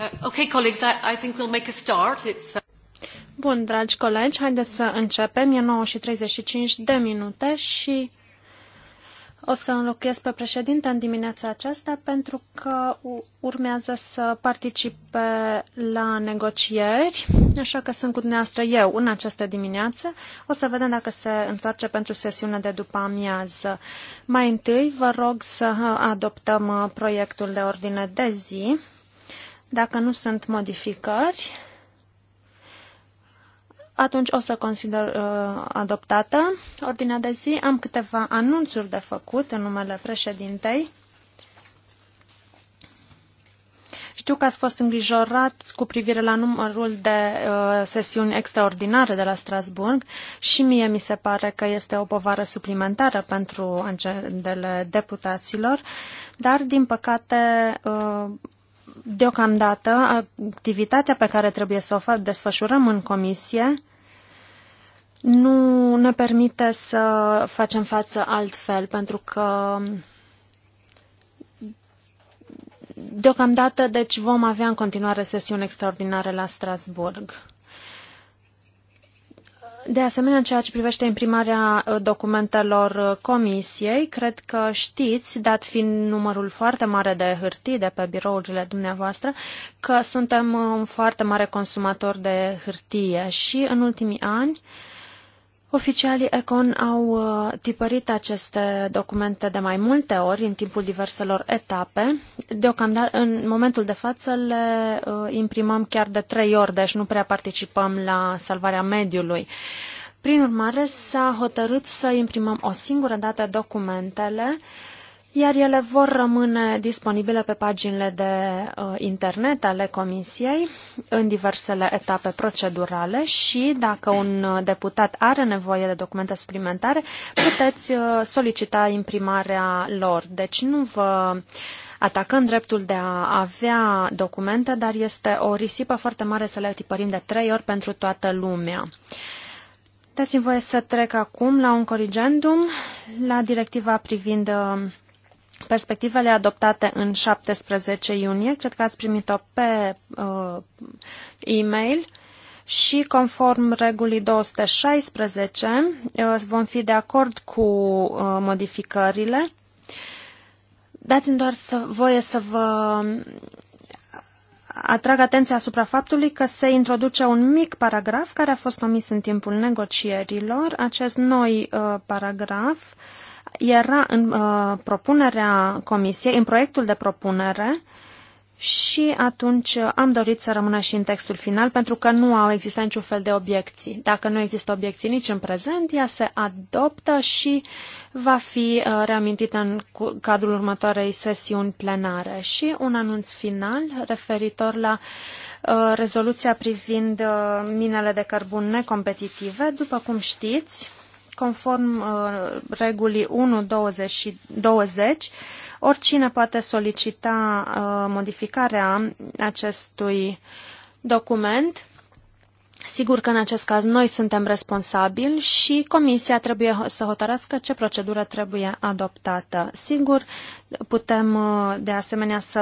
Uh, okay, colleagues, I, I think we'll make a start. It's, uh... Bun, dragi colegi, haideți să începem. E 9 și 35 de minute și o să înlocuiesc pe președinte în dimineața aceasta pentru că urmează să participe la negocieri, așa că sunt cu dumneavoastră eu în această dimineață. O să vedem dacă se întoarce pentru sesiunea de după amiază. Mai întâi vă rog să adoptăm uh, proiectul de ordine de zi. Dacă nu sunt modificări, atunci o să consider uh, adoptată ordinea de zi. Am câteva anunțuri de făcut în numele președintei. Știu că ați fost îngrijorați cu privire la numărul de uh, sesiuni extraordinare de la Strasburg și mie mi se pare că este o povară suplimentară pentru agendele deputaților, dar din păcate uh, Deocamdată, activitatea pe care trebuie să o desfășurăm în comisie nu ne permite să facem față altfel, pentru că deocamdată deci vom avea în continuare sesiuni extraordinare la Strasburg. De asemenea, în ceea ce privește imprimarea uh, documentelor uh, comisiei, cred că știți, dat fiind numărul foarte mare de hârtii de pe birourile dumneavoastră, că suntem un foarte mare consumator de hârtie și în ultimii ani uh, Oficialii ECON au uh, tipărit aceste documente de mai multe ori în timpul diverselor etape. Deocamdată, în momentul de față, le uh, imprimăm chiar de trei ori, deci nu prea participăm la salvarea mediului. Prin urmare, s-a hotărât să imprimăm o singură dată documentele uh, iar ele vor rămâne disponibile pe paginile de uh, internet ale Comisiei în diversele etape procedurale și dacă un uh, deputat are nevoie de documente suplimentare, puteți uh, solicita imprimarea lor. Deci nu vă atacăm dreptul de a avea documente, dar este o risipă foarte mare să le tipărim de trei ori pentru toată lumea. Dați-mi voie să trec acum la un corigendum, la directiva privind uh, perspectivele adoptate în 17 iunie, cred că ați primit-o pe uh, e-mail, și conform regulii 216 uh, vom fi de acord cu uh, modificările. Dați-mi doar să, voie să vă atrag atenția asupra faptului că se introduce un mic paragraf care a fost omis în timpul negocierilor. Acest noi uh, paragraf uh, era în uh, propunerea comisiei, în proiectul de propunere și atunci am dorit să rămână și în textul final pentru că nu au existat niciun fel de obiecții. Dacă nu există obiecții nici în prezent, ea se adoptă și va fi uh, reamintită în cadrul următoarei sesiuni plenare. Și un anunț final referitor la uh, rezoluția privind uh, minele de cărbun necompetitive. După cum știți, conform uh, regulii 1 20, 20 oricine poate solicita uh, modificarea acestui document. Sigur că în acest caz noi suntem responsabili și comisia trebuie să hotărască ce procedură trebuie adoptată. Sigur, putem uh, de asemenea să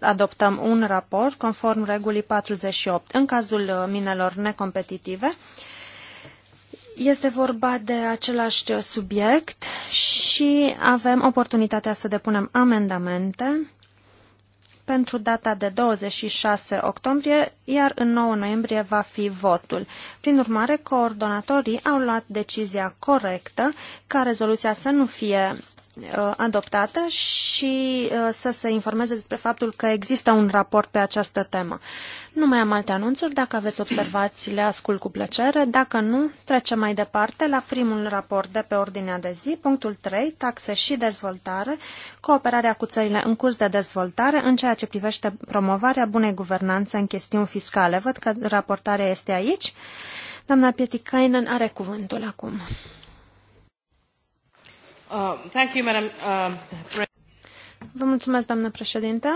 adoptăm un raport conform regulii 48 în cazul minelor necompetitive este vorba de același subiect și avem oportunitatea să depunem amendamente pentru data de 26 octombrie, iar în 9 noiembrie va fi votul. Prin urmare, coordonatorii au luat decizia corectă ca rezoluția să nu fie Uh, adoptată și uh, să se informeze despre faptul că există un raport pe această temă. Nu mai am alte anunțuri. Dacă aveți observații, le ascult cu plăcere. Dacă nu, trecem mai departe la primul raport de pe ordinea de zi, punctul 3, taxe și dezvoltare, cooperarea cu țările în curs de dezvoltare în ceea ce privește promovarea bunei guvernanțe în chestiuni fiscale. Văd că raportarea este aici. Doamna Pietikainen are cuvântul acum. Um, um, Vă mulțumesc, doamnă președinte.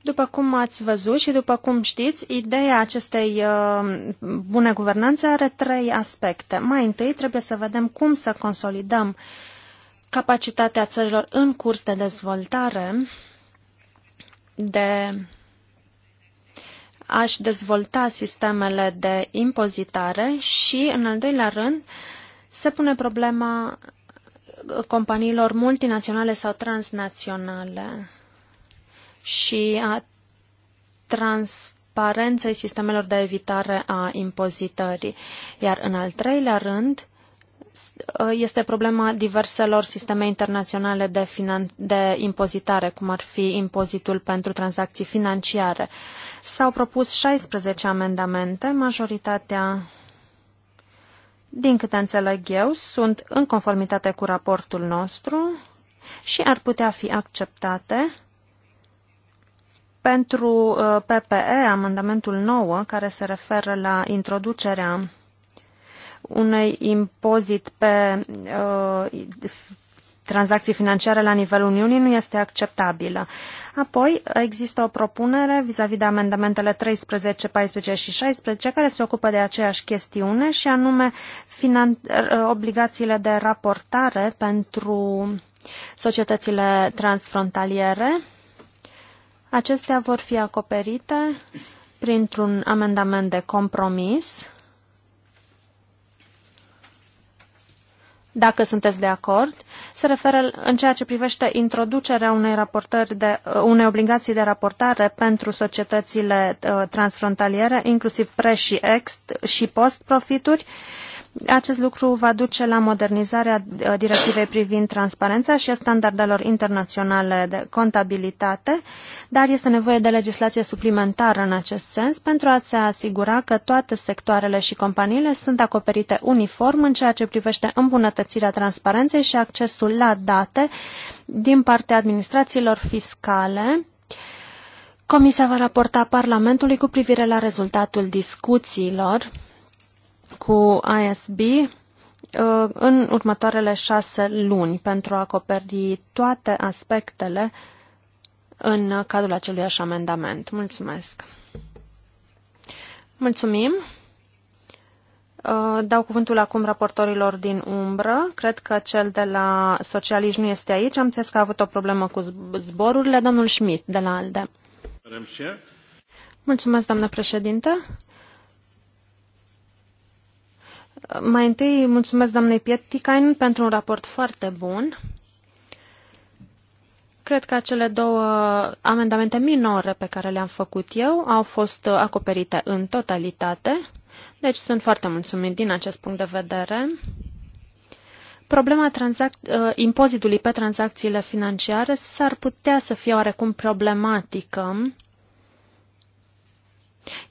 După cum ați văzut și după cum știți, ideea acestei um, bune guvernanțe are trei aspecte. Mai întâi trebuie să vedem cum să consolidăm capacitatea țărilor în curs de dezvoltare de a-și dezvolta sistemele de impozitare și, în al doilea rând, se pune problema companiilor multinaționale sau transnaționale și a transparenței sistemelor de evitare a impozitării. Iar în al treilea rând, este problema diverselor sisteme internaționale de, de impozitare, cum ar fi impozitul pentru tranzacții financiare. S-au propus 16 amendamente, majoritatea, din câte înțeleg eu, sunt în conformitate cu raportul nostru și ar putea fi acceptate. Pentru uh, PPE, amendamentul 9, care se referă la introducerea unui impozit pe uh, tranzacții financiare la nivelul Uniunii nu este acceptabilă. Apoi există o propunere vis-a-vis -vis de amendamentele 13, 14 și 16 care se ocupă de aceeași chestiune și anume uh, obligațiile de raportare pentru societățile transfrontaliere. Acestea vor fi acoperite printr-un amendament de compromis dacă sunteți de acord, se referă în ceea ce privește introducerea unei, raportări de, uh, unei obligații de raportare pentru societățile uh, transfrontaliere, inclusiv pre și ex și post-profituri, uh, acest lucru va duce la modernizarea uh, directivei privind transparența și a standardelor internaționale de contabilitate, dar este nevoie de legislație suplimentară în acest sens pentru a se asigura că toate sectoarele și companiile sunt acoperite uniform în ceea ce privește îmbunătățirea transparenței și accesul la date din partea administrațiilor fiscale. Comisia va raporta Parlamentului cu privire la rezultatul discuțiilor cu ISB uh, în următoarele șase luni pentru a acoperi toate aspectele în cadrul acelui așa amendament. Mulțumesc! Mulțumim! Uh, dau cuvântul acum raportorilor din umbră. Cred că cel de la socialiști nu este aici. Am înțeles că a avut o problemă cu zborurile. Domnul Schmidt de la ALDE. Mulțumesc, doamnă președintă. Mai întâi mulțumesc doamnei Pietikain pentru un raport foarte bun. Cred că acele două amendamente minore pe care le-am făcut eu au fost acoperite în totalitate, deci sunt foarte mulțumit din acest punct de vedere. Problema uh, impozitului pe tranzacțiile financiare s-ar putea să fie oarecum problematică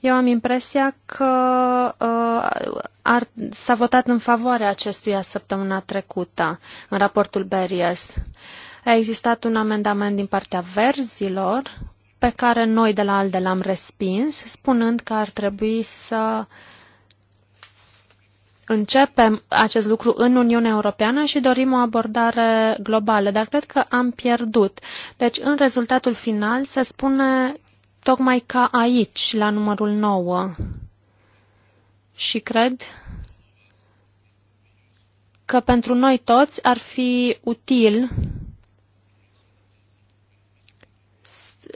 eu am impresia că uh, ar, s-a votat în favoarea acestuia săptămâna trecută, în raportul Beries. A existat un amendament din partea verzilor, pe care noi de la ALDE l-am respins, spunând că ar trebui să începem acest lucru în Uniunea Europeană și dorim o abordare globală, dar cred că am pierdut. Deci, în rezultatul final, se spune tocmai ca aici, la numărul 9. Și cred că pentru noi toți ar fi util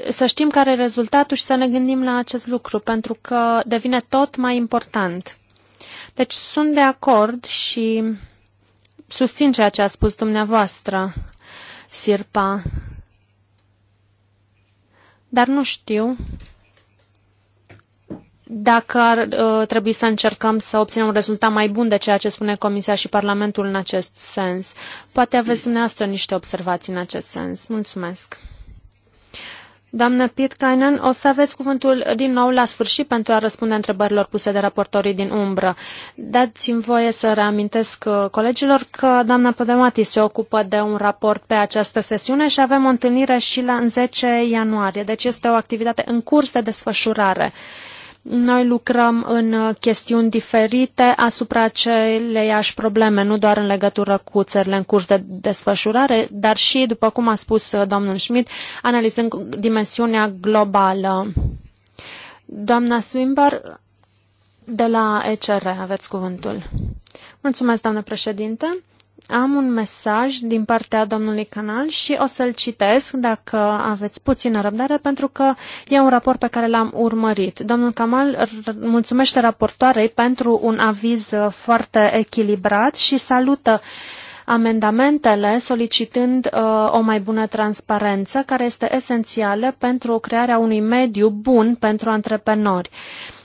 să știm care e rezultatul și să ne gândim la acest lucru, pentru că devine tot mai important. Deci sunt de acord și susțin ceea ce a spus dumneavoastră, Sirpa. Dar nu știu dacă ar uh, trebui să încercăm să obținem un rezultat mai bun de ceea ce spune Comisia și Parlamentul în acest sens. Poate aveți dumneavoastră niște observații în acest sens. Mulțumesc. Doamnă Pitkainen, o să aveți cuvântul din nou la sfârșit pentru a răspunde întrebărilor puse de raportorii din umbră. Dați-mi voie să reamintesc uh, colegilor că doamna Podemati se ocupă de un raport pe această sesiune și avem o întâlnire și la 10 ianuarie, deci este o activitate în curs de desfășurare. Noi lucrăm în uh, chestiuni diferite asupra aceleiași probleme, nu doar în legătură cu țările în curs de desfășurare, dar și, după cum a spus uh, domnul Schmidt, analizând dimensiunea globală. Doamna Swimbar, de la ECR, aveți cuvântul. Mulțumesc, doamnă președinte. Am un mesaj din partea domnului Canal și o să-l citesc dacă aveți puțină răbdare, pentru că e un raport pe care l-am urmărit. Domnul Kamal mulțumește raportoarei pentru un aviz foarte echilibrat și salută amendamentele solicitând uh, o mai bună transparență, care este esențială pentru crearea unui mediu bun pentru antreprenori. Uh,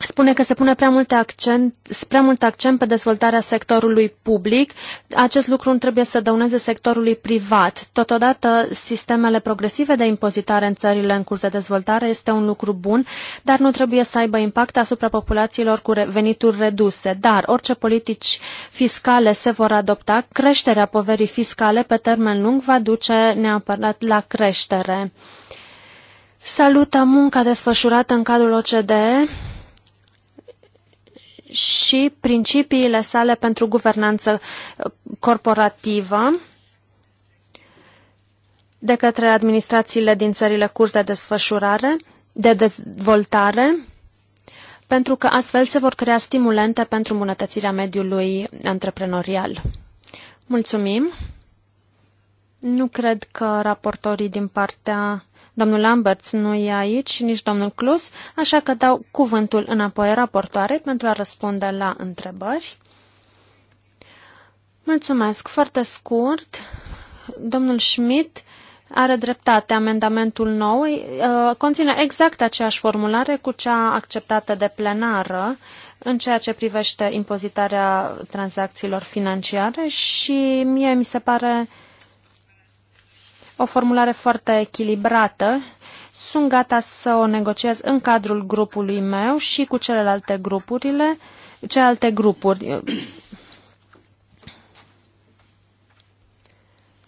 spune că se pune prea mult accent, prea mult accent pe dezvoltarea sectorului public. Acest lucru nu trebuie să dăuneze sectorului privat. Totodată, sistemele progresive de impozitare în țările în curs de dezvoltare este un lucru bun, dar nu trebuie să aibă impact asupra populațiilor cu venituri reduse. Dar orice politici fiscale se vor adopta, creșterea poverii fiscale pe termen lung va duce neapărat la creștere. Salută munca desfășurată în cadrul OCDE și principiile sale pentru guvernanță corporativă de către administrațiile din țările curs de desfășurare, de dezvoltare, pentru că astfel se vor crea stimulente pentru îmbunătățirea mediului antreprenorial. Mulțumim! Nu cred că raportorii din partea Domnul Lamberts nu e aici, și nici domnul Clus, așa că dau cuvântul înapoi raportoare pentru a răspunde la întrebări. Mulțumesc. Foarte scurt, domnul Schmidt are dreptate. Amendamentul nou uh, conține exact aceeași formulare cu cea acceptată de plenară în ceea ce privește impozitarea tranzacțiilor financiare și mie mi se pare o formulare foarte echilibrată. Sunt gata să o negociez în cadrul grupului meu și cu celelalte grupurile, celelalte grupuri.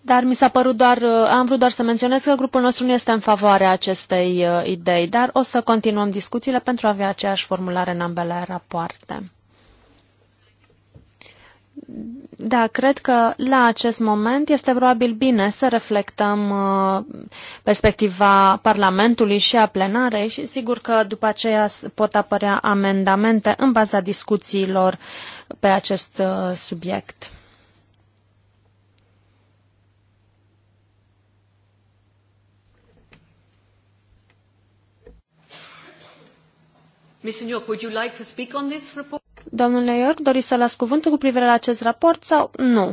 Dar mi s-a părut doar, am vrut doar să menționez că grupul nostru nu este în favoarea acestei uh, idei, dar o să continuăm discuțiile pentru a avea aceeași formulare în ambele rapoarte da, cred că la acest moment este probabil bine să reflectăm uh, perspectiva Parlamentului și a plenarei și sigur că după aceea pot apărea amendamente în baza discuțiilor pe acest uh, subiect. Ms. York, would you like to speak on this report? Domnule York, doriți să las cuvântul cu privire la acest raport sau nu?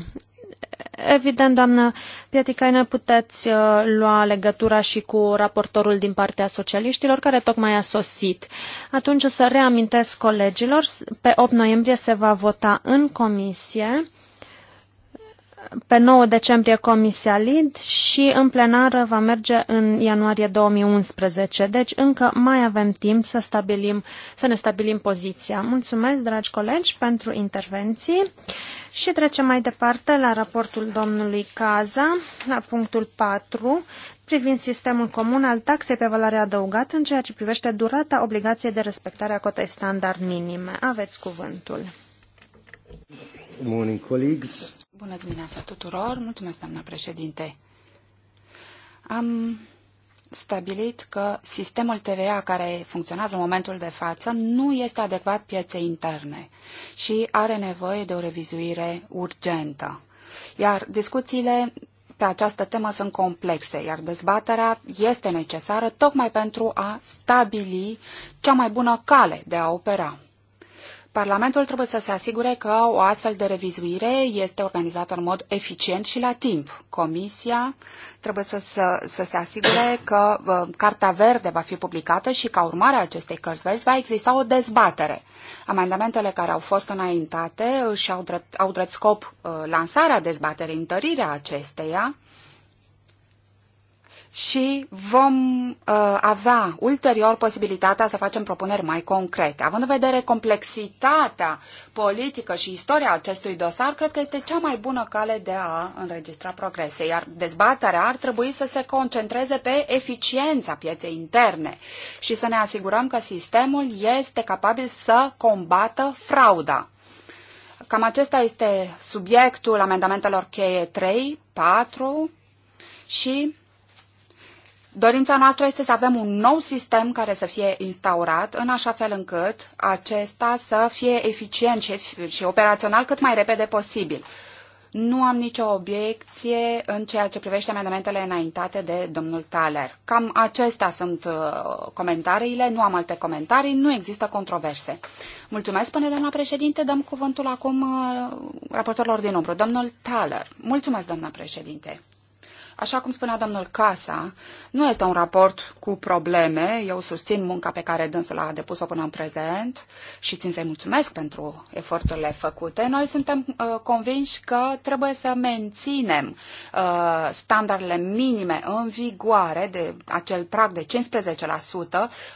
Evident, doamnă Piaticaină, puteți uh, lua legătura și cu raportorul din partea socialiștilor, care tocmai a sosit. Atunci să reamintesc colegilor, pe 8 noiembrie se va vota în comisie pe 9 decembrie Comisia LID și în plenară va merge în ianuarie 2011. Deci încă mai avem timp să, stabilim, să ne stabilim poziția. Mulțumesc, dragi colegi, pentru intervenții și trecem mai departe la raportul domnului Caza, la punctul 4, privind sistemul comun al taxei pe valoare adăugată în ceea ce privește durata obligației de respectare a cotei standard minime. Aveți cuvântul. Good morning, colleagues. Bună dimineața tuturor! Mulțumesc, doamna președinte! Am stabilit că sistemul TVA care funcționează în momentul de față nu este adecvat pieței interne și are nevoie de o revizuire urgentă. Iar discuțiile pe această temă sunt complexe, iar dezbaterea este necesară tocmai pentru a stabili cea mai bună cale de a opera. Parlamentul trebuie să se asigure că o astfel de revizuire este organizată în mod eficient și la timp. Comisia trebuie să, să, să se asigure că uh, Carta Verde va fi publicată și ca urmare a acestei cărți verzi va exista o dezbatere. Amendamentele care au fost înaintate și au drept, au drept scop uh, lansarea dezbaterii, întărirea acesteia, și vom uh, avea ulterior posibilitatea să facem propuneri mai concrete. Având în vedere complexitatea politică și istoria acestui dosar, cred că este cea mai bună cale de a înregistra progrese, iar dezbaterea ar trebui să se concentreze pe eficiența pieței interne și să ne asigurăm că sistemul este capabil să combată frauda. Cam acesta este subiectul amendamentelor cheie 3, 4 și Dorința noastră este să avem un nou sistem care să fie instaurat în așa fel încât acesta să fie eficient și, și operațional cât mai repede posibil. Nu am nicio obiecție în ceea ce privește amendamentele înaintate de domnul Thaler. Cam acestea sunt uh, comentariile, nu am alte comentarii, nu există controverse. Mulțumesc, până doamna președinte, dăm cuvântul acum uh, raportorilor din umbră. Domnul Thaler. Mulțumesc, doamna președinte. Așa cum spunea domnul Casa, nu este un raport cu probleme. Eu susțin munca pe care dânsul a depus-o până în prezent și țin să-i mulțumesc pentru eforturile făcute. Noi suntem uh, convinși că trebuie să menținem uh, standardele minime în vigoare de acel prag de 15%,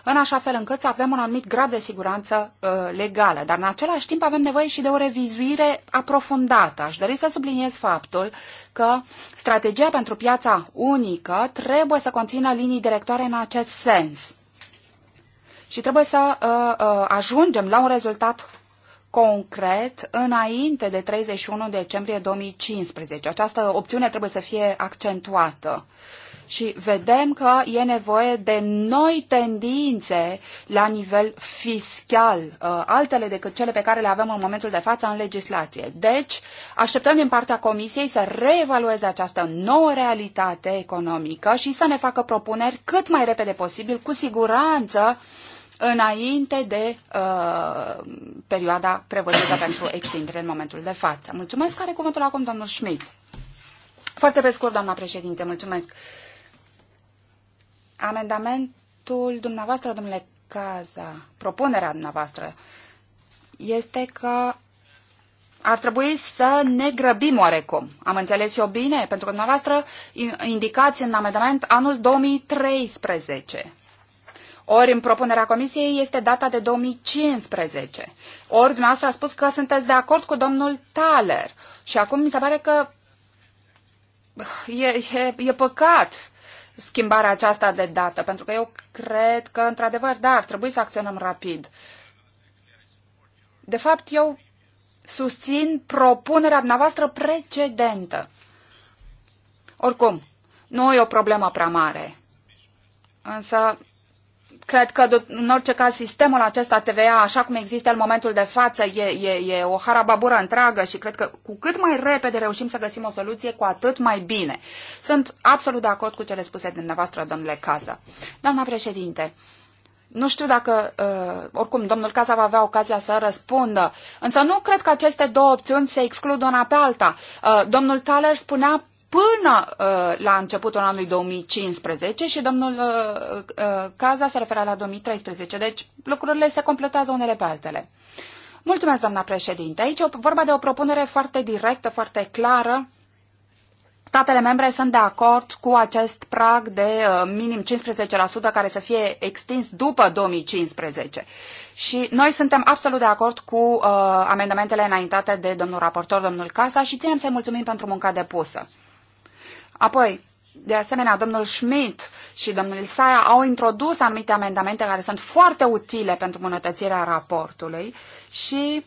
în așa fel încât să avem un anumit grad de siguranță uh, legală. Dar în același timp avem nevoie și de o revizuire aprofundată. Aș dori să subliniez faptul că strategia pentru piața piața unică trebuie să conțină linii directoare în acest sens. Și trebuie să uh, uh, ajungem la un rezultat concret înainte de 31 decembrie 2015. Această opțiune trebuie să fie accentuată. Uh, și vedem că e nevoie de noi tendințe la nivel fiscal, uh, altele decât cele pe care le avem în momentul de față în legislație. Deci, așteptăm din partea Comisiei să reevalueze această nouă realitate economică și să ne facă propuneri cât mai repede posibil, cu siguranță, înainte de uh, perioada prevăzută pentru extindere în momentul de față. Mulțumesc. care cuvântul acum domnul Schmidt. Foarte pe scurt, doamna președinte, mulțumesc. Amendamentul dumneavoastră, domnule Caza, propunerea dumneavoastră, este că ar trebui să ne grăbim oarecum. Am înțeles eu bine? Pentru că dumneavoastră indicați în amendament anul 2013. Ori în propunerea comisiei este data de 2015. Ori dumneavoastră a spus că sunteți de acord cu domnul Thaler. Și acum mi se pare că e, e, e păcat schimbarea aceasta de dată, pentru că eu cred că, într-adevăr, da, ar trebui să acționăm rapid. De fapt, eu susțin propunerea dumneavoastră precedentă. Oricum, nu e o problemă prea mare. Însă cred că, în orice caz, sistemul acesta TVA, așa cum există în momentul de față, e, e, e o harababură întreagă și cred că cu cât mai repede reușim să găsim o soluție, cu atât mai bine. Sunt absolut de acord cu cele spuse dumneavoastră, domnule Casa. Doamna președinte, nu știu dacă, uh, oricum, domnul Casa va avea ocazia să răspundă, însă nu cred că aceste două opțiuni se exclud una pe alta. Uh, domnul Thaler spunea până uh, la începutul anului 2015 și domnul uh, uh, Caza se referea la 2013. Deci lucrurile se completează unele pe altele. Mulțumesc, doamna președinte. Aici e vorba de o propunere foarte directă, foarte clară. Statele membre sunt de acord cu acest prag de uh, minim 15% care să fie extins după 2015. Și noi suntem absolut de acord cu uh, amendamentele înaintate de domnul raportor, domnul Casa și ținem să-i mulțumim pentru munca depusă. Apoi, de asemenea, domnul Schmidt și domnul Isaia au introdus anumite amendamente care sunt foarte utile pentru bunătățirea raportului și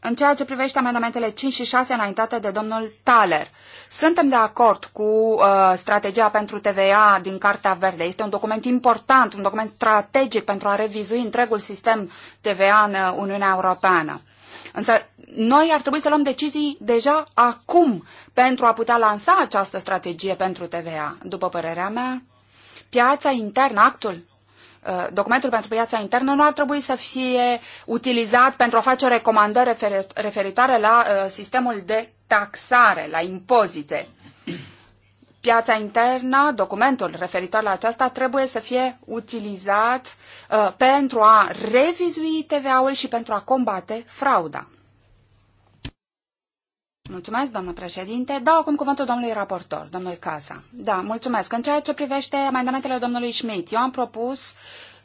în ceea ce privește amendamentele 5 și 6 înaintate de domnul Thaler, suntem de acord cu uh, strategia pentru TVA din Cartea Verde. Este un document important, un document strategic pentru a revizui întregul sistem TVA în Uniunea Europeană. Însă noi ar trebui să luăm decizii deja acum pentru a putea lansa această strategie pentru TVA. După părerea mea, piața internă, actul ă, documentul pentru piața internă nu ar trebui să fie utilizat pentru a face recomandări referitoare la ă, sistemul de taxare, la impozite piața internă, documentul referitor la aceasta trebuie să fie utilizat uh, pentru a revizui TVA-ul și pentru a combate frauda. Mulțumesc, doamnă președinte. Dau acum cuvântul domnului raportor, domnul Casa. Da, mulțumesc. În ceea ce privește amendamentele domnului Schmidt, eu am propus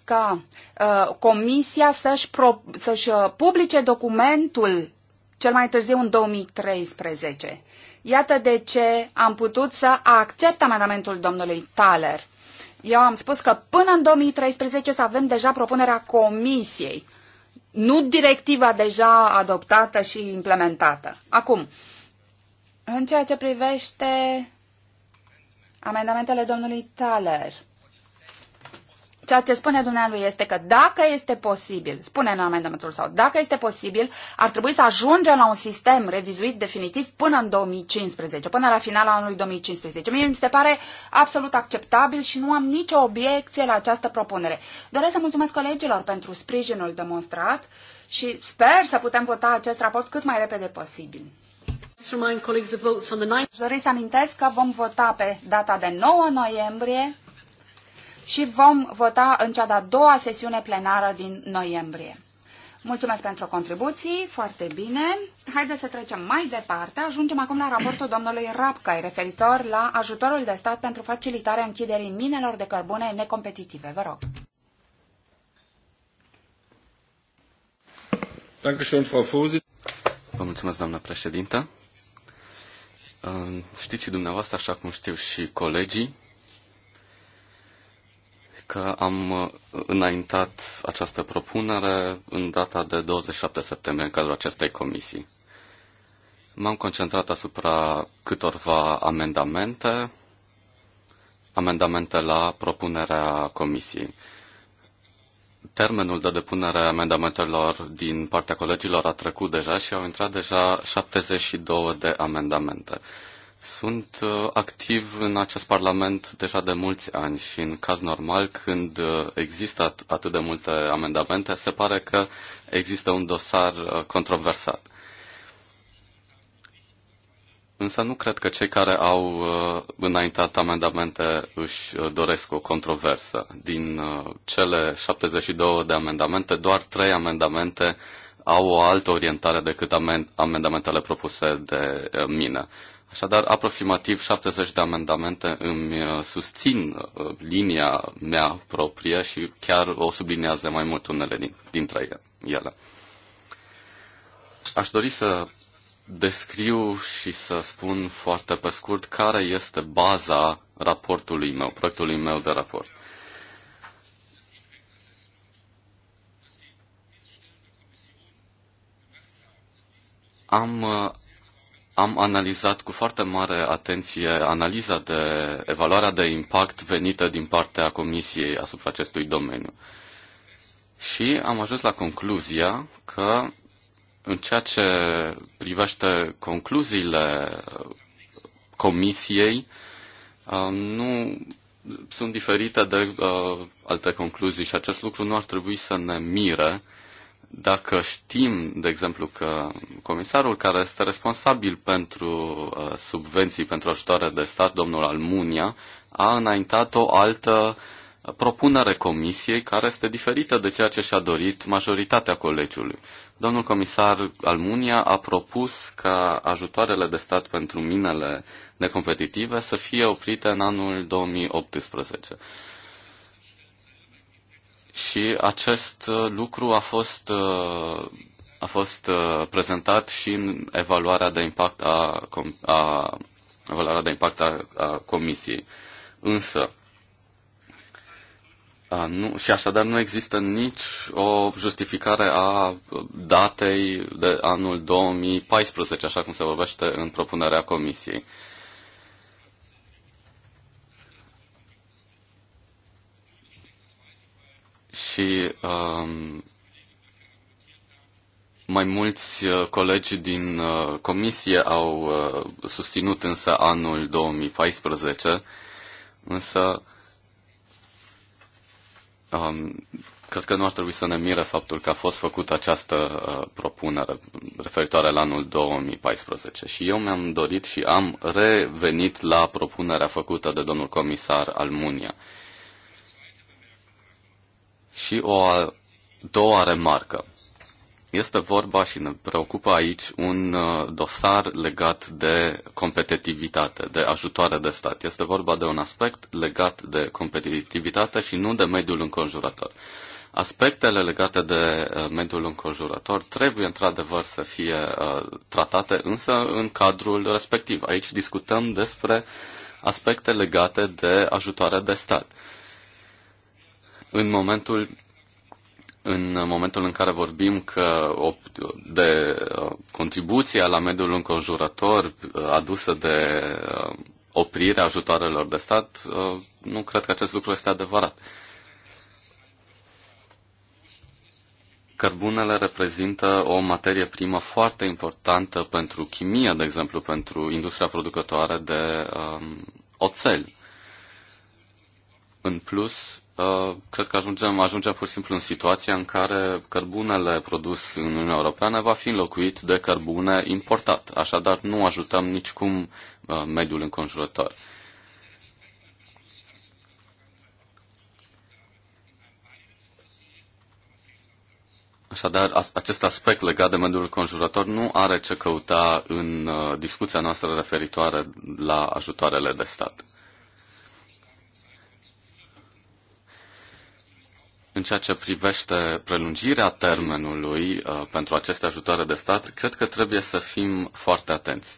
ca uh, comisia să-și, pro- să-și uh, publice documentul cel mai târziu în 2013 Iată de ce am putut să accept amendamentul domnului Thaler. Eu am spus că până în 2013 să avem deja propunerea comisiei, nu directiva deja adoptată și implementată. Acum, în ceea ce privește amendamentele domnului Thaler, Ceea ce spune dumnealui este că dacă este posibil, spune în amendamentul sau, dacă este posibil, ar trebui să ajungem la un sistem revizuit definitiv până în 2015, până la finala anului 2015. Mie mi se pare absolut acceptabil și nu am nicio obiecție la această propunere. Doresc să mulțumesc colegilor pentru sprijinul demonstrat și sper să putem vota acest raport cât mai repede posibil. Aș dori să amintesc că vom vota pe data de 9 noiembrie și vom vota în cea de-a doua sesiune plenară din noiembrie. Mulțumesc pentru contribuții, foarte bine. Haideți să trecem mai departe. Ajungem acum la raportul domnului Rapcai referitor la ajutorul de stat pentru facilitarea închiderii minelor de cărbune necompetitive. Vă rog. Vă mulțumesc, doamnă președintă. Știți și dumneavoastră, așa cum știu și colegii, că am uh, înaintat această propunere în data de 27 septembrie în cadrul acestei comisii. M-am concentrat asupra câtorva amendamente, amendamente la propunerea comisiei. Termenul de depunere a amendamentelor din partea colegilor a trecut deja și au intrat deja 72 de amendamente. Sunt uh, activ în acest Parlament deja de mulți ani și în caz normal, când uh, există atât de multe amendamente, se pare că există un dosar uh, controversat. Însă nu cred că cei care au înaintat amendamente își doresc o controversă. Din cele 72 de amendamente, doar 3 amendamente au o altă orientare decât amendamentele propuse de mine. Așadar, aproximativ 70 de amendamente îmi uh, susțin uh, linia mea proprie și chiar o sublinează mai mult unele dintre ele. Aș dori să descriu și să spun foarte pe scurt care este baza raportului meu, proiectului meu de raport. Am uh, am analizat cu foarte mare atenție analiza de evaluarea de impact venită din partea Comisiei asupra acestui domeniu. Și am ajuns la concluzia că în ceea ce privește concluziile Comisiei, uh, nu sunt diferite de uh, alte concluzii și acest lucru nu ar trebui să ne mire dacă știm, de exemplu, că comisarul care este responsabil pentru uh, subvenții, pentru ajutoare de stat, domnul Almunia, a înaintat o altă propunere comisiei care este diferită de ceea ce și-a dorit majoritatea colegiului. Domnul comisar Almunia a propus ca ajutoarele de stat pentru minele necompetitive să fie oprite în anul 2018 și acest uh, lucru a fost, uh, a fost uh, prezentat și în evaluarea de impact a, a, evaluarea de impact a, a comisiei. Însă, nu, și așadar nu există nici o justificare a datei de anul 2014, așa cum se vorbește în propunerea Comisiei. și um, mai mulți uh, colegi din uh, comisie au uh, susținut însă anul 2014, însă um, cred că nu ar trebui să ne mire faptul că a fost făcută această uh, propunere referitoare la anul 2014. Și eu mi-am dorit și am revenit la propunerea făcută de domnul comisar Almunia. Uh, și o a doua remarcă. Este vorba și ne preocupă aici un uh, dosar legat de competitivitate, de ajutoare de stat. Este vorba de un aspect legat de competitivitate și nu de mediul înconjurător. Aspectele legate de uh, mediul înconjurător trebuie într-adevăr să fie uh, tratate, însă în cadrul respectiv. Aici discutăm despre aspecte legate de ajutoare de stat în momentul în momentul în care vorbim că de uh, contribuția la mediul înconjurător uh, adusă de uh, oprirea ajutoarelor de stat, nu cred că acest lucru este adevărat. Cărbunele reprezintă o materie primă foarte importantă pentru chimie, de exemplu, pentru industria producătoare de um, oțel. În plus, Uh, cred că ajungem, ajungem pur și simplu în situația în care cărbunele produs în Uniunea Europeană va fi înlocuit de cărbune importat. Așadar, nu ajutăm nicicum uh, mediul înconjurător. Așadar, acest aspect legat de mediul conjurător nu are ce căuta în uh, discuția noastră referitoare la ajutoarele de stat. În ceea ce privește prelungirea termenului uh, pentru aceste ajutoare de stat, cred că trebuie să fim foarte atenți.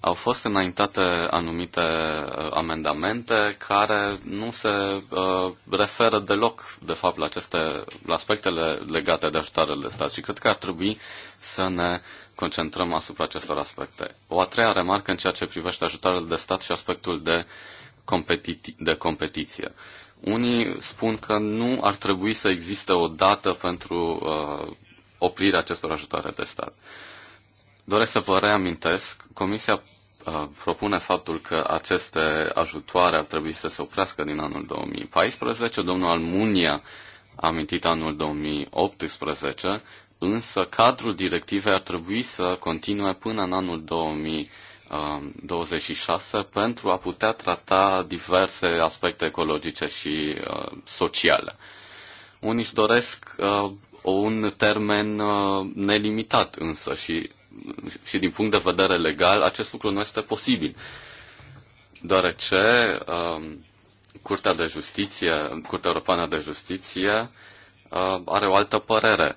Au fost înaintate anumite uh, amendamente care nu se uh, referă deloc, de fapt, la aceste la aspectele legate de ajutoarele de stat și cred că ar trebui să ne concentrăm asupra acestor aspecte. O a treia remarcă în ceea ce privește ajutoarele de stat și aspectul de, competi- de competiție. Uh, unii spun că nu ar trebui să existe o dată pentru uh, oprirea acestor ajutoare de stat. Doresc să vă reamintesc, Comisia uh, propune faptul că aceste ajutoare ar trebui să se oprească din anul 2014. Domnul Almunia a amintit anul 2018, însă cadrul directivei ar trebui să continue până în anul 2020 26 um, pentru a putea trata diverse aspecte ecologice și uh, sociale. Unii își doresc uh, un termen uh, nelimitat însă și, și din punct de vedere legal acest lucru nu este posibil, deoarece um, Curtea de Justiție, Curtea Europeană de Justiție are o altă părere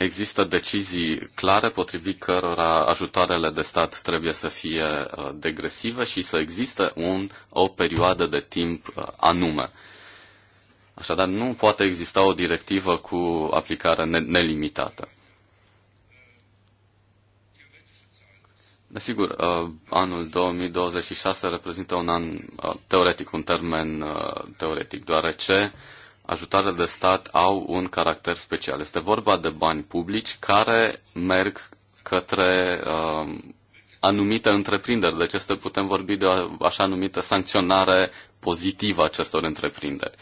există decizii clare potrivit cărora ajutoarele de stat trebuie să fie uh, degresive și să existe un, o perioadă de timp uh, anume. Așadar, nu poate exista o directivă cu aplicare nelimitată. Desigur, uh, anul 2026 reprezintă un an teoretic, un termen teoretic, deoarece uh, ajutoarele de stat au un caracter special. Este vorba de bani publici care merg către uh, anumite întreprinderi. Deci este, putem vorbi de o așa numită sancționare pozitivă a acestor întreprinderi.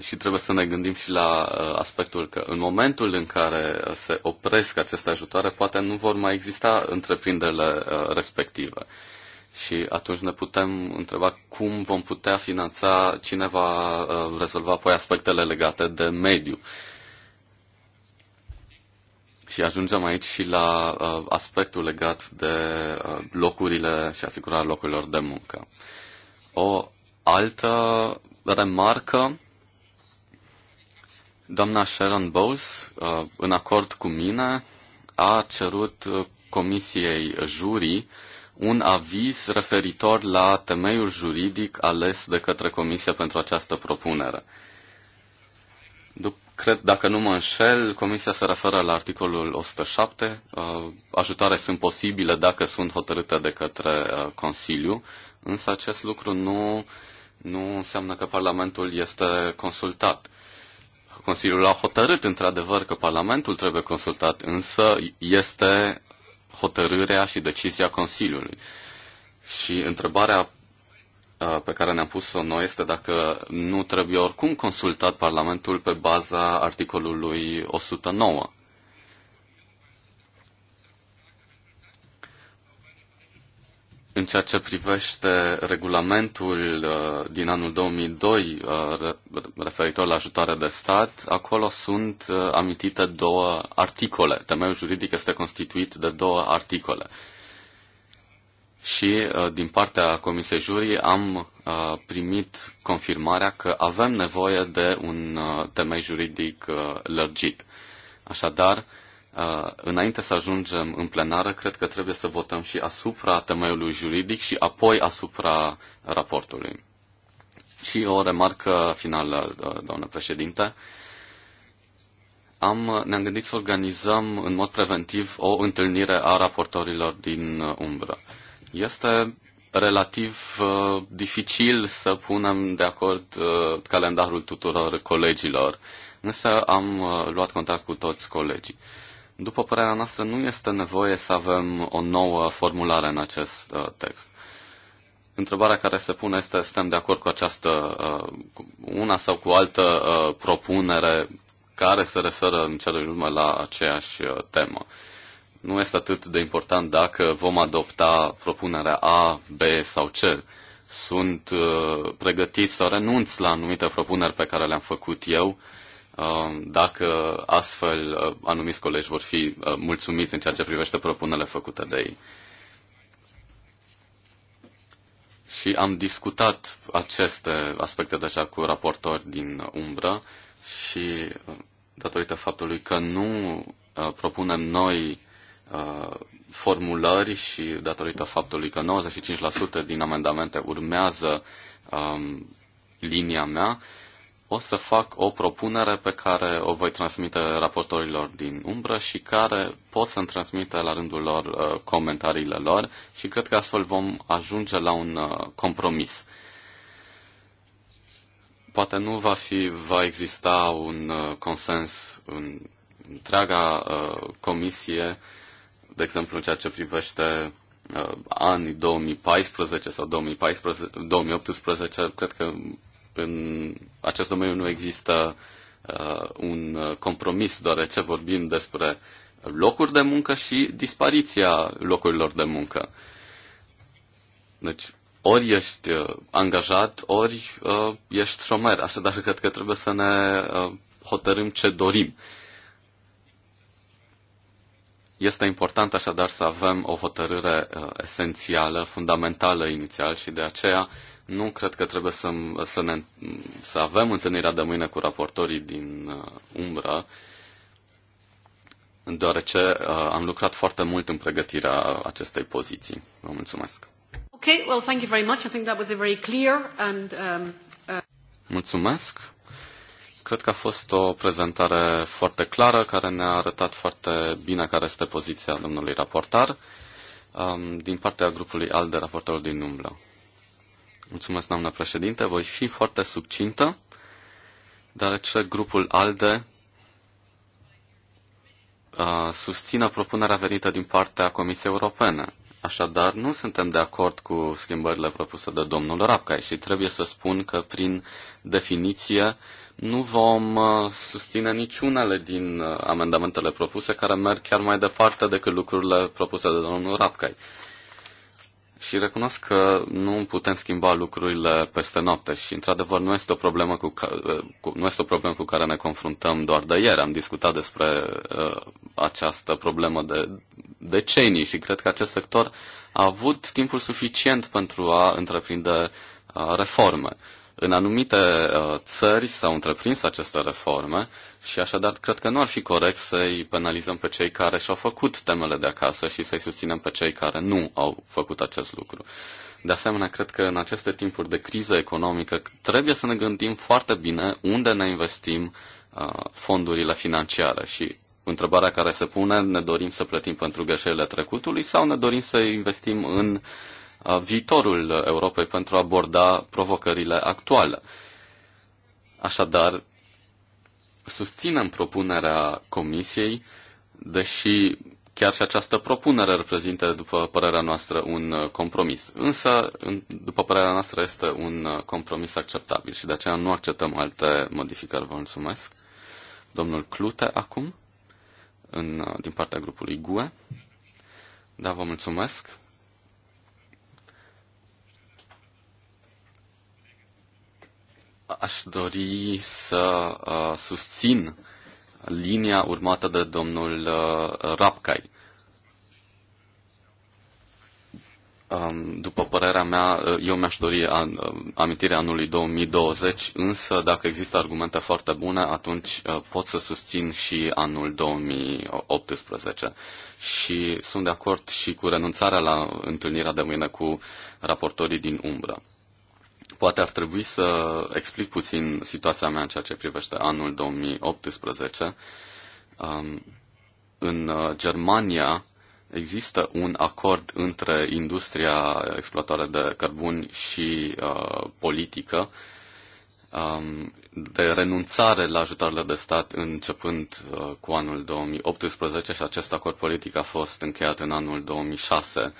Și trebuie să ne gândim și la uh, aspectul că în momentul în care se opresc aceste ajutoare, poate nu vor mai exista întreprinderile uh, respective. Și atunci ne putem întreba cum vom putea finanța, cine va uh, rezolva apoi aspectele legate de mediu. Și ajungem aici și la uh, aspectul legat de uh, locurile și asigurarea locurilor de muncă. O altă remarcă, doamna Sharon Bowles, în acord cu mine, a cerut comisiei jurii un aviz referitor la temeiul juridic ales de către Comisia pentru această propunere. Cred, dacă nu mă înșel, Comisia se referă la articolul 107. Uh, ajutoare sunt posibile dacă sunt hotărâte de către uh, Consiliu, însă acest lucru nu, nu înseamnă că Parlamentul este consultat. Consiliul a hotărât într-adevăr că Parlamentul trebuie consultat, însă este hotărârea și decizia Consiliului. Și întrebarea uh, pe care ne-am pus-o noi este dacă nu trebuie oricum consultat Parlamentul pe baza articolului 109. În ceea ce privește regulamentul uh, din anul 2002 uh, referitor la ajutare de stat, acolo sunt uh, amintite două articole. Temeiul juridic este constituit de două articole. Și din partea Comisiei Jurii am primit confirmarea că avem nevoie de un temei juridic lărgit. Așadar, înainte să ajungem în plenară, cred că trebuie să votăm și asupra temeiului juridic și apoi asupra raportului. Și o remarcă finală, doamnă președinte. Am, ne-am gândit să organizăm în mod preventiv o întâlnire a raportorilor din umbră. Este relativ uh, dificil să punem de acord uh, calendarul tuturor colegilor, însă am uh, luat contact cu toți colegii. Uh, după părerea noastră, nu este nevoie să avem o nouă formulare în acest uh, text. Întrebarea care se pune este, suntem de acord cu această, uh, una sau cu altă uh, propunere care se referă în cele urmă la aceeași uh, temă. Nu este atât de important dacă vom adopta propunerea A, B sau C. Sunt uh, pregătiți să renunț la anumite propuneri pe care le-am făcut eu uh, Um, dacă astfel uh, anumiți colegi vor fi uh, mulțumiți în ceea ce privește propunerile făcute de ei. Și am discutat aceste aspecte deja cu raportori din umbră și uh, datorită faptului că nu propunem noi formulări și datorită faptului că 95% din amendamente urmează um, linia mea, o să fac o propunere pe care o voi transmite raportorilor din umbră și care pot să-mi transmită la rândul lor uh, comentariile lor și cred că astfel vom ajunge la un uh, compromis. Poate nu va, fi, va exista un uh, consens în întreaga comisie, de exemplu în ceea ce privește anii 2014 sau 2014, 2018, cred că în acest domeniu nu există uh, un compromis, deoarece vorbim despre locuri de muncă și dispariția locurilor de muncă. Deci, ori ești uh, angajat, ori uh, ești șomer. Așadar, cred că trebuie să ne uh, hotărâm ce dorim. Este important așadar să avem o hotărâre uh, esențială, fundamentală inițial și de aceea nu cred că trebuie să, să, ne, să avem întâlnirea de mâine cu raportorii din uh, umbră, deoarece uh, am lucrat foarte mult în pregătirea acestei poziții. Vă mulțumesc. Okay, well, thank you very much. I think that was a very clear and um, uh, Mulțumesc. Cred că a fost o prezentare foarte clară care ne-a arătat foarte bine care este poziția domnului raportar um, din partea grupului ALDE, raportorul din umbră. Mulțumesc, doamnă președinte. Voi fi foarte succintă, deoarece grupul ALDE susține propunerea venită din partea Comisiei Europene. Așadar, nu suntem de acord cu schimbările propuse de domnul Rapcai și trebuie să spun că, prin definiție, nu vom susține niciunele din amendamentele propuse care merg chiar mai departe decât lucrurile propuse de domnul Rapcai. Și recunosc că nu putem schimba lucrurile peste noapte și, într-adevăr, nu este, o problemă cu ă, cu, nu este o problemă cu care ne confruntăm doar de ieri. Am discutat despre uh, această problemă de decenii și cred că acest sector a avut timpul suficient pentru a întreprinde uh, reforme. Uh, în anumite uh, țări s-au întreprins aceste reforme și așadar cred că nu ar fi corect să-i penalizăm pe cei care și-au făcut temele de acasă și să-i susținem pe cei care nu au făcut acest lucru. De asemenea, cred că în aceste timpuri de criză economică trebuie să ne gândim foarte bine unde ne investim uh, fondurile financiare și întrebarea care se pune, ne dorim să plătim pentru greșelile trecutului sau ne dorim să investim în viitorul Europei pentru a aborda provocările actuale. Așadar, susținem propunerea Comisiei, deși chiar și această propunere reprezintă, după părerea noastră, un compromis. Însă, după părerea noastră, este un compromis acceptabil și de aceea nu acceptăm alte modificări. Vă mulțumesc. Domnul Clute, acum, în, din partea grupului GUE. Da, vă mulțumesc. Aș dori să uh, susțin linia urmată de domnul uh, Rapcai. Um, după părerea mea, uh, eu mi-aș dori an, uh, amintirea anului 2020, însă dacă există argumente foarte bune, atunci uh, pot să susțin și anul 2018. Și sunt de acord și cu renunțarea la întâlnirea de mâine cu raportorii din umbră. Poate ar trebui să explic puțin situația mea în ceea ce privește anul 2018. Um, în uh, Germania există un acord între industria exploatoare de cărbuni și uh, politică um, de renunțare la ajutoarele de stat începând uh, cu anul 2018 și acest acord politic a fost încheiat în anul 2006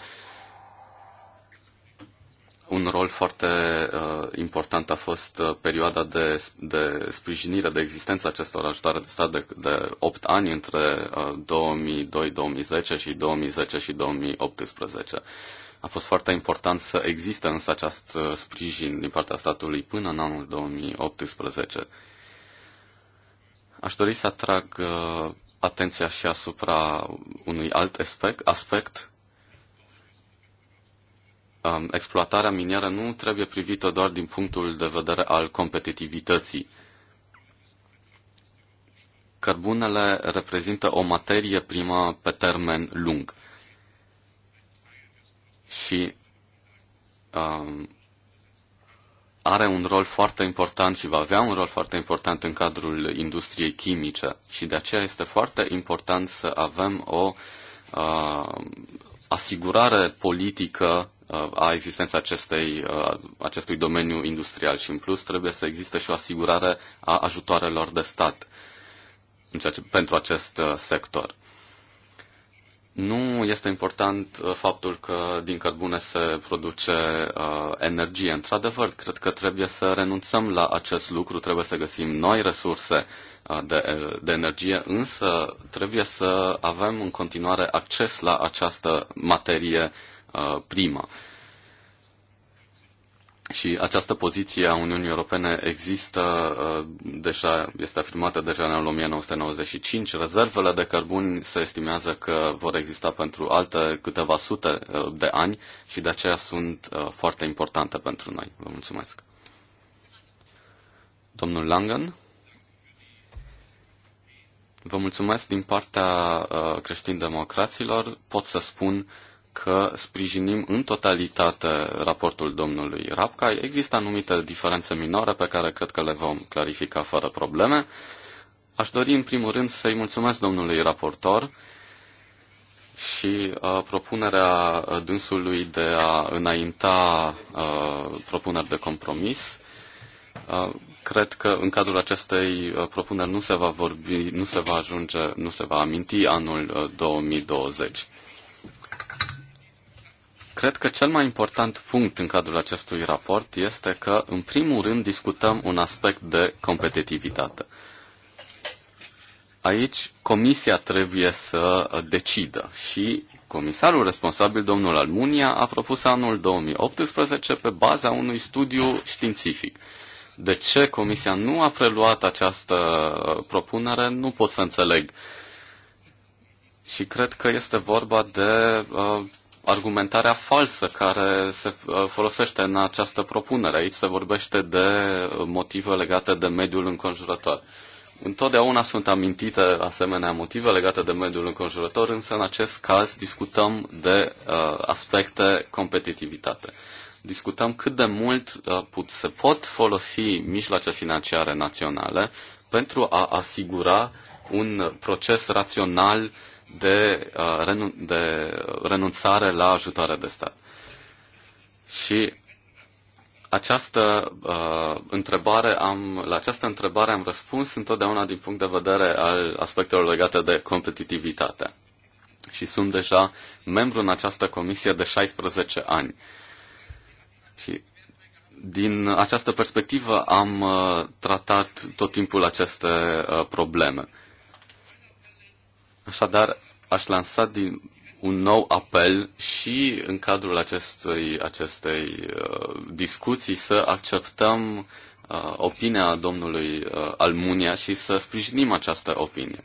un rol foarte uh, important a fost uh, perioada de, de sprijinire, de existență acestor ajutoare de stat de, de 8 ani între uh, 2002-2010 și 2010 și 2018. A fost foarte important să existe însă acest uh, sprijin din partea statului până în anul 2018. Aș dori să atrag uh, atenția și asupra unui alt aspect, aspect Um, exploatarea minieră nu trebuie privită doar din punctul de vedere al competitivității. Cărbunele reprezintă o materie primă pe termen lung. Și uh, are un rol foarte important și va avea un rol foarte important în cadrul industriei chimice și de aceea este foarte important să avem o uh, asigurare politică a existenței acestei, acestui domeniu industrial și în plus trebuie să existe și o asigurare a ajutoarelor de stat în ceea ce, pentru acest sector. Nu este important faptul că din cărbune se produce uh, energie. Într-adevăr, cred că trebuie să renunțăm la acest lucru, trebuie să găsim noi resurse uh, de, de energie, însă trebuie să avem în continuare acces la această materie primă. Și această poziție a Uniunii Europene există deja, este afirmată deja în anul 1995. Rezervele de cărbuni se estimează că vor exista pentru alte câteva sute de ani și de aceea sunt foarte importante pentru noi. Vă mulțumesc. Domnul Langen? Vă mulțumesc din partea creștin-democraților. Pot să spun că sprijinim în totalitate raportul domnului Rapca. Există anumite diferențe minore pe care cred că le vom clarifica fără probleme. Aș dori în primul rând să-i mulțumesc domnului raportor și uh, propunerea dânsului de a înainta uh, propuneri de compromis. Uh, cred că în cadrul acestei uh, propuneri nu se va vorbi, nu se va ajunge, nu se va aminti anul 2020. Uh, Cred că cel mai important punct în cadrul acestui raport este că, în primul rând, discutăm un aspect de competitivitate. Aici comisia trebuie să decidă și comisarul responsabil, domnul Almunia, a propus anul 2018 pe baza unui studiu științific. De ce comisia nu a preluat această propunere, nu pot să înțeleg. Și cred că este vorba de uh, argumentarea falsă care se uh, folosește în această propunere. Aici se vorbește de motive legate de mediul înconjurător. Întotdeauna sunt amintite asemenea motive legate de mediul înconjurător, însă în acest caz discutăm de uh, aspecte competitivitate. Discutăm cât de mult uh, put, se pot folosi mijloace financiare naționale pentru a asigura un proces rațional uh, de, uh, renun- de renunțare la ajutoare de stat. Și această uh, întrebare am, la această întrebare am răspuns întotdeauna din punct de vedere al aspectelor legate de competitivitate. Și sunt deja membru în această comisie de 16 ani. Și din această perspectivă am uh, tratat tot timpul aceste uh, probleme. Așadar, aș lansa din un nou apel și în cadrul acestui, acestei uh, discuții să acceptăm uh, opinia domnului uh, Almunia și să sprijinim această opinie.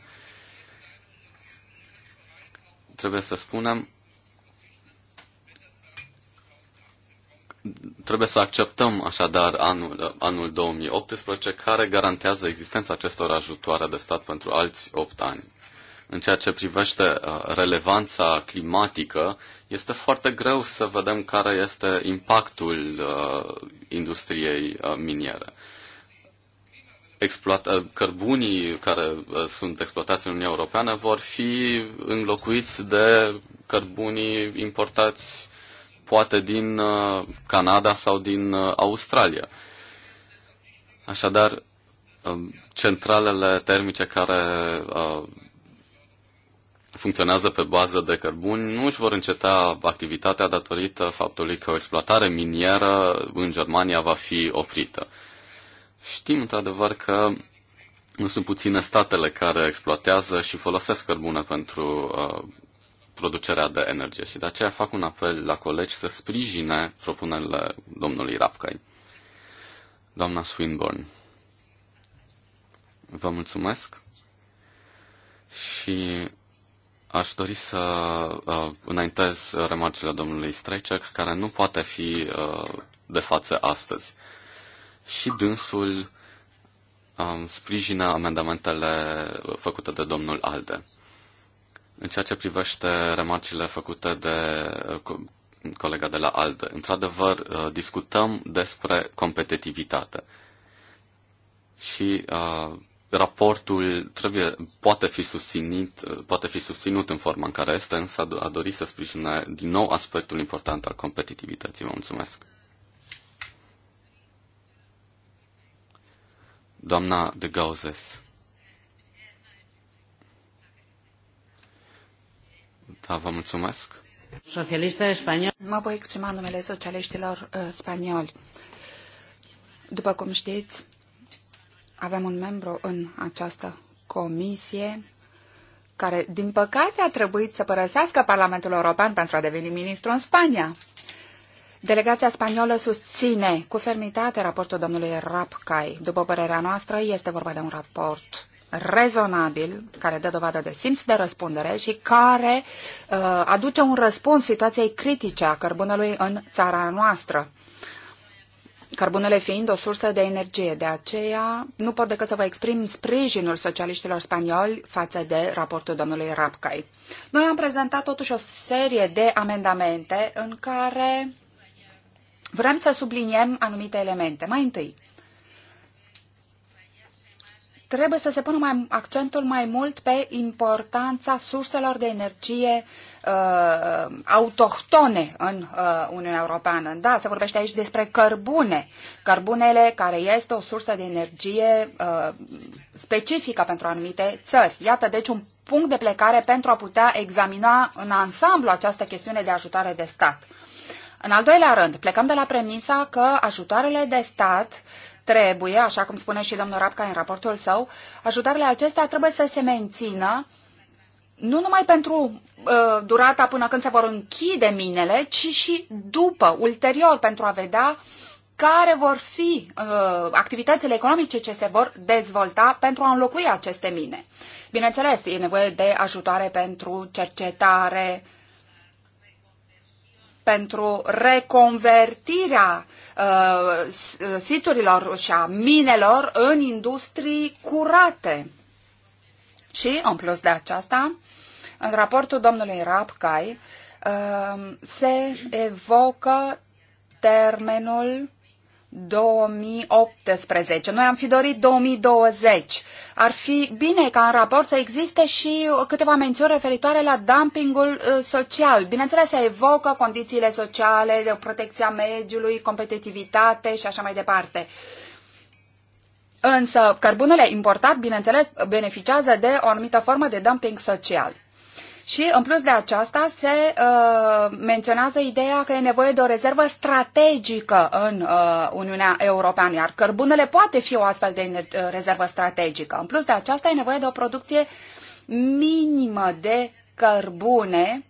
Trebuie să spunem trebuie să acceptăm așadar anul, anul 2018 care garantează existența acestor ajutoare de stat pentru alți 8 ani în ceea ce privește uh, relevanța climatică, este foarte greu să vedem care este impactul uh, industriei uh, miniere. Exploata- cărbunii care sunt exploatați în Uniunea Europeană vor fi înlocuiți de cărbunii importați poate din Canada sau din Australia. Așadar, um, centralele termice care funcționează pe bază de cărbuni nu își vor înceta activitatea datorită faptului că o exploatare minieră în Germania va fi oprită. Știm într-adevăr că nu sunt puține statele care exploatează și folosesc cărbune pentru uh, producerea de energie și de aceea fac un apel la colegi să sprijine propunerile domnului Rapcai. Doamna Swinburne, vă mulțumesc și Aș dori să uh, înaintez remarcile domnului Strecek, care nu poate fi uh, de față astăzi. Și dânsul um, sprijină amendamentele făcute de domnul Alde. În ceea ce privește remarcile făcute de uh, colega de la ALDE, într-adevăr, uh, discutăm despre competitivitate. Și uh, Raportul trebuie, poate, fi susținut, poate fi susținut în forma în care este, însă a dori să sprijine din nou aspectul important al competitivității. Vă mulțumesc. Doamna de Gauzes. Da, vă mulțumesc. Mă voi exprima numele socialiștilor uh, spanioli. După cum știți, avem un membru în această comisie care, din păcate, a trebuit să părăsească Parlamentul European pentru a deveni ministru în Spania. Delegația spaniolă susține cu fermitate raportul domnului Rapcai. După părerea noastră, este vorba de un raport rezonabil, care dă dovadă de simț de răspundere și care uh, aduce un răspuns situației critice a cărbunelui în țara noastră carbonele fiind o sursă de energie. De aceea, nu pot decât să vă exprim sprijinul socialiștilor spanioli față de raportul domnului Rapcai. Noi am prezentat totuși o serie de amendamente în care vrem să subliniem anumite elemente. Mai întâi, trebuie să se pună mai, accentul mai mult pe importanța surselor de energie uh, autohtone în uh, Uniunea Europeană. Da, se vorbește aici despre cărbune. Cărbunele care este o sursă de energie uh, specifică pentru anumite țări. Iată, deci un punct de plecare pentru a putea examina în ansamblu această chestiune de ajutare de stat. În al doilea rând, plecăm de la premisa că ajutoarele de stat Trebuie, așa cum spune și domnul Rapca în raportul său, ajutarele acestea trebuie să se mențină nu numai pentru uh, durata până când se vor închide minele, ci și după, ulterior, pentru a vedea care vor fi uh, activitățile economice ce se vor dezvolta pentru a înlocui aceste mine. Bineînțeles, e nevoie de ajutoare pentru cercetare, pentru reconvertirea uh, uh, siturilor și a minelor în industrii curate. Și, în plus de aceasta, în raportul domnului Rapcai uh, se evocă termenul 2018. Noi am fi dorit 2020. Ar fi bine ca în raport să existe și câteva mențiuni referitoare la dumpingul uh, social. Bineînțeles, se evocă condițiile sociale, de protecția mediului, competitivitate și așa mai departe. Însă, cărbunele importat, bineînțeles, beneficiază de o anumită formă de dumping social. Și, în plus de aceasta, se uh, menționează ideea că e nevoie de o rezervă strategică în uh, Uniunea Europeană, iar cărbunele poate fi o astfel de uh, rezervă strategică. În plus de aceasta, e nevoie de o producție minimă de cărbune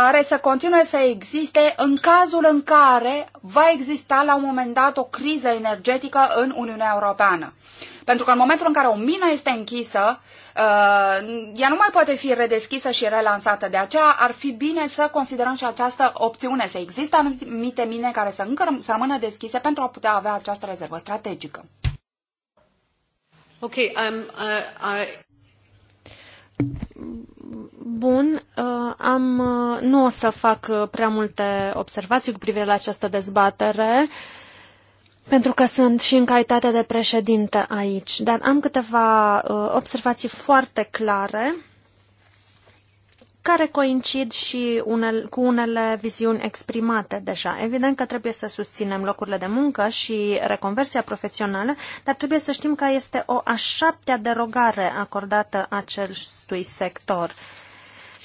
care să continue să existe în cazul în care va exista la un moment dat o criză energetică în Uniunea Europeană. Pentru că în momentul în care o mină este închisă, uh, ea nu mai poate fi redeschisă și relansată. De aceea ar fi bine să considerăm și această opțiune, să există anumite mine care să, încă, să rămână deschise pentru a putea avea această rezervă strategică. Ok, um, uh, I... Bun, uh, am, uh, nu o să fac uh, prea multe observații cu privire la această dezbatere, pentru că sunt și în calitate de președinte aici, dar am câteva uh, observații foarte clare care coincid și unel, cu unele viziuni exprimate deja. Evident că trebuie să susținem locurile de muncă și reconversia profesională, dar trebuie să știm că este o a șaptea derogare acordată acestui sector. Uh,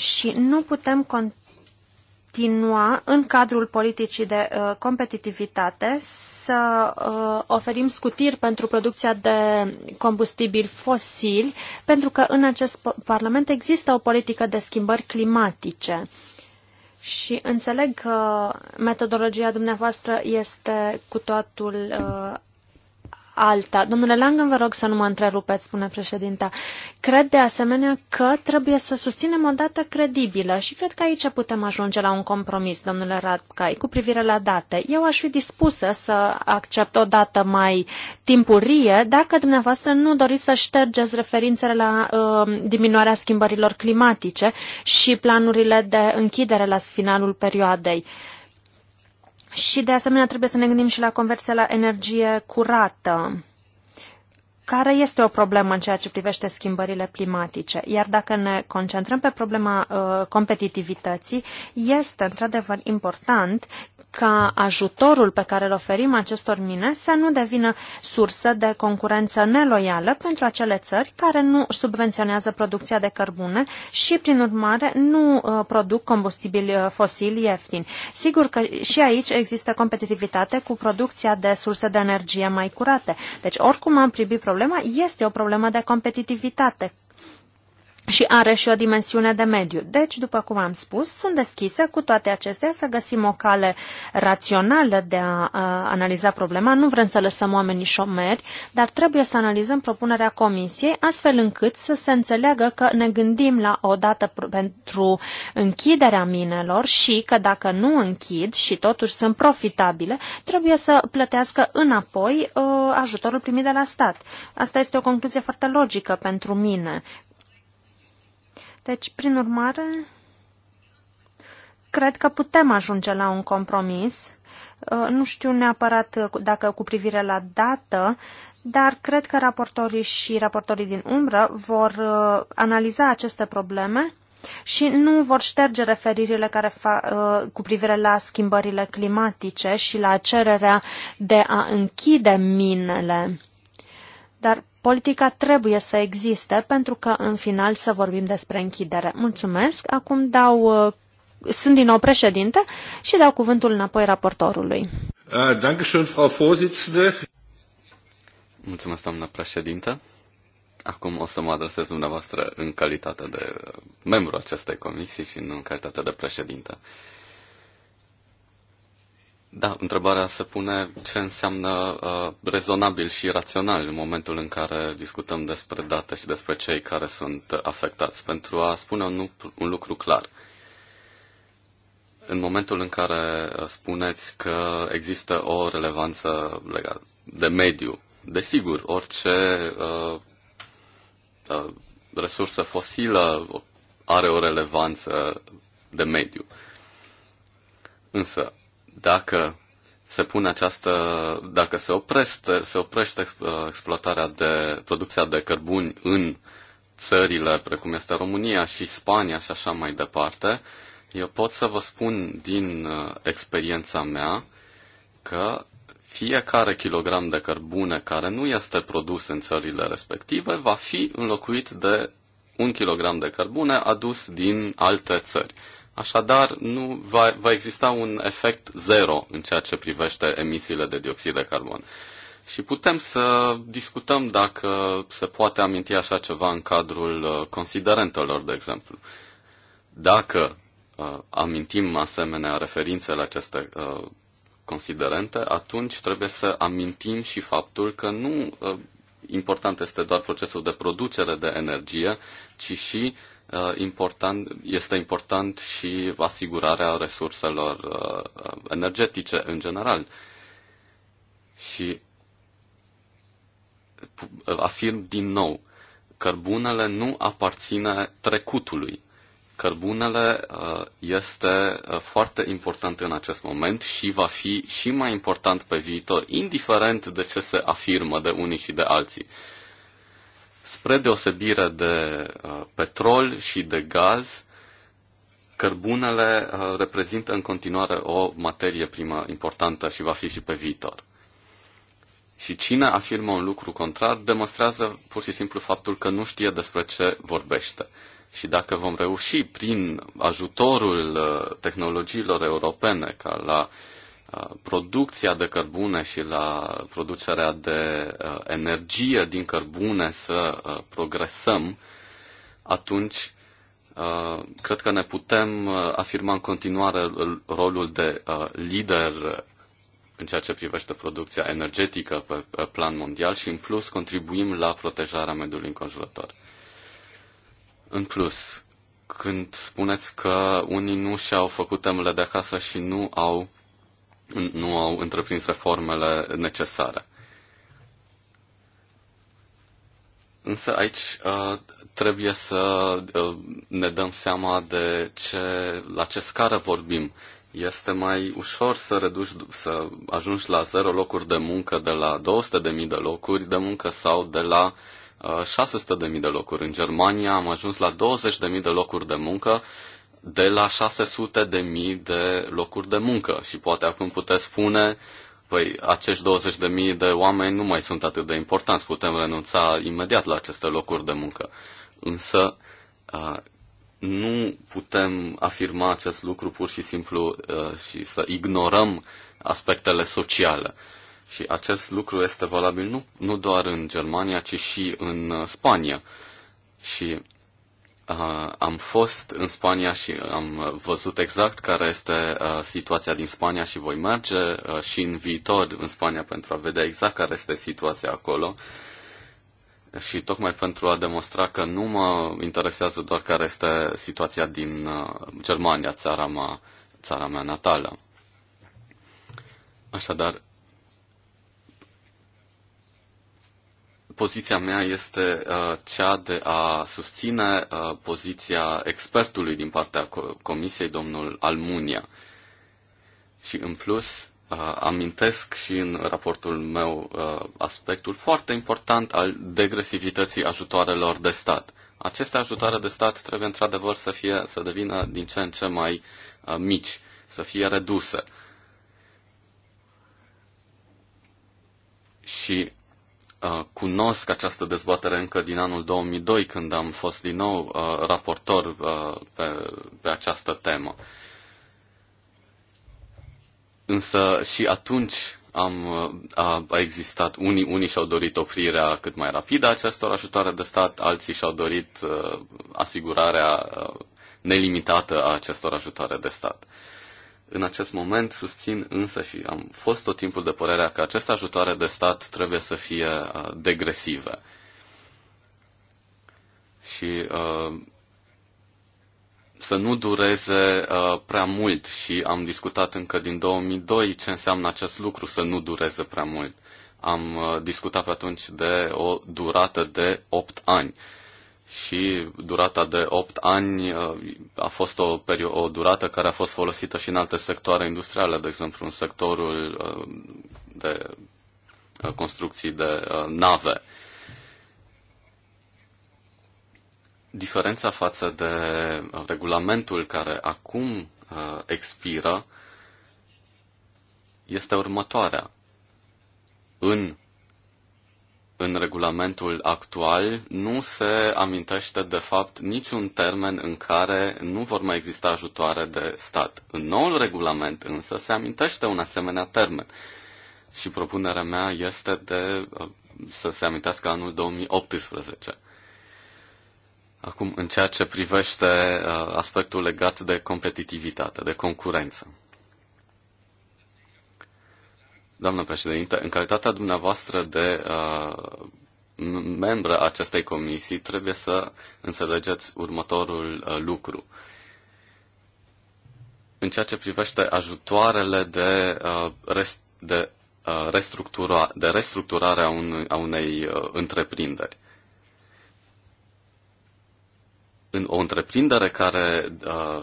și nu putem continua în cadrul politicii de uh, competitivitate să uh, oferim scutiri pentru producția de combustibili fosili, pentru că în acest Parlament există o politică de schimbări climatice. Și înțeleg că metodologia dumneavoastră este cu totul uh, alta. Domnule Langen, vă rog să nu mă întrerupeți, spune președinta. Cred de asemenea că trebuie să susținem o dată credibilă și cred că aici putem ajunge la un compromis, domnule Radcai, cu privire la date. Eu aș fi dispusă să accept o dată mai timpurie dacă dumneavoastră nu doriți să ștergeți referințele la uh, diminuarea schimbărilor climatice și planurile de închidere la finalul perioadei. Și de asemenea trebuie să ne gândim și la conversia la energie curată care este o problemă în ceea ce privește schimbările climatice. Iar dacă ne concentrăm pe problema uh, competitivității, este într-adevăr important ca ajutorul pe care îl oferim acestor mine să nu devină sursă de concurență neloială pentru acele țări care nu subvenționează producția de cărbune și, prin urmare, nu uh, produc combustibili uh, fosili ieftini. Sigur că și aici există competitivitate cu producția de surse de energie mai curate. Deci, oricum am privit problema, este o problemă de competitivitate și are și o dimensiune de mediu. Deci, după cum am spus, sunt deschise cu toate acestea să găsim o cale rațională de a, a analiza problema. Nu vrem să lăsăm oamenii șomeri, dar trebuie să analizăm propunerea comisiei astfel încât să se înțeleagă că ne gândim la o dată pentru închiderea minelor și că dacă nu închid și totuși sunt profitabile, trebuie să plătească înapoi uh, ajutorul primit de la stat. Asta este o concluzie foarte logică pentru mine, deci, prin urmare, cred că putem ajunge la un compromis. Uh, nu știu neapărat dacă cu privire la dată, dar cred că raportorii și raportorii din umbră vor uh, analiza aceste probleme și nu vor șterge referirile care fa, uh, cu privire la schimbările climatice și la cererea de a închide minele. Dar politica trebuie să existe pentru că în final să vorbim despre închidere. Mulțumesc. Acum dau uh, sunt din nou președinte și dau cuvântul înapoi raportorului. Uh, Mulțumesc, doamnă președinte. Acum o să mă adresez dumneavoastră în calitate de membru acestei comisii și nu în calitate de președinte. Da, întrebarea se pune ce înseamnă uh, rezonabil și rațional în momentul în care discutăm despre date și despre cei care sunt afectați, pentru a spune un, un lucru clar. În momentul în care uh, spuneți că există o relevanță legată de mediu, desigur, orice uh, uh, resursă fosilă are o relevanță de mediu. Însă, dacă se pune această, dacă se oprește, se oprește uh, exploatarea de producția de cărbuni în țările precum este România și Spania și așa mai departe, eu pot să vă spun din uh, experiența mea că fiecare kilogram de cărbune care nu este produs în țările respective va fi înlocuit de un kilogram de cărbune adus din alte țări. Așadar, nu va, va exista un efect zero în ceea ce privește emisiile de dioxid de carbon. Și putem să discutăm dacă se poate aminti așa ceva în cadrul uh, considerentelor, de exemplu. Dacă uh, amintim asemenea referințe la aceste uh, considerente, atunci trebuie să amintim și faptul că nu uh, important este doar procesul de producere de energie, ci și Uh, important, este important și asigurarea resurselor uh, energetice în general. Și uh, afirm din nou, cărbunele nu aparține trecutului. Cărbunele este foarte important în acest moment și va fi și mai important pe viitor, indiferent de ce se afirmă de unii și de alții. Spre deosebire de uh, petrol și de gaz, cărbunele uh, reprezintă în continuare o materie primă importantă și va fi și pe viitor. Și cine afirmă un lucru contrar demonstrează pur și simplu faptul că nu știe despre ce vorbește. Și dacă vom reuși prin ajutorul uh, tehnologiilor europene ca la uh, Uh, producția de cărbune și la producerea de uh, energie din cărbune să uh, progresăm, atunci cred că ne putem afirma în continuare rolul de lider în ceea ce privește producția energetică pe plan mondial și, în plus, contribuim la protejarea mediului înconjurător. În plus, când spuneți că unii nu și-au făcut temele de acasă și nu au nu au întreprins reformele necesare. Însă aici uh, trebuie să uh, ne dăm seama de ce, la ce scară vorbim. Este mai ușor să, reduci, să ajungi la zero locuri de muncă de la 200.000 de locuri de muncă sau de la 600.000 uh, de locuri. În Germania am ajuns la 20.000 de locuri de muncă de la 600 de mii de locuri de muncă și poate acum puteți spune, păi acești 20 de mii de oameni nu mai sunt atât de importanți, putem renunța imediat la aceste locuri de muncă. Însă nu putem afirma acest lucru pur și simplu și să ignorăm aspectele sociale. Și acest lucru este valabil nu, nu doar în Germania, ci și în Spania. Și Uh, am fost în Spania și am văzut exact care este uh, situația din Spania și voi merge uh, și în viitor în Spania pentru a vedea exact care este situația acolo. Și tocmai pentru a demonstra că nu mă interesează doar care este situația din Germania, țara mea, țara mea natală. Așadar, Poziția mea este uh, cea de a susține uh, poziția expertului din partea Comisiei, domnul Almunia. Și în plus, uh, amintesc și în raportul meu aspectul foarte important al degresivității ajutoarelor de stat. Aceste ajutoare de stat trebuie într-adevăr să, fie, să devină din ce în ce mai mici, să fie reduse. Și Uh, cunosc această dezbatere încă din anul 2002, când am fost din nou uh, raportor uh, pe, pe această temă. Însă și atunci am, a, a existat, unii, unii și-au dorit oprirea cât mai rapidă a acestor ajutoare de stat, alții și-au dorit uh, asigurarea uh, nelimitată a acestor ajutoare de stat. Uh, în acest moment susțin însă și am fost tot timpul de părerea că aceste ajutoare de stat trebuie să fie uh, degresive. Și uh, să nu dureze uh, prea mult și am discutat încă din 2002 ce înseamnă acest lucru să nu dureze prea mult. Am uh, discutat pe atunci de o durată de 8 ani. Uh, și durata de 8 ani uh, a fost o, o durată care a fost folosită și în alte sectoare industriale, de exemplu în sectorul uh, de uh, construcții de nave. Diferența față de regulamentul care acum expiră este următoarea. În în regulamentul actual nu se amintește de fapt niciun termen în care nu vor mai exista ajutoare de stat. În noul regulament însă se amintește un asemenea termen și propunerea mea este de uh, să se amintească anul 2018. Acum, în ceea ce privește uh, aspectul legat de competitivitate, de concurență. Doamnă președinte, în calitatea dumneavoastră de uh, membră acestei comisii, trebuie să înțelegeți următorul uh, lucru. În ceea ce privește ajutoarele de, uh, rest, de, uh, restructura, de restructurare a, un, a unei uh, întreprinderi. În o întreprindere care uh,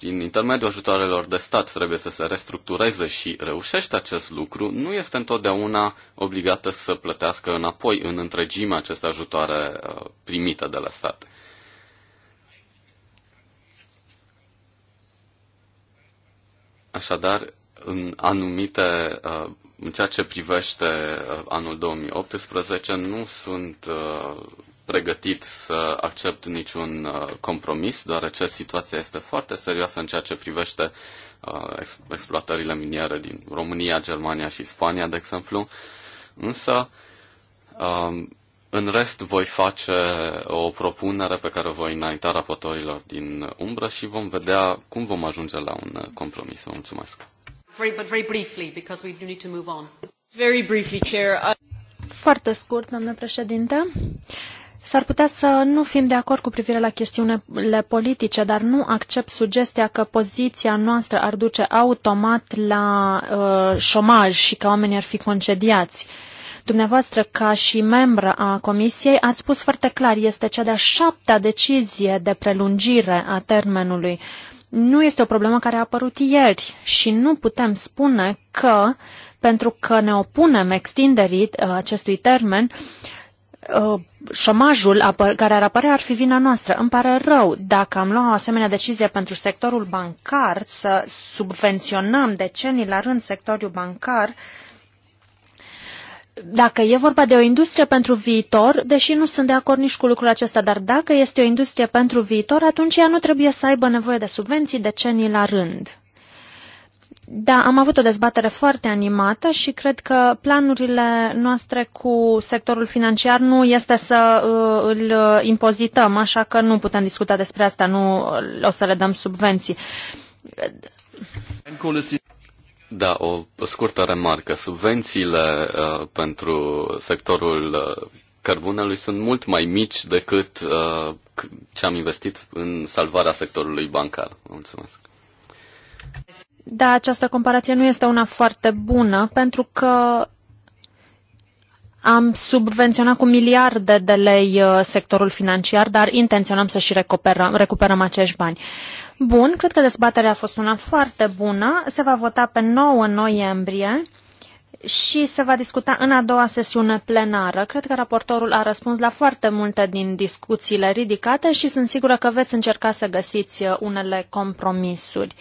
prin intermediul ajutoarelor de stat trebuie să se restructureze și reușește acest lucru, nu este întotdeauna obligată să plătească înapoi în întregime aceste ajutoare uh, primite de la stat. Așadar, în anumite, uh, în ceea ce privește uh, anul 2018, nu sunt pregătit să accept niciun uh, compromis, deoarece situația este foarte serioasă în ceea ce privește uh, exploatările miniere din România, Germania și Spania, de exemplu. Însă, um, în rest, voi face o propunere pe care o voi înainta raportorilor din umbră și vom vedea cum vom ajunge la un uh, compromis. Vă mulțumesc. Very, briefly, because we do need to move on. Very briefly, Chair. Foarte scurt, doamnă președinte. S-ar putea să nu fim de acord cu privire la chestiunile politice, dar nu accept sugestia că poziția noastră ar duce automat la uh, șomaj și că oamenii ar fi concediați. Dumneavoastră, ca și membră a Comisiei, ați spus foarte clar, este cea de-a șaptea decizie de prelungire a termenului. Nu este o problemă care a apărut ieri și nu putem spune că, pentru că ne opunem extinderii uh, acestui termen, uh, uh, șomajul care ar apărea ar fi vina noastră. Îmi pare rău dacă am luat o asemenea decizie pentru sectorul bancar, să subvenționăm decenii la rând sectorul bancar, dacă e vorba de o industrie pentru viitor, deși nu sunt de acord nici cu lucrul acesta, dar dacă este o industrie pentru viitor, atunci ea nu trebuie să aibă nevoie de subvenții decenii la rând. Da, am avut o dezbatere foarte animată și cred că planurile noastre cu sectorul financiar nu este să uh, îl impozităm, așa că nu putem discuta despre asta, nu o să le dăm subvenții. Da, o scurtă remarcă. Subvențiile uh, pentru sectorul uh, cărbunelui sunt mult mai mici decât uh, ce am investit în salvarea sectorului bancar. Mulțumesc. Da, această comparație nu este una foarte bună, pentru că am subvenționat cu miliarde de lei uh, sectorul financiar, dar intenționăm să și recuperăm, recuperăm acești bani. Bun, cred că dezbaterea a fost una foarte bună. Se va vota pe 9 noiembrie și se va discuta în a doua sesiune plenară. Cred că raportorul a răspuns la foarte multe din discuțiile ridicate și sunt sigură că veți încerca să găsiți uh, unele compromisuri.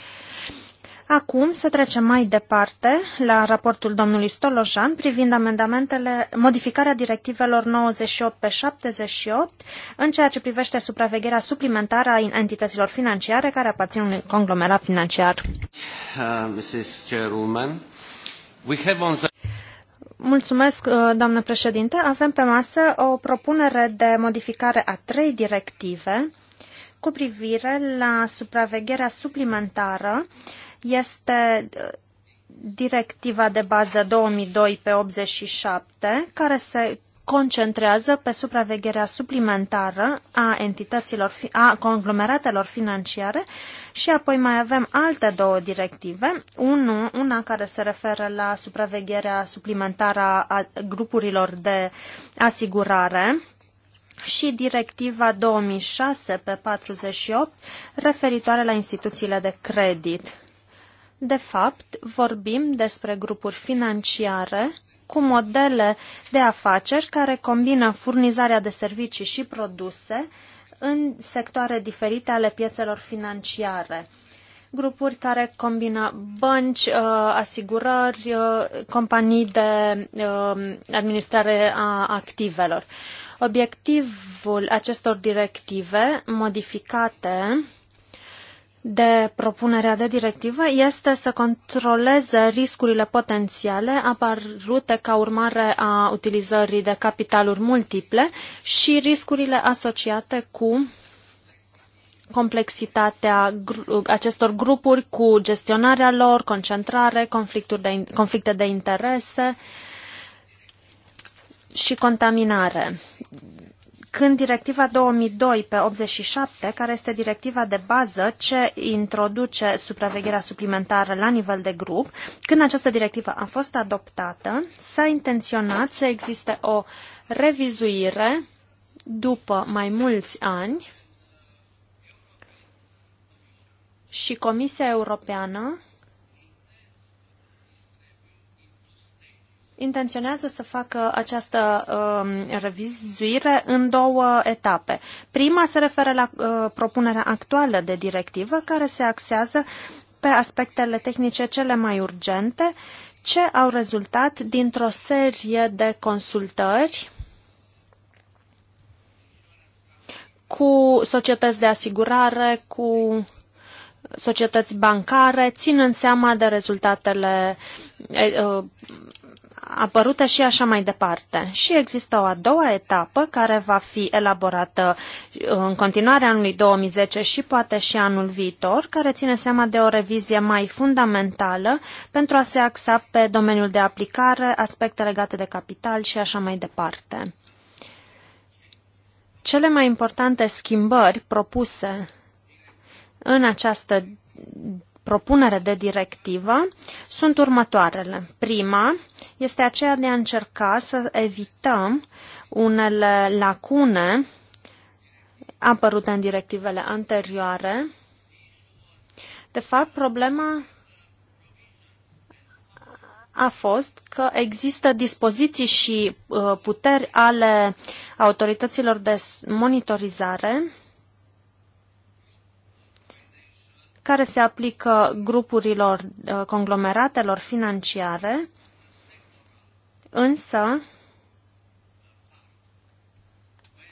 Acum să trecem mai departe la raportul domnului Stolojan privind amendamentele, modificarea directivelor 98 pe 78 în ceea ce privește supravegherea suplimentară a entităților financiare care aparțin unui conglomerat financiar. Uh, Mrs. Chairwoman, we have on the... Mulțumesc, uh, doamnă președinte. Avem pe masă o propunere de modificare a trei directive cu privire la supravegherea suplimentară uh, este uh, directiva de bază 2002 pe 87, care se concentrează pe supravegherea suplimentară a entităților, a conglomeratelor financiare și apoi mai avem alte două directive, unu, una care se referă la supravegherea suplimentară a grupurilor de asigurare, și directiva 2006 pe 48 referitoare la instituțiile de credit. De fapt, vorbim despre grupuri financiare cu modele de afaceri care combină furnizarea de servicii și produse în sectoare diferite ale piețelor financiare. Grupuri care combină bănci, uh, asigurări, uh, companii de uh, administrare a activelor. Obiectivul acestor directive modificate de propunerea de directivă este să controleze riscurile potențiale apărute ca urmare a utilizării de capitaluri multiple și riscurile asociate cu complexitatea acestor grupuri, cu gestionarea lor, concentrare, de, conflicte de interese și contaminare când directiva 2002 pe 87, care este directiva de bază ce introduce supravegherea suplimentară la nivel de grup, când această directivă a fost adoptată, s-a intenționat să existe o revizuire după mai mulți ani și Comisia Europeană intenționează să facă această uh, revizuire în două etape. Prima se referă la uh, propunerea actuală de directivă care se axează pe aspectele tehnice cele mai urgente ce au rezultat dintr-o serie de consultări cu societăți de asigurare, cu societăți bancare, ținând seama de rezultatele uh, apărută și așa mai departe. Și există o a doua etapă care va fi elaborată uh, în continuare anului 2010 și poate și anul viitor, care ține seama de o revizie mai fundamentală pentru a se axa pe domeniul de aplicare, aspecte legate de capital și așa mai departe. Cele mai importante schimbări propuse în această propunere de directivă sunt următoarele. Prima este aceea de a încerca să evităm unele lacune apărute în directivele anterioare. De fapt, problema a fost că există dispoziții și uh, puteri ale autorităților de monitorizare care se aplică grupurilor uh, conglomeratelor financiare, însă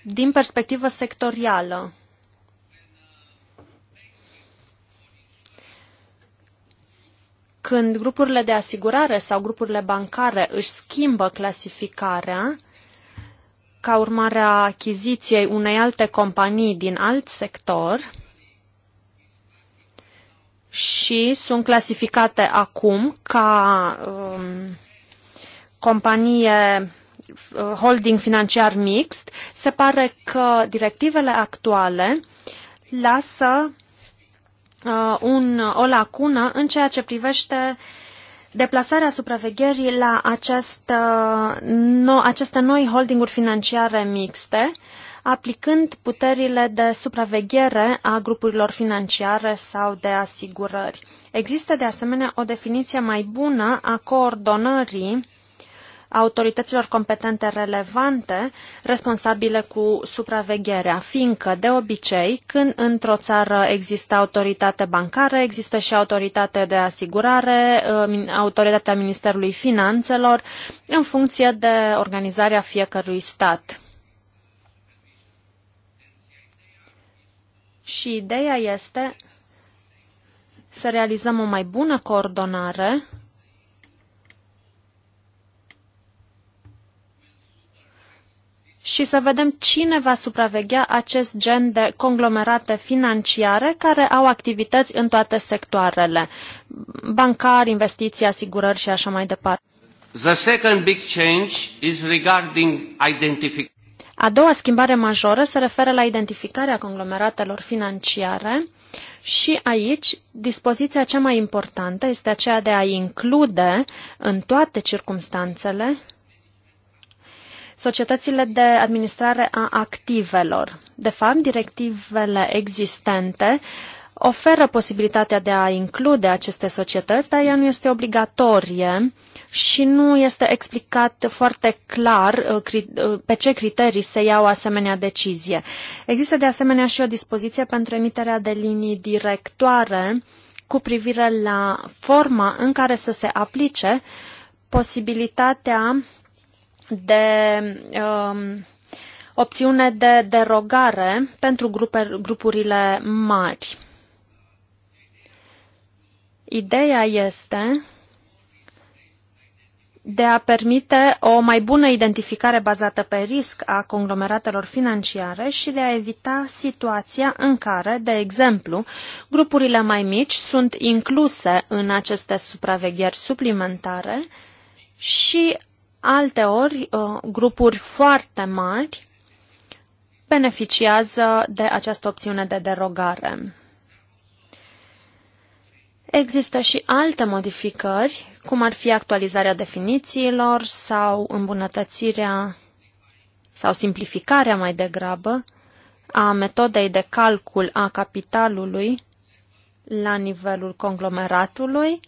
din perspectivă sectorială. Când grupurile de asigurare sau grupurile bancare își schimbă clasificarea, ca urmare a achiziției unei alte companii din alt sector, și sunt clasificate acum ca um, companie uh, holding financiar mixt, se pare că directivele actuale lasă uh, un, o lacună în ceea ce privește deplasarea supravegherii la acest, uh, no, aceste noi holdinguri financiare mixte uh, aplicând puterile de supraveghere a grupurilor financiare sau de asigurări. Există de asemenea o definiție mai bună a coordonării autorităților competente relevante responsabile cu supravegherea, fiindcă, de obicei, când într-o țară există autoritate bancară, există și autoritate de asigurare, uh, autoritatea Ministerului Finanțelor, în funcție de organizarea fiecărui stat. Și ideea este să realizăm o mai bună coordonare și să vedem cine va supraveghea acest gen de conglomerate financiare care au activități în toate sectoarele, bancar, investiții, asigurări și așa mai departe. The second big change is regarding identification. A doua schimbare majoră se referă la identificarea conglomeratelor financiare și aici dispoziția cea mai importantă este aceea de a include în toate circumstanțele societățile de administrare a activelor. De fapt, directivele existente uh, oferă posibilitatea de a include aceste societăți, dar ea nu este obligatorie și nu este explicat foarte clar uh, uh, pe ce criterii se iau asemenea decizie. Există de asemenea și o dispoziție pentru emiterea de linii directoare cu privire la forma în care să se aplice posibilitatea de um, opțiune de derogare pentru grupe, grupurile mari. Ideea este de a permite o mai bună identificare bazată pe risc a conglomeratelor financiare și de a evita situația în care, de exemplu, grupurile mai mici sunt incluse în aceste supravegheri suplimentare și alteori uh, grupuri foarte mari beneficiază de această opțiune de derogare. Există și alte modificări, cum ar fi actualizarea definițiilor sau îmbunătățirea sau simplificarea mai degrabă a metodei de calcul a capitalului la nivelul conglomeratului.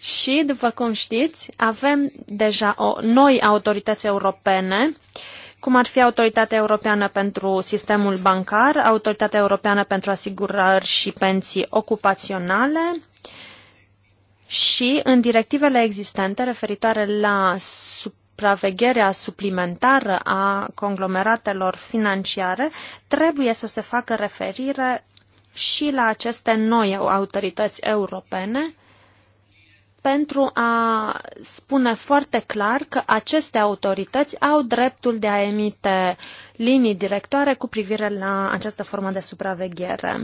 Și, după cum știți, avem deja o, noi autorități europene uh, cum ar fi Autoritatea Europeană pentru Sistemul Bancar, Autoritatea Europeană pentru Asigurări și Pensii Ocupaționale și în directivele existente referitoare la supravegherea suplimentară a conglomeratelor financiare, trebuie să se facă referire și la aceste noi autorități europene, pentru a spune foarte clar că aceste autorități au dreptul de a emite linii directoare cu privire la această formă de supraveghere.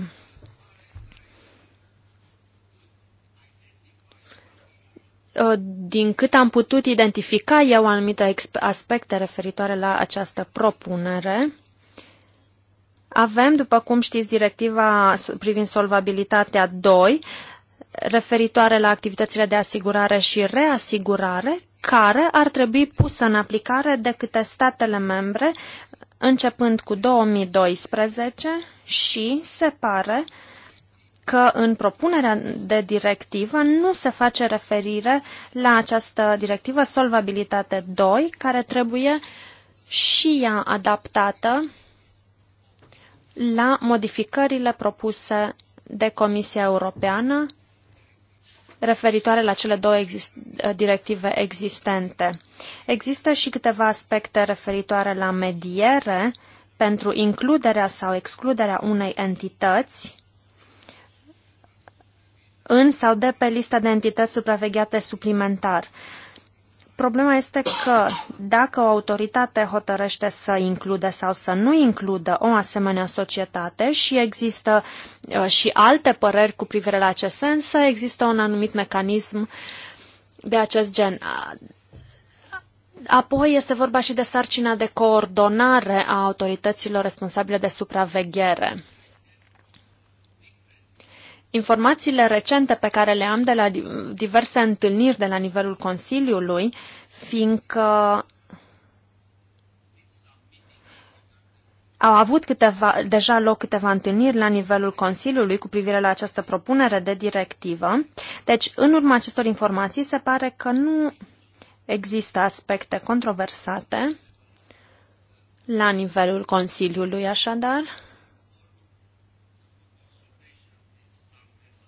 Uh, din cât am putut identifica eu anumite aspecte referitoare la această propunere, avem, după cum știți, directiva privind solvabilitatea 2, referitoare la activitățile de asigurare și reasigurare, care ar trebui pusă în aplicare de câte statele membre începând cu 2012 și se pare că în propunerea de directivă nu se face referire la această directivă Solvabilitate 2, care trebuie și ea adaptată la modificările propuse de Comisia Europeană referitoare la cele două exist uh, directive existente. Există și câteva aspecte referitoare la mediere pentru includerea sau excluderea unei entități în sau de pe lista de entități supravegheate suplimentar. Uh, Problema este că dacă o autoritate hotărăște să includă sau să nu includă o asemenea societate și există uh, și alte păreri cu privire la acest sens, există un anumit mecanism de acest gen. Apoi este vorba și de sarcina de coordonare a autorităților responsabile de supraveghere. Informațiile recente pe care le am de la diverse întâlniri de la nivelul Consiliului, fiindcă Au avut câteva, deja loc câteva întâlniri la nivelul Consiliului cu privire la această propunere de directivă. Deci, în urma acestor informații, se pare că nu există aspecte controversate la nivelul Consiliului, așadar.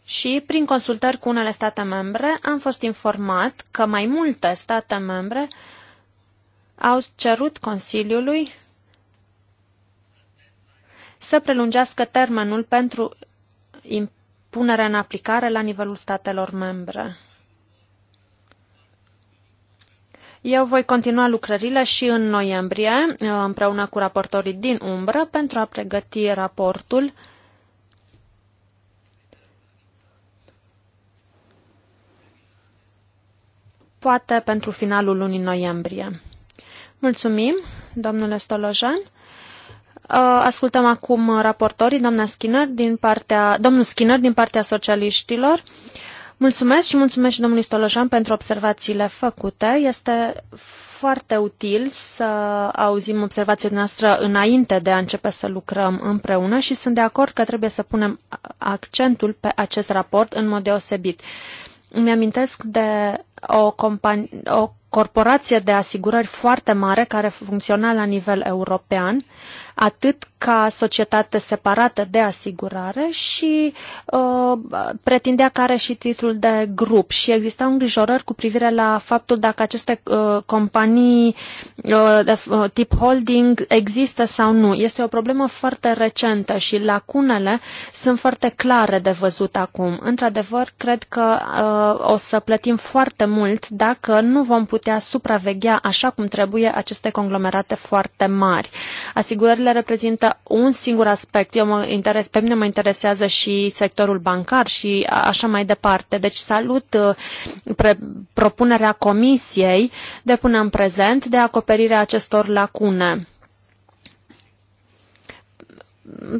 și, prin consultări cu unele state membre, am fost informat că mai multe state membre au cerut Consiliului să prelungească termenul pentru impunerea în aplicare la nivelul statelor membre. Eu voi continua lucrările și în noiembrie, împreună cu raportorii din umbră, pentru a pregăti raportul poate pentru finalul lunii noiembrie. Mulțumim, domnule Stolojan. Uh, ascultăm acum raportorii, doamna Skinner, din partea, domnul Skinner din partea socialiștilor. Mulțumesc și mulțumesc și domnului Stolojan pentru observațiile făcute. Este foarte util să auzim observațiile noastre înainte de a începe să lucrăm împreună și sunt de acord că trebuie să punem accentul pe acest raport în mod deosebit. Uh, îmi amintesc de o, o corporație de asigurări foarte mare care funcționa la nivel european atât ca societate separată de asigurare și uh, pretindea că are și titlul de grup și existau îngrijorări cu privire la faptul dacă aceste uh, companii uh, de uh, tip holding există sau nu. Este o problemă foarte recentă și lacunele sunt foarte clare de văzut acum. Într-adevăr, cred că uh, o să plătim foarte mult dacă nu vom putea supraveghea așa cum trebuie aceste conglomerate foarte mari. Asigurările Fondurile reprezintă un singur aspect. Eu mă interes, pe mine mă interesează și sectorul bancar și așa mai departe. Deci salut uh, pre, propunerea Comisiei de până în prezent de acoperirea acestor lacune.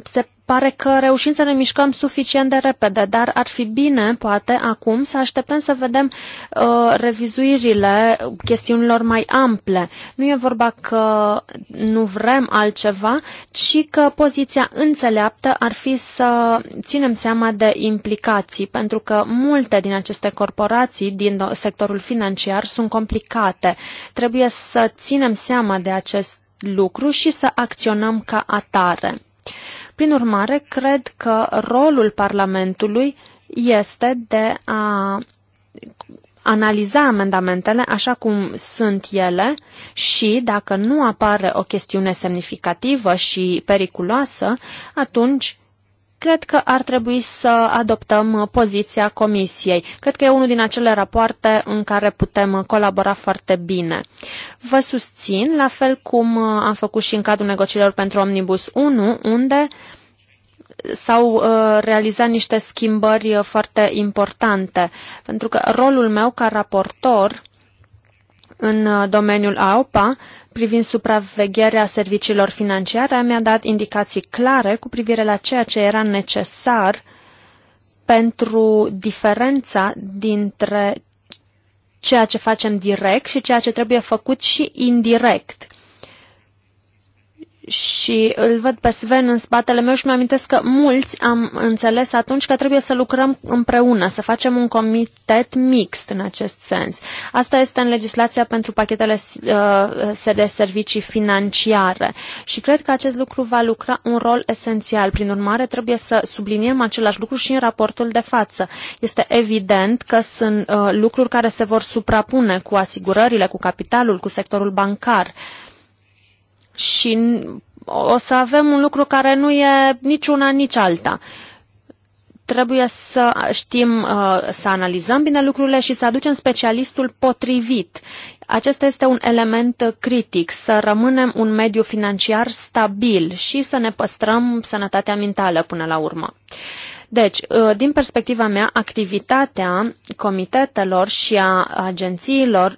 Se pare că reușim să ne mișcăm suficient de repede, dar ar fi bine, poate, acum să așteptăm să vedem uh, revizuirile chestiunilor mai ample. Nu e vorba că nu vrem altceva, ci că poziția înțeleaptă ar fi să ținem seama de implicații, pentru că multe din aceste corporații din sectorul financiar sunt complicate. Trebuie să ținem seama de acest lucru și să acționăm ca atare. Prin urmare, cred că rolul Parlamentului este de a analiza amendamentele așa cum sunt ele și, dacă nu apare o chestiune semnificativă și periculoasă, atunci Cred că ar trebui să adoptăm uh, poziția Comisiei. Cred că e unul din acele rapoarte în care putem uh, colabora foarte bine. Vă susțin, la fel cum uh, am făcut și în cadrul negocierilor pentru Omnibus 1, unde s-au uh, realizat niște schimbări foarte importante, pentru că rolul meu ca raportor în domeniul AOPA privind supravegherea serviciilor financiare mi-a dat indicații clare cu privire la ceea ce era necesar pentru diferența dintre ceea ce facem direct și ceea ce trebuie făcut și indirect și îl văd pe Sven în spatele meu și mi-amintesc că mulți am înțeles atunci că trebuie să lucrăm împreună, să facem un comitet mixt în acest sens. Asta este în legislația pentru pachetele uh, de servicii financiare și cred că acest lucru va lucra un rol esențial. Prin urmare, trebuie să subliniem același lucru și în raportul de față. Este evident că sunt uh, lucruri care se vor suprapune cu asigurările, cu capitalul, cu sectorul bancar. Uh, și o să avem un lucru care nu e nici una, nici alta. Trebuie să știm, uh, să analizăm bine lucrurile și să aducem specialistul potrivit. Acesta este un element critic, să rămânem un mediu financiar stabil și să ne păstrăm sănătatea mentală până la urmă. Deci, uh, din perspectiva mea, activitatea comitetelor și a agențiilor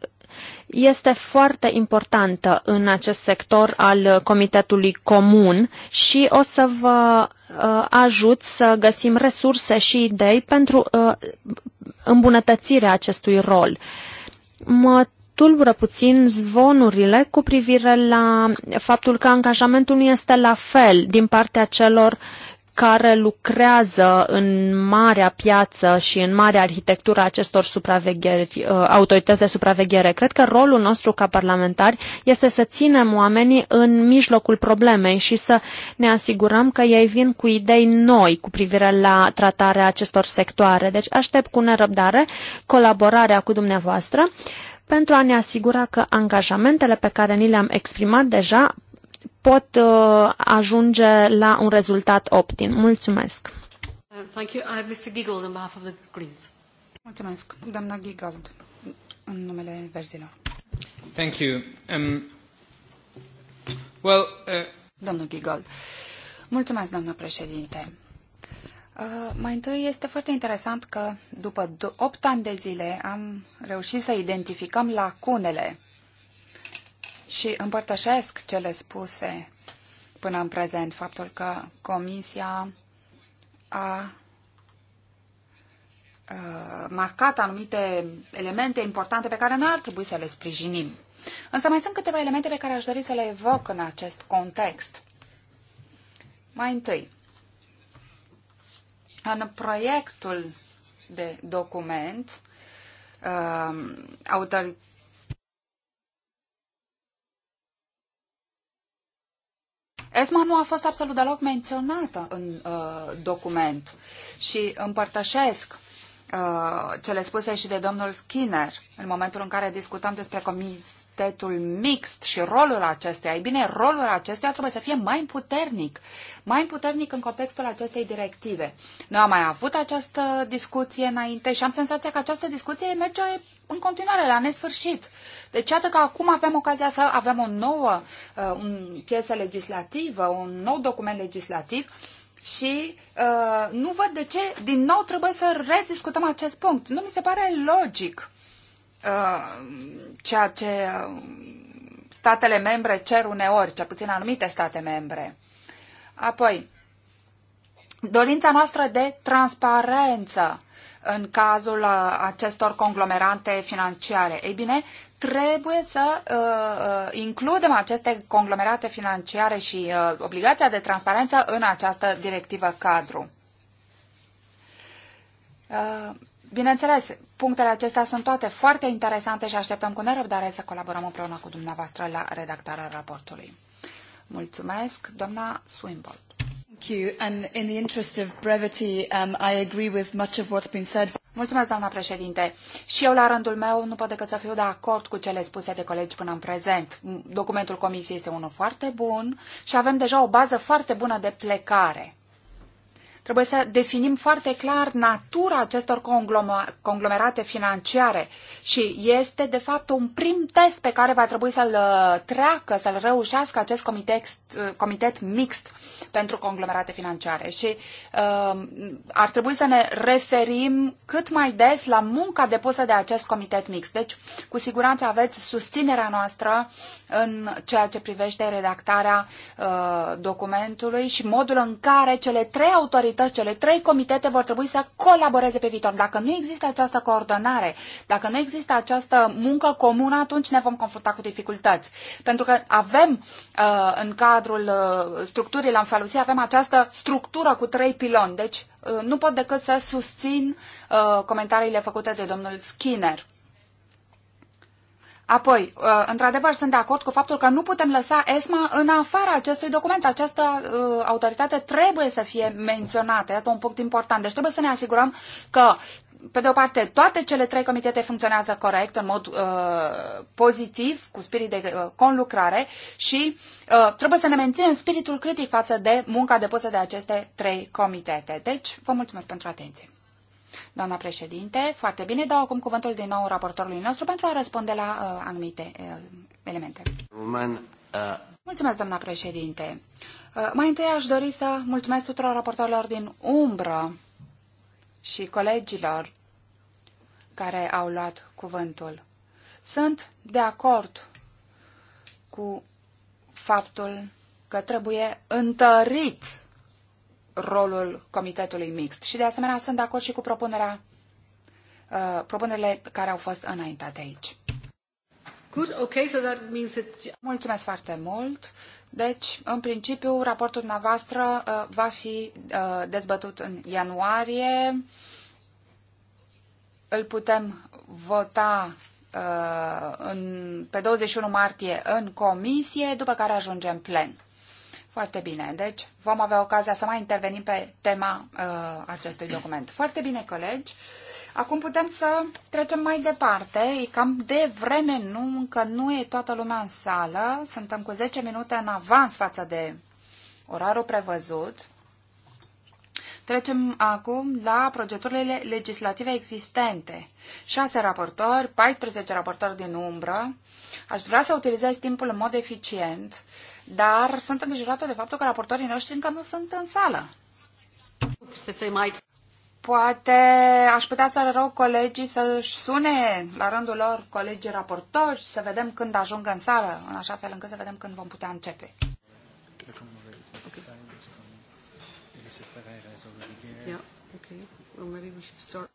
este foarte importantă în acest sector al Comitetului Comun și o să vă uh, ajut să găsim resurse și idei pentru uh, îmbunătățirea acestui rol. Mă tulbură puțin zvonurile cu privire la faptul că angajamentul nu este la fel din partea celor uh, care lucrează în marea piață și în marea arhitectură acestor supravegheri, uh, autorități de supraveghere. Cred că rolul nostru ca parlamentari este să ținem oamenii în mijlocul problemei și să ne asigurăm că ei vin cu idei noi cu privire la tratarea acestor sectoare. Deci aștept cu nerăbdare colaborarea cu dumneavoastră pentru a ne asigura că angajamentele pe care ni le-am exprimat deja pot uh, ajunge la un rezultat optim. Mulțumesc! Uh, thank you. I Mr. Giggold on behalf of the Greens. Mulțumesc, doamna Giggold, în numele verzilor. Thank you. Um, well, uh... Domnul Giggold. Mulțumesc, doamnă președinte. Uh, mai întâi este foarte interesant că după 8 ani de zile am reușit să identificăm lacunele și împărtășesc cele spuse până în prezent, faptul că Comisia a marcat anumite elemente importante pe care nu ar trebui să le sprijinim. Însă mai sunt câteva elemente pe care aș dori să le evoc în acest context. Mai întâi, în proiectul de document, um, autorit ESMA nu a fost absolut deloc menționată în uh, document și împărtășesc uh, cele spuse și de domnul Skinner în momentul în care discutăm despre comis quartetul mixt și rolul acestuia. Ei bine, rolul acestuia trebuie să fie mai puternic, mai puternic în contextul acestei directive. Noi am mai avut această discuție înainte și am senzația că această discuție merge în continuare la nesfârșit. Deci iată că acum avem ocazia să avem o nouă uh, un piesă legislativă, un nou document legislativ și uh, nu văd de ce din nou trebuie să rediscutăm acest punct. Nu mi se pare logic Uh, ceea ce uh, statele membre cer uneori, cel puțin anumite state membre. Apoi, dorința noastră de transparență în cazul uh, acestor conglomerate financiare. Ei bine, trebuie să uh, includem aceste conglomerate financiare și uh, obligația de transparență în această directivă cadru. Uh, bineînțeles, Punctele acestea sunt toate foarte interesante și așteptăm cu nerăbdare să colaborăm împreună cu dumneavoastră la redactarea raportului. Mulțumesc, doamna Swinbolt. Mulțumesc, doamna președinte. Și eu, la rândul meu, nu pot decât să fiu de acord cu cele spuse de colegi până în prezent. Documentul comisiei este unul foarte bun și avem deja o bază foarte bună de plecare. Trebuie să definim foarte clar natura acestor conglomerate financiare și este, de fapt, un prim test pe care va trebui să-l uh, treacă, să-l reușească acest comitet, uh, comitet mixt pentru conglomerate financiare. Și uh, ar trebui să ne referim cât mai des la munca depusă de acest comitet mixt. Deci, cu siguranță aveți susținerea noastră în ceea ce privește redactarea uh, documentului și modul în care cele trei autorități activități, cele trei comitete vor trebui să colaboreze pe viitor. Dacă nu există această coordonare, dacă nu există această muncă comună, atunci ne vom confrunta cu dificultăți. Pentru că avem uh, în cadrul uh, structurii la Lamfalusie, avem această structură cu trei piloni. Deci uh, nu pot decât să susțin comentariile făcute de domnul Skinner. Apoi, uh, într-adevăr, sunt de acord cu faptul că nu putem lăsa ESMA în afara acestui document. Această uh, autoritate trebuie să fie menționată. Iată un punct important. Deci trebuie să ne asigurăm că, pe de o parte, toate cele trei comitete funcționează corect, în mod uh, pozitiv, cu spirit de uh, conlucrare și uh, trebuie să ne menținem spiritul critic față de munca depusă de aceste trei comitete. Deci, vă mulțumesc pentru atenție. Doamna președinte, foarte bine, dau acum cuvântul din nou raportorului nostru pentru a răspunde la uh, anumite uh, elemente. Roman, uh... Mulțumesc, doamna președinte. Uh, mai întâi aș dori să mulțumesc tuturor raportorilor din umbră și colegilor care au luat cuvântul. Sunt de acord cu faptul că trebuie întărit rolul comitetului mixt. Și de asemenea sunt de acord și cu propunerea, uh, propunerile care au fost înaintate aici. Good, okay, so that means that... Mulțumesc foarte mult. Deci, în principiu, raportul dumneavoastră uh, va fi uh, dezbătut în ianuarie. Îl putem vota uh, în, pe 21 martie în comisie, după care ajungem plen. Foarte bine. Deci vom avea ocazia să mai intervenim pe tema uh, acestui document. Foarte bine, colegi. Acum putem să trecem mai departe. E cam de vreme, nu, încă nu e toată lumea în sală. Suntem cu 10 minute în avans față de orarul prevăzut. Trecem acum la procedurile legislative existente. 6 raportori, 14 raportori din umbră. Aș vrea să utilizez timpul în mod eficient. Uh, dar sunt îngrijorată de faptul că raportorii noștri încă nu sunt în sală. Poate aș putea să rog colegii să-și sune la rândul lor colegii raportori să vedem când ajung în sală, în așa fel încât să vedem când vom putea începe. Okay. Yeah, okay. Well, maybe we should start.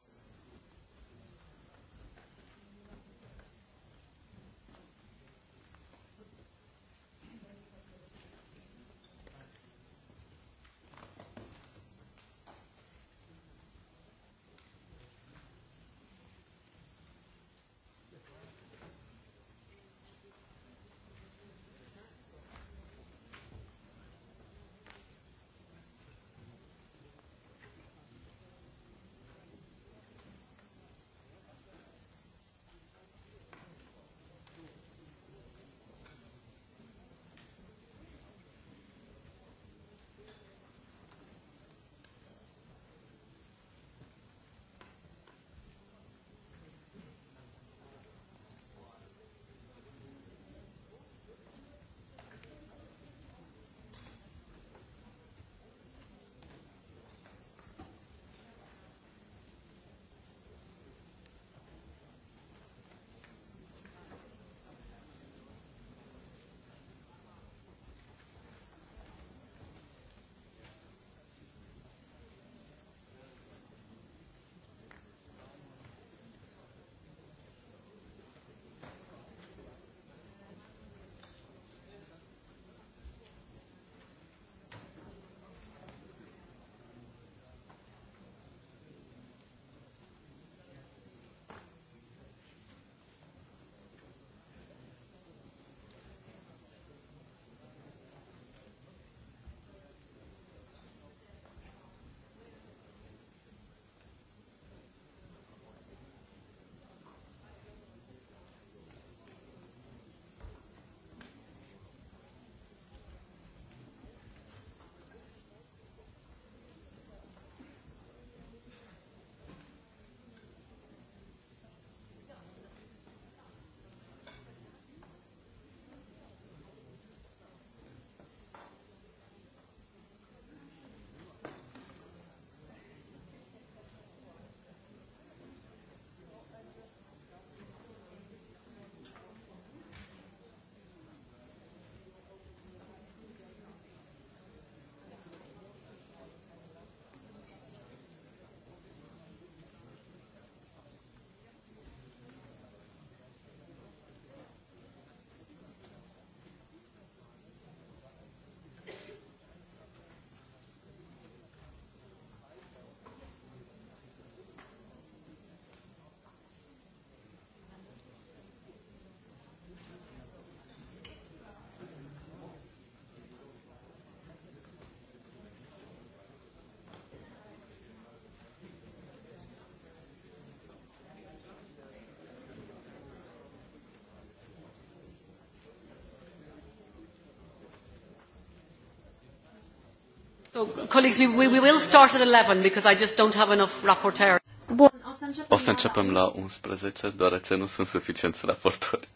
So, colleagues, we, we will start at 11 because I just don't have enough rapporteurs. Bun, o să începem, o să începem la 11, deoarece nu sunt suficienți raportori.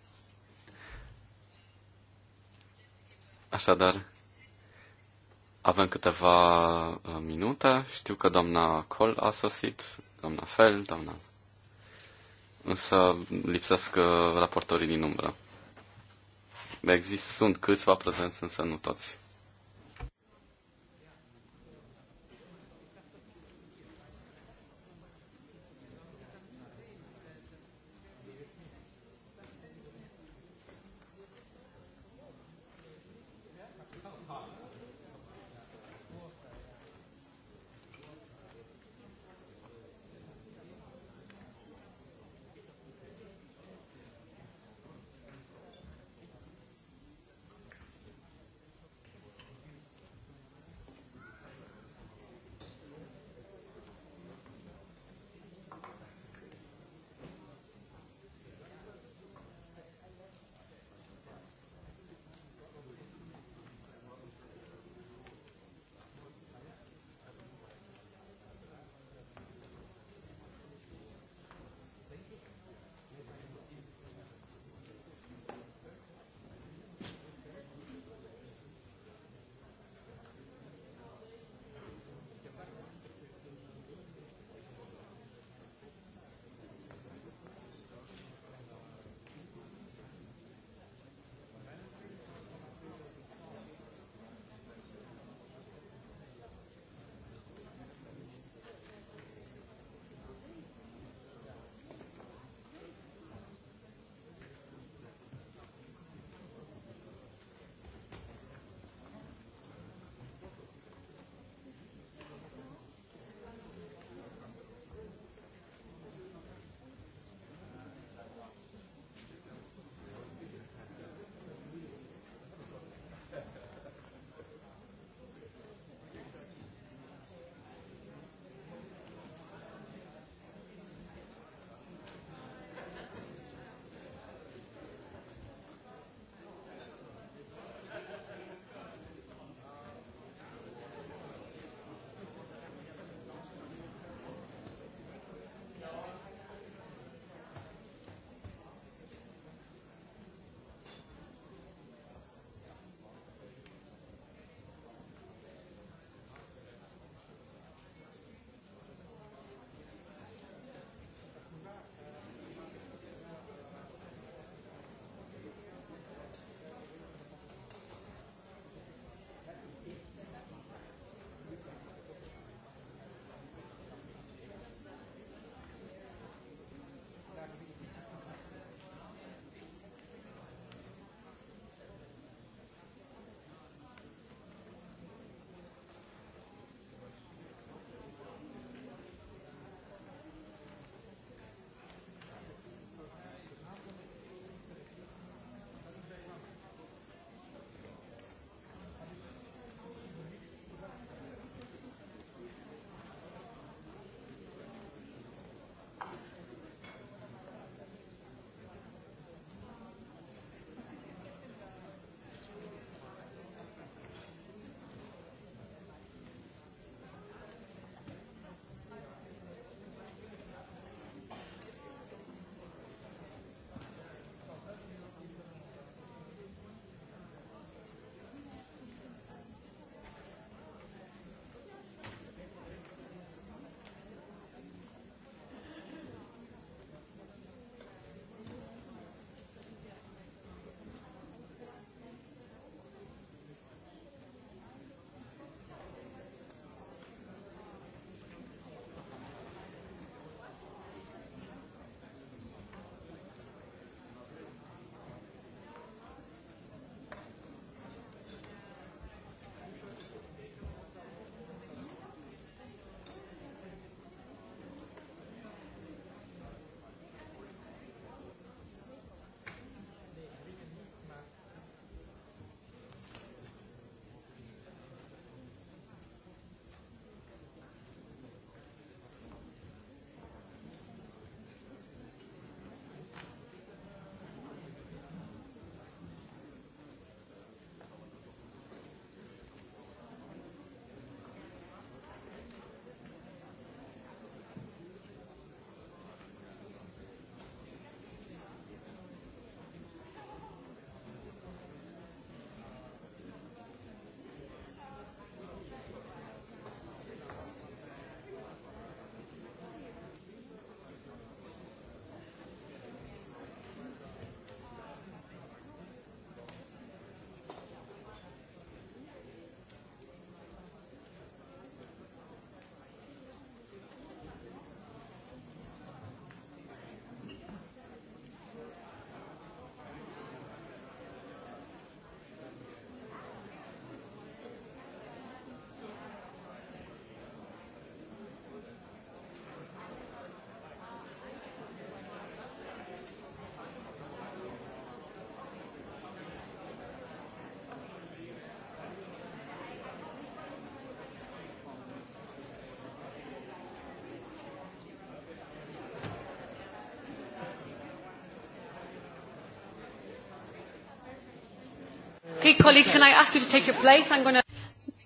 Așadar, avem câteva uh, minute. Știu că doamna Col a sosit, doamna Fel, doamna... Însă lipsesc uh, raportorii din umbră. Există, sunt câțiva prezenți, însă nu toți.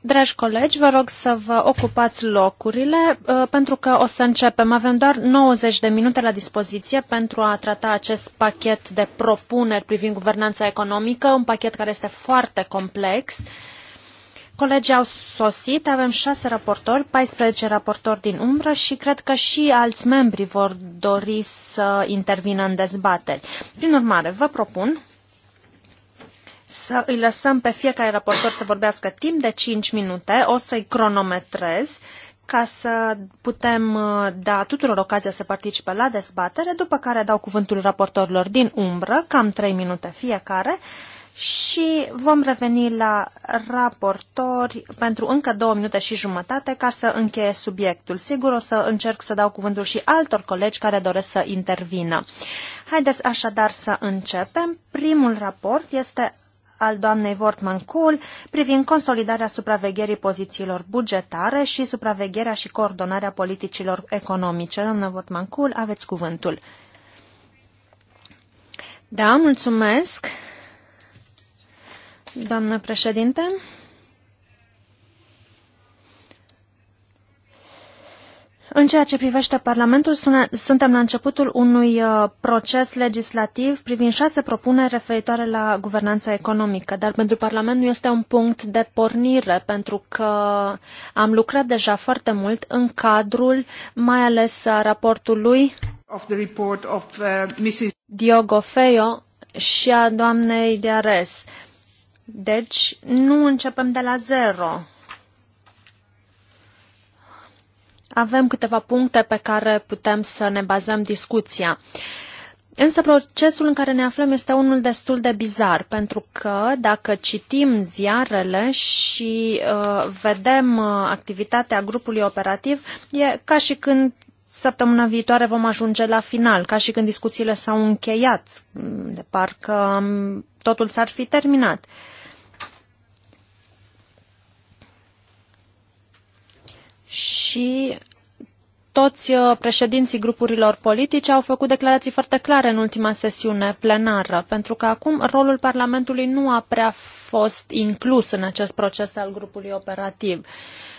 Dragi colegi, vă rog să vă ocupați locurile uh, pentru că o să începem. Avem doar 90 de minute la dispoziție pentru a trata acest pachet de propuneri privind guvernanța economică, un pachet care este foarte complex. Colegii au sosit, avem șase raportori, 14 raportori din umbră și cred că și alți membri vor dori să intervină în dezbateri. Prin urmare, vă propun să îi lăsăm pe fiecare raportor să vorbească timp de 5 minute, o să-i cronometrez ca să putem uh, da tuturor ocazia să participe la dezbatere, după care dau cuvântul raportorilor din umbră, cam 3 minute fiecare, și vom reveni la raportori pentru încă două minute și jumătate ca să încheie subiectul. Sigur o să încerc să dau cuvântul și altor colegi care doresc să intervină. Haideți așadar să începem. Primul raport este al doamnei Wortman Kuhl privind consolidarea supravegherii pozițiilor bugetare și supravegherea și coordonarea politicilor economice. Doamna Wortman Kuhl, aveți cuvântul. Da, mulțumesc. Doamnă președinte. În ceea ce privește Parlamentul, suntem la începutul unui uh, proces legislativ privind șase propuneri referitoare la guvernanța economică, dar pentru Parlament nu este un punct de pornire, pentru că am lucrat deja foarte mult în cadrul, mai ales a uh, raportului of the report of, uh, Mrs. Diogo Feio și a doamnei Diares. Deci, nu începem de la zero. Avem câteva puncte pe care putem să ne bazăm discuția. Însă procesul în care ne aflăm este unul destul de bizar, pentru că dacă citim ziarele și uh, vedem uh, activitatea grupului operativ, e ca și când săptămâna viitoare vom ajunge la final, ca și când discuțiile s-au încheiat, de parcă um, totul s-ar fi terminat. Uh, și toți uh, președinții grupurilor politice au făcut declarații foarte clare în ultima sesiune plenară, pentru că acum rolul Parlamentului nu a prea fost inclus în acest proces al grupului operativ.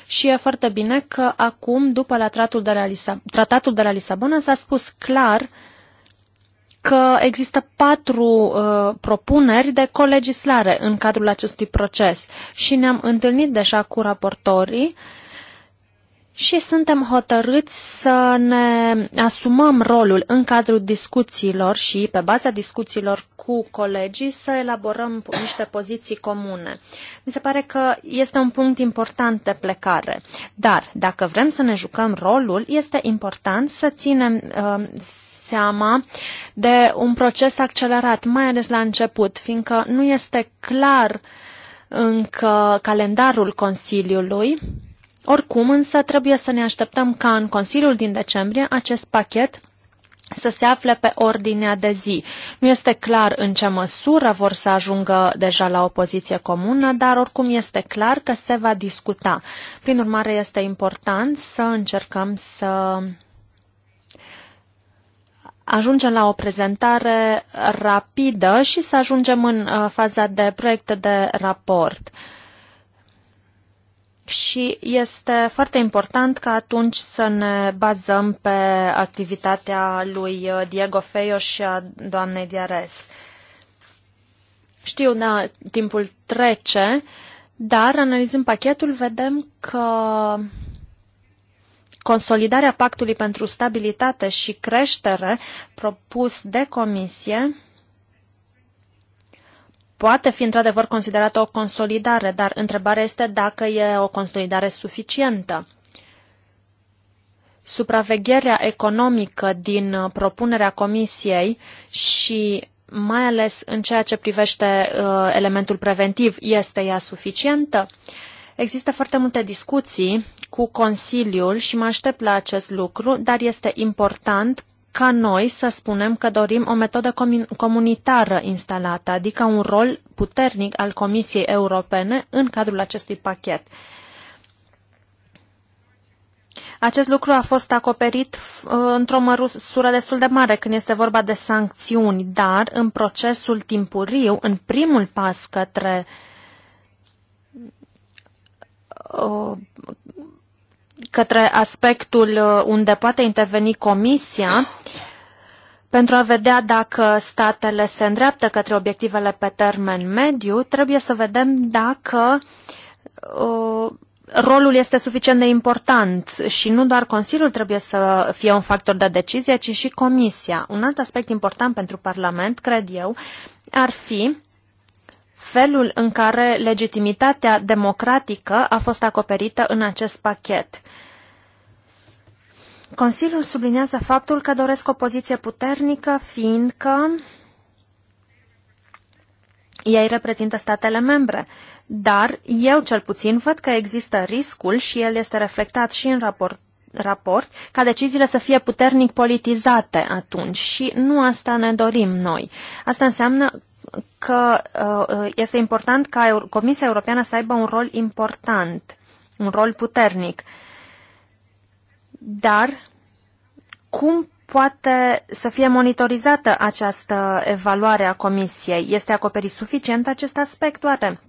Și e foarte bine că acum, după la tratatul de la, Lisab- tratatul de la Lisabona, s-a spus clar că există patru uh, propuneri de colegislare în cadrul acestui proces și ne-am întâlnit deja cu raportorii uh, și suntem hotărâți să ne asumăm rolul în cadrul discuțiilor și pe baza discuțiilor cu colegii să elaborăm niște poziții comune. Mi se pare că este un punct important de plecare. Dar dacă vrem să ne jucăm rolul, este important să ținem uh, seama de un proces accelerat, mai ales la început, fiindcă nu este clar încă calendarul Consiliului oricum, însă, trebuie să ne așteptăm ca în Consiliul din decembrie acest pachet să se afle pe ordinea de zi. Nu este clar în ce măsură vor să ajungă deja la o poziție comună, dar oricum este clar că se va discuta. Prin urmare, este important să încercăm să ajungem la o prezentare rapidă și să ajungem în uh, faza de proiecte de raport și este foarte important ca atunci să ne bazăm pe activitatea lui uh, Diego Feio și a doamnei Diarez. Știu, da, timpul trece, dar analizând pachetul vedem că consolidarea pactului pentru stabilitate și creștere propus de comisie poate fi într-adevăr considerată o consolidare, dar întrebarea este dacă e o consolidare suficientă. Supravegherea economică din propunerea Comisiei și mai ales în ceea ce privește uh, elementul preventiv, este ea suficientă? Există foarte multe discuții cu Consiliul și mă aștept la acest lucru, dar este important ca noi să spunem că dorim o metodă comunitară instalată, adică un rol puternic al Comisiei Europene în cadrul acestui pachet. Acest lucru a fost acoperit într-o măsură destul de mare când este vorba de sancțiuni, dar în procesul timpuriu, în primul pas către uh, către aspectul uh, unde poate interveni Comisia pentru a vedea dacă statele se îndreaptă către obiectivele pe termen mediu, trebuie să vedem dacă uh, rolul este suficient de important și nu doar Consiliul trebuie să fie un factor de decizie, ci și Comisia. Un alt aspect important pentru Parlament, cred eu, ar fi felul în care legitimitatea democratică a fost acoperită în acest pachet. Consiliul subliniază faptul că doresc o poziție puternică, fiindcă ei reprezintă statele membre, dar eu cel puțin văd că există riscul și el este reflectat și în raport raport, ca deciziile să fie puternic politizate atunci și nu asta ne dorim noi. Asta înseamnă că uh, este important ca Comisia Europeană să aibă un rol important, un rol puternic. Dar cum poate să fie monitorizată această evaluare a comisiei? Este acoperit suficient acest aspect, oare?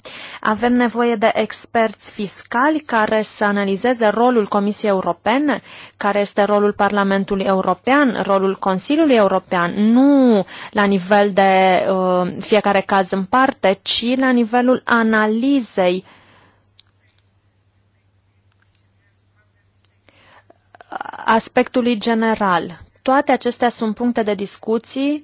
Avem nevoie de experți fiscali care să analizeze rolul Comisiei Europene, care este rolul Parlamentului European, rolul Consiliului European, nu la nivel de uh, fiecare caz în parte, ci la nivelul analizei aspectului general. Toate acestea sunt puncte de discuții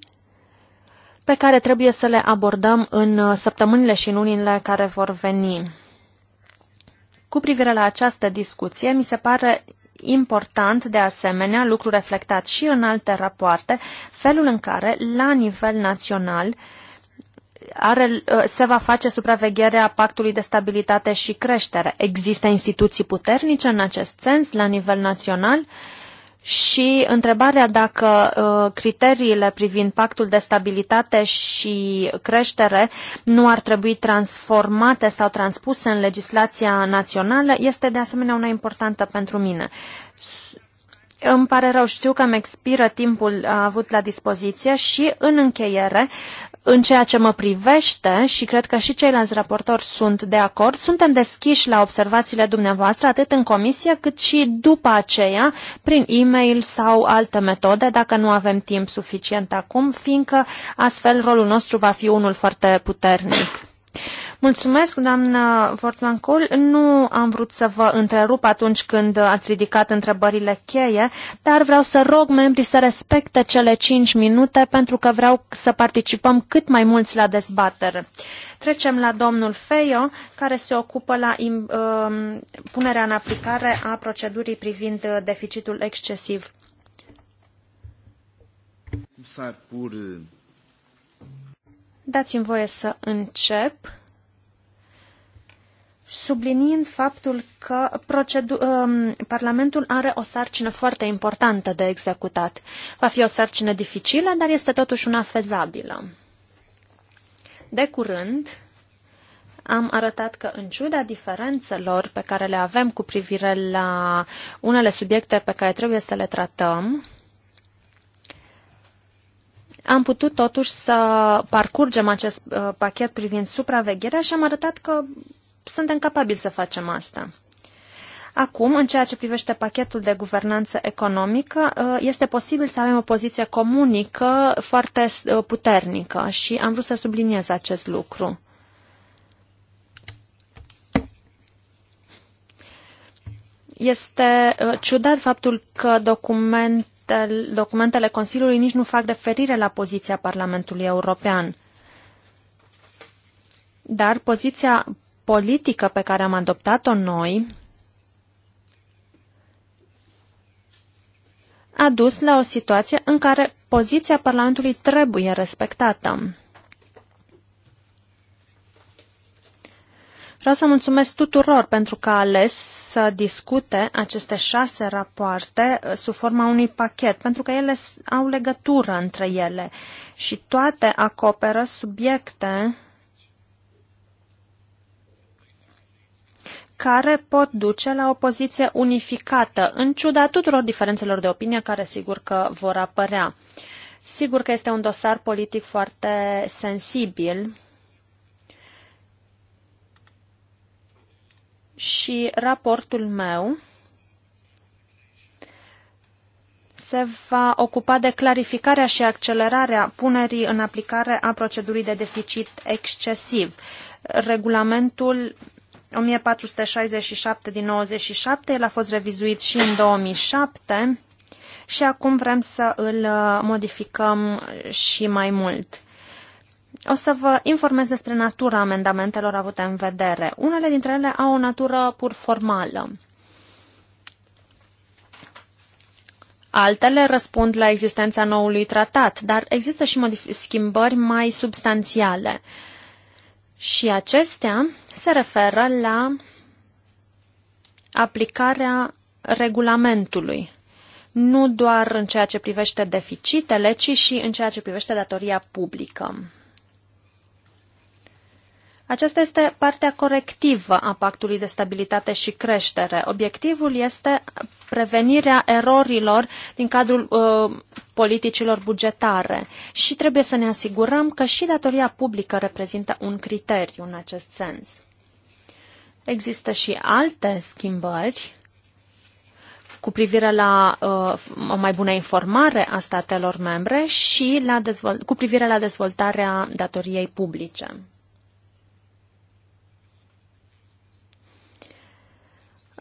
pe care trebuie să le abordăm în uh, săptămânile și lunile care vor veni. Cu privire la această discuție, mi se pare important, de asemenea, lucru reflectat și în alte rapoarte, felul în care, la nivel național, are, uh, se va face supravegherea Pactului de Stabilitate și Creștere. Există instituții puternice în acest sens, la nivel național, uh, și întrebarea dacă uh, criteriile privind pactul de stabilitate și creștere nu ar trebui transformate sau transpuse în legislația națională este de asemenea una importantă pentru mine. Îmi pare rău, știu că îmi expiră timpul uh, avut la dispoziție și, în încheiere, în ceea ce mă privește, și cred că și ceilalți raportori sunt de acord, suntem deschiși la observațiile dumneavoastră, atât în comisie, cât și după aceea, prin e-mail sau alte metode, dacă nu avem timp suficient acum, fiindcă astfel rolul nostru va fi unul foarte puternic. Mulțumesc, doamnă Vortman Cole. Nu am vrut să vă întrerup atunci când ați ridicat întrebările cheie, dar vreau să rog membrii să respecte cele 5 minute pentru că vreau să participăm cât mai mulți la dezbatere. Trecem la domnul Feio, care se ocupă la um, punerea în aplicare a procedurii privind uh, deficitul excesiv. Dați-mi voie să încep subliniind faptul că um, Parlamentul are o sarcină foarte importantă de executat. Va fi o sarcină dificilă, dar este totuși una fezabilă. De curând, am arătat că, în ciuda diferențelor pe care le avem cu privire la unele subiecte pe care trebuie să le tratăm, am putut totuși să parcurgem acest uh, pachet privind supravegherea și am arătat că suntem capabili să facem asta. Acum, în ceea ce privește pachetul de guvernanță economică, ă, este posibil să avem o poziție comunică foarte ă, puternică și am vrut să subliniez acest lucru. Este ă, ciudat faptul că documentele, documentele Consiliului nici nu fac referire la poziția Parlamentului European. Dar poziția politică pe care am adoptat-o noi a dus la o situație în care poziția Parlamentului trebuie respectată. Vreau să mulțumesc tuturor pentru că a ales să discute aceste șase rapoarte uh, sub forma unui pachet, pentru că ele au legătură între ele și toate acoperă subiecte care pot duce la o poziție unificată, în ciuda tuturor diferențelor de opinie care sigur că vor apărea. Sigur că este un dosar politic foarte sensibil și raportul meu se va ocupa de clarificarea și accelerarea punerii în aplicare a procedurii de deficit excesiv. Regulamentul 1467 din 97, el a fost revizuit și în 2007 și acum vrem să îl uh, modificăm și mai mult. O să vă informez despre natura amendamentelor avute în vedere. Unele dintre ele au o natură pur formală. Altele răspund la existența noului tratat, dar există și schimbări mai substanțiale. Uh, și acestea se referă la aplicarea regulamentului, nu doar în ceea ce privește deficitele, ci și în ceea ce privește datoria publică. Aceasta este partea corectivă a Pactului de Stabilitate și Creștere. Obiectivul este prevenirea erorilor din cadrul uh, politicilor bugetare și trebuie să ne asigurăm că și datoria publică reprezintă un criteriu în acest sens. Există și alte schimbări cu privire la uh, o mai bună informare a statelor membre și la cu privire la dezvoltarea datoriei publice.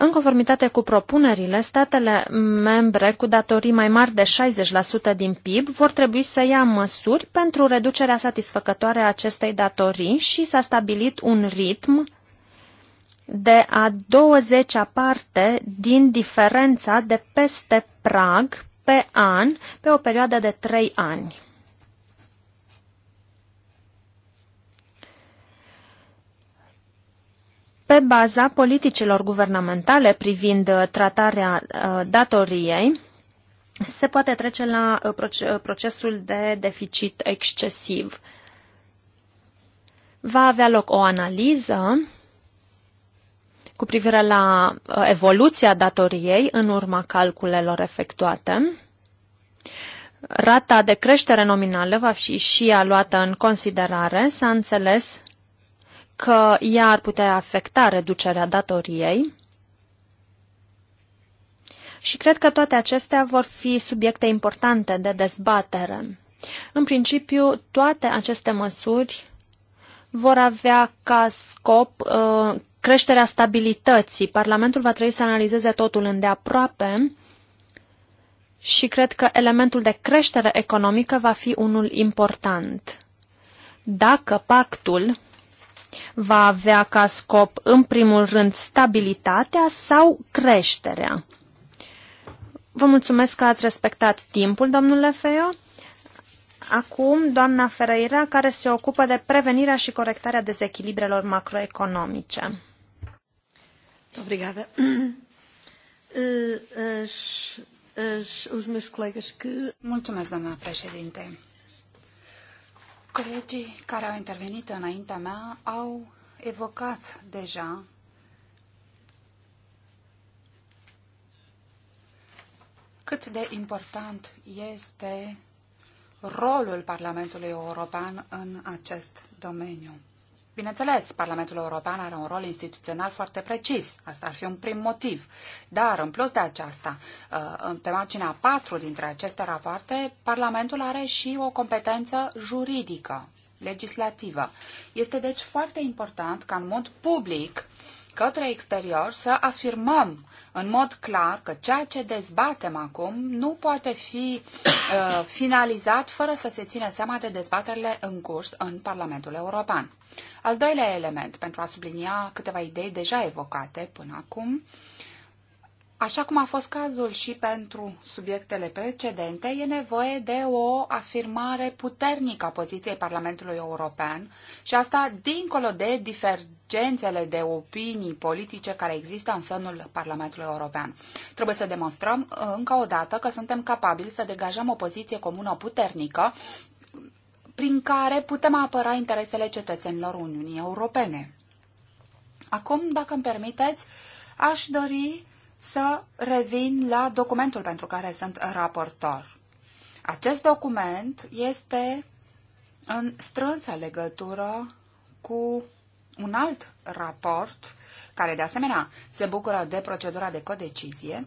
În conformitate cu propunerile, statele membre cu datorii mai mari de 60% din PIB vor trebui să ia măsuri pentru reducerea satisfăcătoare a acestei datorii și s-a stabilit un ritm de a 20-a parte din diferența de peste prag pe an pe o perioadă de 3 ani. pe baza politicilor guvernamentale privind uh, tratarea uh, datoriei, se poate trece la uh, procesul de deficit excesiv. Va avea loc o analiză cu privire la evoluția datoriei în urma calculelor efectuate. Rata de creștere nominală va fi și aluată în considerare. S-a înțeles că ea ar putea afecta reducerea datoriei și cred că toate acestea vor fi subiecte importante de dezbatere. În principiu, toate aceste măsuri vor avea ca scop uh, creșterea stabilității. Parlamentul va trebui să analizeze totul îndeaproape și cred că elementul de creștere economică va fi unul important. Dacă pactul va avea ca scop, în primul rând, stabilitatea sau creșterea? Vă mulțumesc că ați respectat timpul, domnule Feio. Acum, doamna Ferreira, care se ocupă de prevenirea și corectarea dezechilibrelor macroeconomice. Obrigada. Uh, uh, uh, mulțumesc, doamna președinte. Colegii care au intervenit înaintea mea au evocat deja cât de important este rolul Parlamentului European în acest domeniu. Bineînțeles, Parlamentul European are un rol instituțional foarte precis. Asta ar fi un prim motiv. Dar, în plus de aceasta, uh, pe marginea patru dintre aceste rapoarte, Parlamentul are și o competență juridică, legislativă. Este deci foarte important ca în mod public către exterior să afirmăm în mod clar că ceea ce dezbatem acum nu poate fi uh, finalizat fără să se țină seama de dezbaterile în curs în Parlamentul European. Al doilea element, pentru a sublinia câteva idei deja evocate până acum, uh, Așa cum a fost cazul și pentru subiectele precedente, e nevoie de o afirmare puternică a poziției Parlamentului European și asta dincolo de divergențele de opinii politice care există în sânul Parlamentului European. Trebuie să demonstrăm încă o dată că suntem capabili să degajăm o poziție comună puternică prin care putem apăra interesele cetățenilor Uniunii Europene. Acum, dacă îmi permiteți, aș dori să revin la documentul pentru care sunt raportor. Acest document este în strânsă legătură cu un alt raport care de asemenea se bucură de procedura de codecizie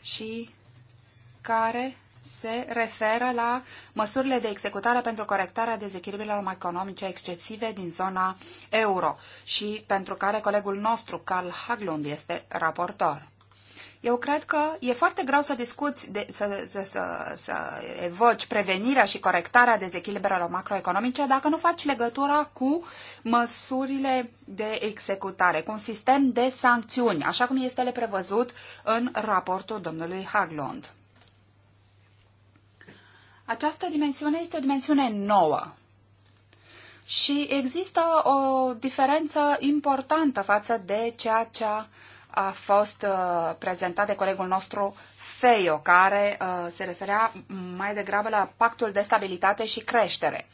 și care se referă la măsurile de executare pentru corectarea dezechilibrelor economice excesive din zona euro și pentru care colegul nostru, Carl Haglund, este raportor. Eu cred că e foarte greu să discuți, de, să, să, să, să evoci prevenirea și corectarea dezechilibrelor macroeconomice dacă nu faci legătura cu măsurile de executare, cu un sistem de sancțiuni, așa cum este le prevăzut în raportul domnului Haglund. Această dimensiune este o dimensiune nouă și există o diferență importantă față de ceea ce a a fost uh, prezentat de colegul nostru FEIO, care uh, se referea mai degrabă la Pactul de Stabilitate și Creștere.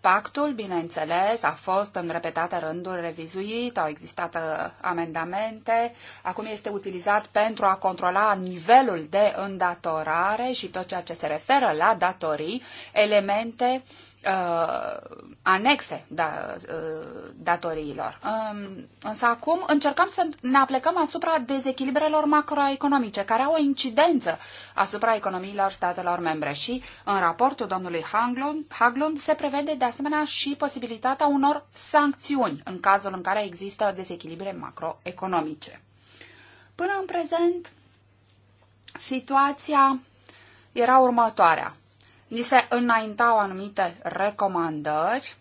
Pactul, bineînțeles, a fost în repetate rânduri revizuit, au existat uh, amendamente, acum este utilizat pentru a controla nivelul de îndatorare și tot ceea ce se referă la datorii, elemente uh, anexe da, uh, datoriilor. Uh, însă acum încercăm să ne aplecăm asupra dezechilibrelor macroeconomice, care au o incidență asupra economiilor statelor membre și în raportul domnului Haglund, Haglund se prevede de asemenea și posibilitatea unor sancțiuni în cazul în care există dezechilibre macroeconomice. Până în prezent, situația era următoarea ni se înaintau anumite recomandări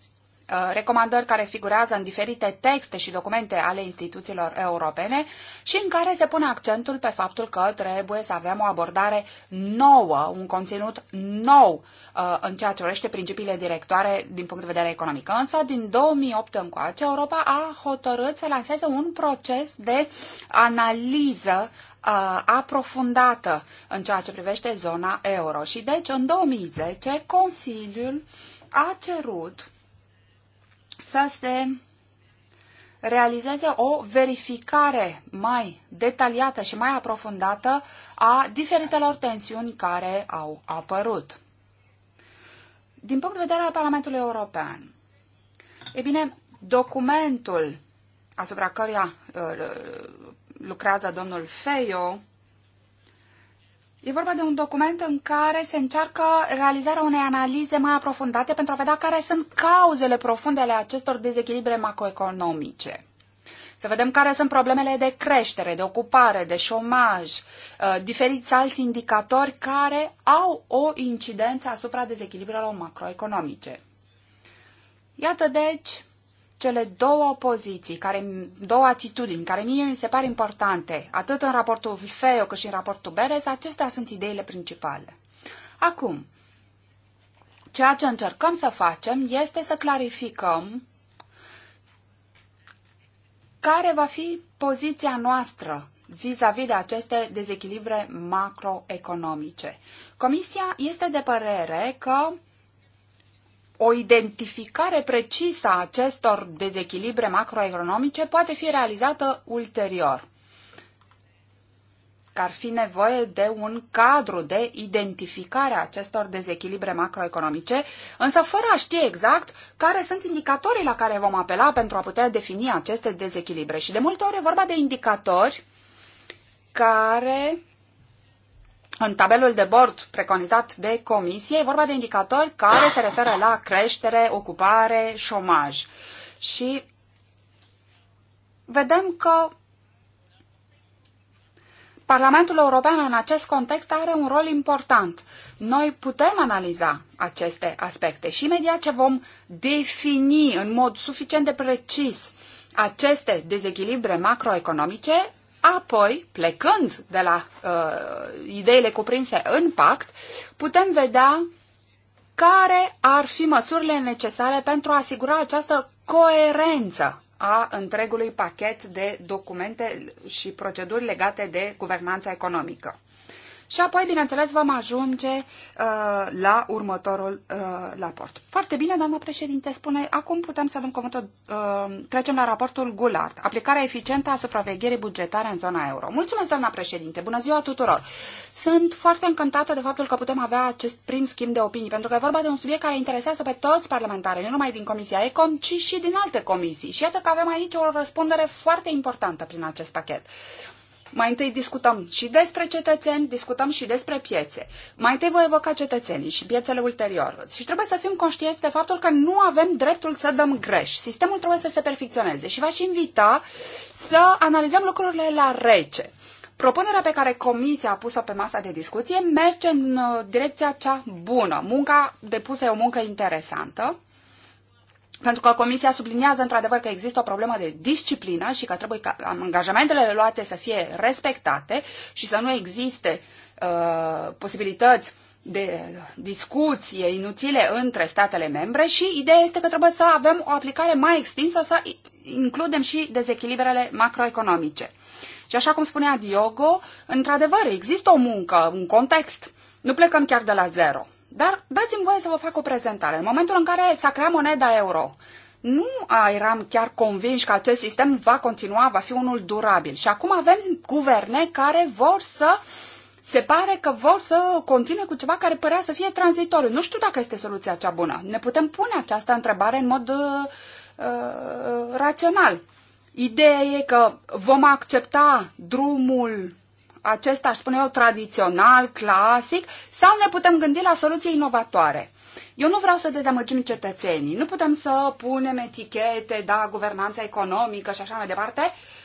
Uh, recomandări care figurează în diferite texte și documente ale instituțiilor europene și în care se pune accentul pe faptul că trebuie să avem o abordare nouă, un conținut nou uh, în ceea ce urește principiile directoare din punct de vedere economic. Însă, din 2008 încoace, Europa a hotărât să lanseze un proces de analiză uh, aprofundată în ceea ce privește zona euro. Și deci, în 2010, Consiliul a cerut să se realizeze o verificare mai detaliată și mai aprofundată a diferitelor tensiuni care au apărut. Din punct de vedere al Parlamentului European, e bine, documentul asupra căruia uh, uh, lucrează domnul Feio E vorba de un document în care se încearcă realizarea unei analize mai aprofundate pentru a vedea care sunt cauzele profunde ale acestor dezechilibre macroeconomice. Să vedem care sunt problemele de creștere, de ocupare, de șomaj, uh, diferiți alți indicatori care au o incidență asupra dezechilibrelor macroeconomice. Iată deci cele două poziții, care, două atitudini, care mie mi se par importante, atât în raportul FEO cât și în raportul Beres, acestea sunt ideile principale. Acum, ceea ce încercăm să facem este să clarificăm care va fi poziția noastră vis-a-vis -vis de aceste dezechilibre macroeconomice. Comisia este de părere că o identificare precisă a acestor dezechilibre macroeconomice poate fi realizată ulterior. Că ar fi nevoie de un cadru de identificare a acestor dezechilibre macroeconomice, însă fără a ști exact care sunt indicatorii la care vom apela pentru a putea defini aceste dezechilibre. Și de multe ori e vorba de indicatori care în tabelul de bord preconizat de comisie, e vorba de indicatori care se referă la creștere, ocupare, șomaj. Și vedem că Parlamentul European în acest context are un rol important. Noi putem analiza aceste aspecte și imediat ce vom defini în mod suficient de precis aceste dezechilibre macroeconomice, Apoi, plecând de la uh, ideile cuprinse în pact, putem vedea care ar fi măsurile necesare pentru a asigura această coerență a întregului pachet de documente și proceduri legate de guvernanța economică și apoi, bineînțeles, vom ajunge uh, la următorul uh, raport. Foarte bine, doamna președinte, spune, acum putem să dăm cuvântul, uh, trecem la raportul Gulard, aplicarea eficientă a supravegherii bugetare în zona euro. Mulțumesc, doamna președinte, bună ziua tuturor! Sunt foarte încântată de faptul că putem avea acest prim schimb de opinii, pentru că e vorba de un subiect care interesează pe toți parlamentarii, nu numai din Comisia Econ, ci și din alte comisii. Și iată că avem aici o răspundere foarte importantă prin acest pachet. Mai întâi discutăm și despre cetățeni, discutăm și despre piețe. Mai întâi voi evoca cetățenii și piețele ulterior. Și trebuie să fim conștienți de faptul că nu avem dreptul să dăm greș. Sistemul trebuie să se perfecționeze și v-aș invita să analizăm lucrurile la rece. Propunerea pe care Comisia a pus-o pe masa de discuție merge în uh, direcția cea bună. Munca depusă e o muncă interesantă pentru că Comisia subliniază într-adevăr că există o problemă de disciplină și că trebuie ca angajamentele luate să fie respectate și să nu existe uh, posibilități de discuție inutile între statele membre și ideea este că trebuie să avem o aplicare mai extinsă, să includem și dezechilibrele macroeconomice. Și așa cum spunea Diogo, într-adevăr există o muncă, un context. Nu plecăm chiar de la zero. Dar dați-mi voie să vă fac o prezentare. În momentul în care s-a creat moneda euro, nu eram chiar convinși că acest sistem va continua, va fi unul durabil. Și acum avem guverne care vor să se pare că vor să continue cu ceva care părea să fie tranzitoriu. Nu știu dacă este soluția cea bună. Ne putem pune această întrebare în mod uh, uh rațional. Ideea e că vom accepta drumul acesta, aș spune eu, tradițional, clasic, sau ne putem gândi la soluții inovatoare. Eu nu vreau să dezamăgim cetățenii, nu putem să punem etichete, da, guvernanța economică și așa mai departe,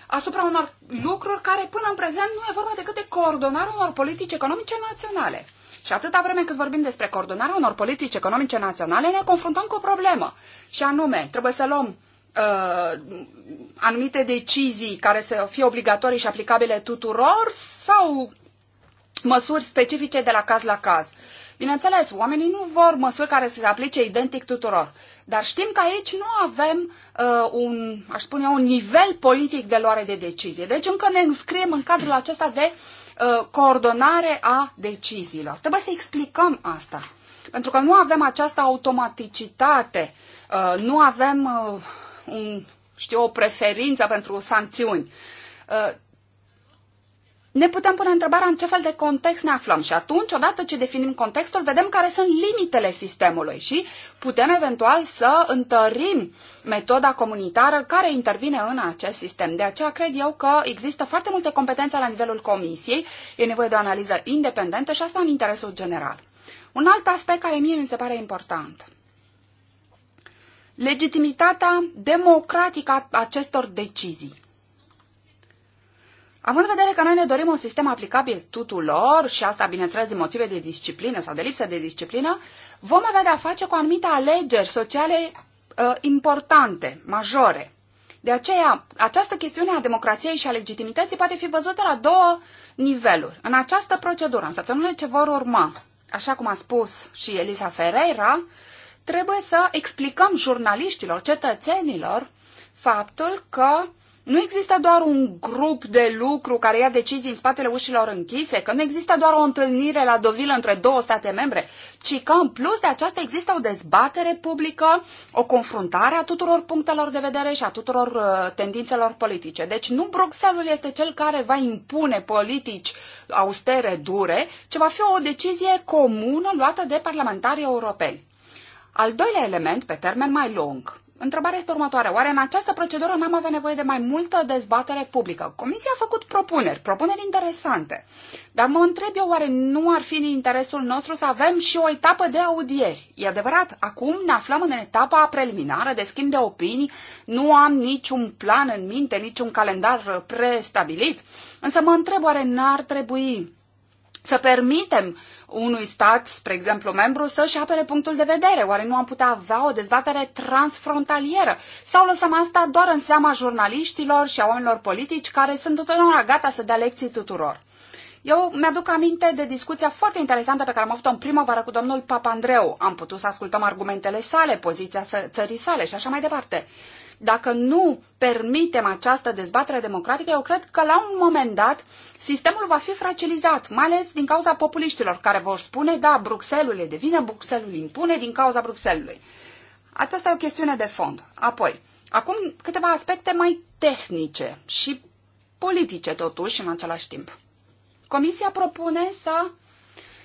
asupra unor lucruri care până în prezent nu e vorba decât de coordonarea unor politici economice naționale. Și atâta vreme cât vorbim despre coordonarea unor politici economice naționale, ne confruntăm cu o problemă. Și anume, trebuie să luăm uh, anumite decizii care să fie obligatorii și aplicabile tuturor sau măsuri specifice de la caz la caz. Bineînțeles, oamenii nu vor măsuri care să se aplice identic tuturor, dar știm că aici nu avem uh, un, aș spune un nivel politic de luare de decizie. Deci încă ne înscriem în cadrul acesta de uh, coordonare a deciziilor. Trebuie să explicăm asta, pentru că nu avem această automaticitate, uh, nu avem uh, un, știu, o preferință pentru sancțiuni. Uh, ne putem pune întrebarea în ce fel de context ne aflăm și atunci, odată ce definim contextul, vedem care sunt limitele sistemului și putem eventual să întărim metoda comunitară care intervine în acest sistem. De aceea cred eu că există foarte multe competențe la nivelul comisiei, e nevoie de o analiză independentă și asta în interesul general. Un alt aspect care mie mi se pare important – legitimitatea democratică a acestor decizii. Având în vedere că noi ne dorim un sistem aplicabil tuturor și asta, bineînțeles, din motive de disciplină sau de lipsă de disciplină, vom avea de-a face cu anumite alegeri sociale uh, importante, majore. De aceea, această chestiune a democrației și a legitimității poate fi văzută la două niveluri. În această procedură, în săptămânile ce vor urma, așa cum a spus și Elisa Ferreira, uh, trebuie să explicăm jurnaliștilor, cetățenilor, faptul că nu există doar un grup de lucru care ia decizii în spatele ușilor închise, că nu există doar o întâlnire la dovilă între două state membre, ci că în plus de aceasta există o dezbatere publică, o confruntare a tuturor punctelor de vedere și a tuturor uh, tendințelor politice. Deci nu Bruxelles este cel care va impune politici austere, dure, ci va fi o decizie comună luată de parlamentarii europeni. Al doilea element, pe termen mai lung, Întrebarea este următoarea. Oare în această procedură n-am avea nevoie de mai multă dezbatere publică? Comisia a făcut propuneri, propuneri interesante. Dar mă întreb eu, oare nu ar fi în interesul nostru să avem și o etapă de audieri? E adevărat, acum ne aflăm în etapa preliminară de schimb de opinii, nu am niciun plan în minte, niciun calendar prestabilit, însă mă întreb, oare n-ar trebui să permitem unui stat, spre exemplu membru, să-și apere punctul de vedere? Oare nu am putea avea o dezbatere transfrontalieră? Sau lăsăm asta doar în seama jurnaliștilor și a oamenilor politici care sunt întotdeauna gata să dea lecții tuturor? Eu mi-aduc aminte de discuția foarte interesantă pe care am avut-o în primăvară cu domnul Papandreu. Am putut să ascultăm argumentele sale, poziția țării sale și așa mai departe dacă nu permitem această dezbatere democratică, eu cred că la un moment dat sistemul va fi fragilizat, mai ales din cauza populiștilor care vor spune, da, Bruxelles le devine, Bruxelles impune din cauza Bruxellesului. Aceasta e o chestiune de fond. Apoi, acum câteva aspecte mai tehnice și politice totuși în același timp. Comisia propune să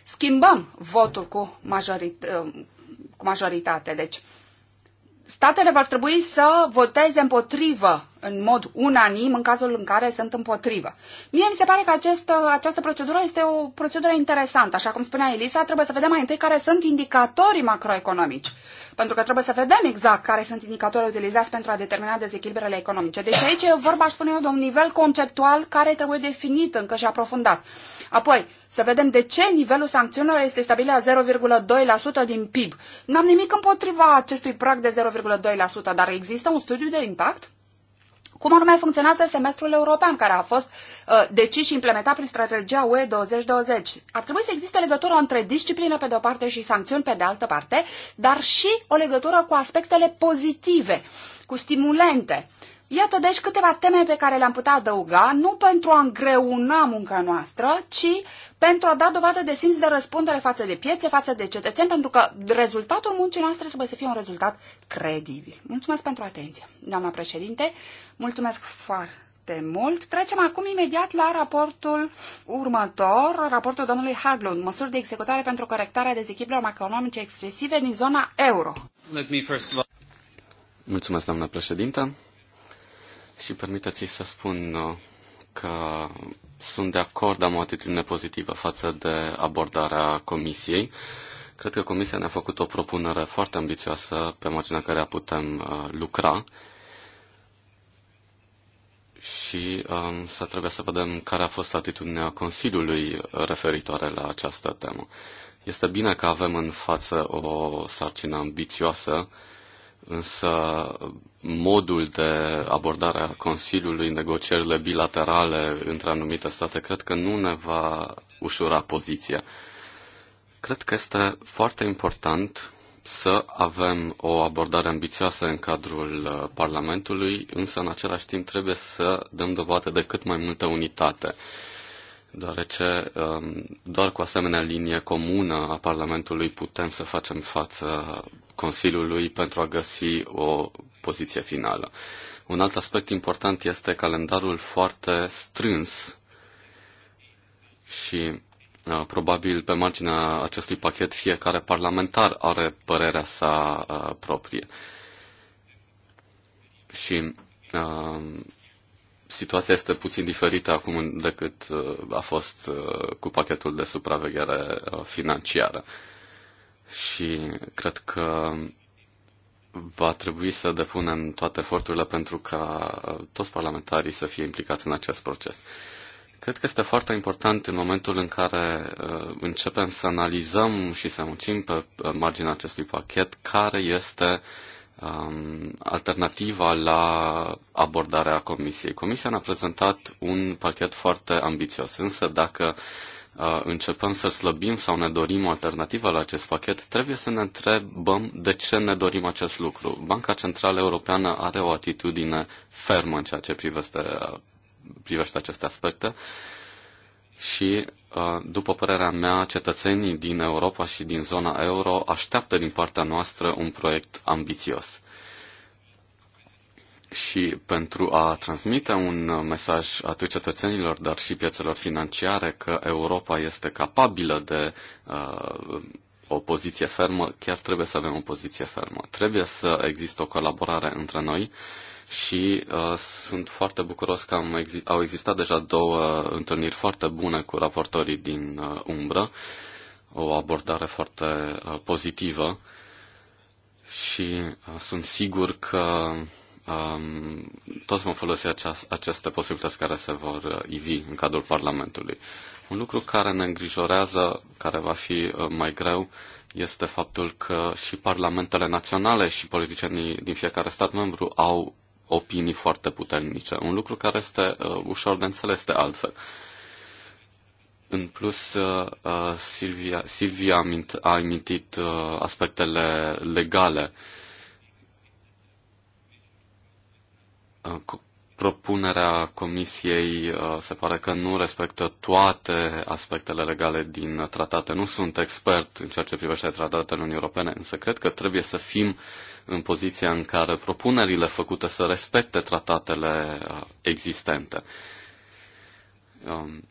schimbăm votul cu, majorit- cu majoritate. Deci, statele vor trebui să voteze împotrivă în mod unanim în cazul în care sunt împotrivă. Mie mi se pare că această, această procedură este o procedură interesantă. Așa cum spunea Elisa, trebuie să vedem mai întâi care sunt indicatorii macroeconomici. Pentru că trebuie să vedem exact care sunt indicatorii utilizați pentru a determina dezechilibrele economice. Deci aici e vorba, aș spune eu, de un nivel conceptual care trebuie definit încă și aprofundat. Apoi, să vedem de ce nivelul sancțiunilor este stabilit la 0,2% din PIB. N-am nimic împotriva acestui prag de 0,2%, dar există un studiu de impact? Cum ar mai funcționează semestrul european care a fost uh, decis și implementat prin strategia UE 2020? Ar trebui să existe legătură între disciplină pe de-o parte și sancțiuni pe de altă parte, dar și o legătură cu aspectele pozitive, cu stimulente. Iată deci câteva teme pe care le-am putea adăuga, nu pentru a îngreuna munca noastră, ci pentru a da dovadă de simț de răspundere față de piețe, față de cetățeni, pentru că rezultatul muncii noastre trebuie să fie un rezultat credibil. Mulțumesc pentru atenție, doamna președinte. Mulțumesc foarte mult. Trecem acum imediat la raportul următor, raportul domnului Haglund, măsuri de executare pentru corectarea dezechilibrelor macroeconomice excesive din zona euro. Mulțumesc, doamna președintă. Și permiteți să spun uh, că sunt de acord, am o atitudine pozitivă față de abordarea Comisiei. Cred că Comisia ne-a făcut o propunere foarte ambițioasă pe marginea care putem uh, lucra și um, să trebuie să vedem care a fost atitudinea Consiliului referitoare la această temă. Este bine că avem în față o sarcină ambițioasă Însă modul de abordare a Consiliului, negocierile bilaterale între anumite state, cred că nu ne va ușura poziția. Cred că este foarte important să avem o abordare ambițioasă în cadrul uh, Parlamentului, însă în același timp trebuie să dăm dovadă de cât mai multă unitate deoarece um, doar cu asemenea linie comună a Parlamentului putem să facem față Consiliului pentru a găsi o poziție finală. Un alt aspect important este calendarul foarte strâns și uh, probabil pe marginea acestui pachet fiecare parlamentar are părerea sa uh, proprie. Și uh, situația este puțin diferită acum decât uh, a fost uh, cu pachetul de supraveghere uh, financiară. Și cred că va trebui să depunem toate eforturile pentru ca toți parlamentarii să fie implicați în acest proces. Cred că este foarte important în momentul în care începem să analizăm și să muncim pe marginea acestui pachet care este uh, um, alternativa la abordarea Comisiei. Comisia ne-a prezentat un pachet foarte ambițios, însă dacă uh, începem să slăbim sau ne dorim o alternativă la acest pachet, trebuie să ne întrebăm de ce ne dorim acest lucru. Banca Centrală Europeană are o atitudine fermă în ceea ce privește, privește aceste aspecte și Ă, după părerea mea, cetățenii din Europa și din zona euro așteaptă din partea noastră un proiect ambițios. Și pentru a transmite un mesaj atât cetățenilor, dar și piețelor financiare că Europa este capabilă de uh, o poziție fermă, chiar trebuie să avem o poziție fermă. Trebuie să există o colaborare între noi uh, și uh, sunt foarte bucuros că am exi- au existat deja două întâlniri foarte bune cu raportorii din uh, umbră, o abordare foarte uh, pozitivă și uh, sunt sigur că um, toți vom folosi aceast- aceste posibilități care se vor uh, ivi în cadrul Parlamentului. Un lucru care ne îngrijorează, care va fi uh, mai greu, este faptul că și parlamentele naționale și politicienii din fiecare stat membru au opinii foarte puternice, un lucru care este uh, ușor de înțeles de altfel. În plus, uh, uh Silvia, Silvia a amintit uh, aspectele legale. Uh, propunerea Comisiei uh, se pare că nu respectă toate aspectele legale din tratate. Nu sunt expert în ceea ce privește tratatele Uniunii Europene, însă cred că trebuie să fim în poziția în care propunerile făcute să respecte tratatele uh, existente. Um,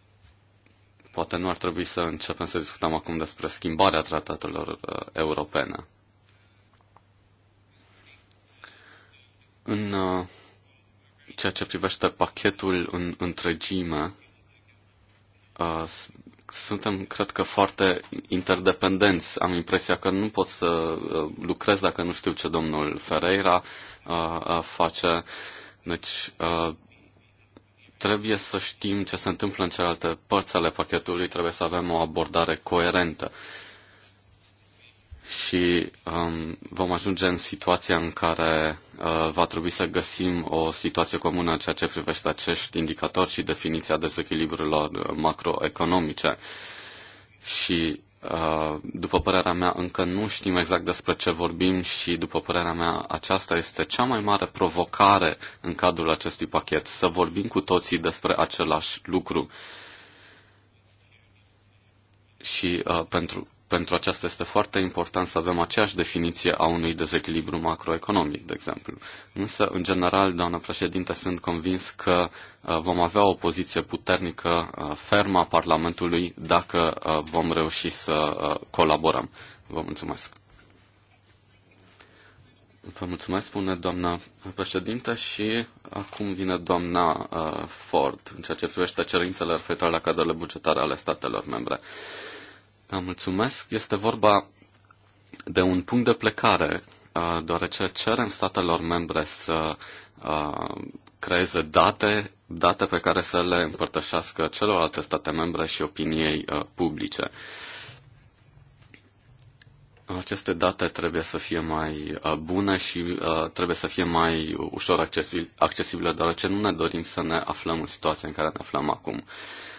poate nu ar trebui să începem să discutăm acum despre schimbarea tratatelor uh, europene. În ceea ce privește pachetul în întregime, uh, suntem, cred că, foarte interdependenți. Am impresia că nu pot să uh, lucrez dacă nu știu ce domnul Ferreira uh, face. Deci, trebuie să știm ce se întâmplă în celelalte părți ale pachetului, trebuie să avem o abordare coerentă și um, vom ajunge în situația în care uh, va trebui să găsim o situație comună în ceea ce privește acești indicatori și definiția dezechilibrelor macroeconomice. Și uh, după părerea mea, încă nu știm exact despre ce vorbim și, după părerea mea, aceasta este cea mai mare provocare în cadrul acestui pachet, să vorbim cu toții despre același lucru. Și uh, pentru, pentru aceasta este foarte important să avem aceeași definiție a unui dezechilibru macroeconomic, de exemplu. Însă, în general, doamnă președinte, sunt convins că uh, vom avea o poziție puternică, uh, fermă a Parlamentului, dacă uh, vom reuși să colaborăm. Vă mulțumesc. Vă mulțumesc, spune doamna președinte, și acum vine doamna Ford în ceea ce privește cerințele referitoare la cadrele bugetare ale statelor membre. Da, mulțumesc. Este vorba de un punct de plecare, deoarece cerem statelor membre să creeze date, date pe care să le împărtășească celorlalte state membre și opiniei publice. Aceste date trebuie să fie mai bune și trebuie să fie mai ușor accesibile, deoarece nu ne dorim să ne aflăm în situația în care ne aflăm acum.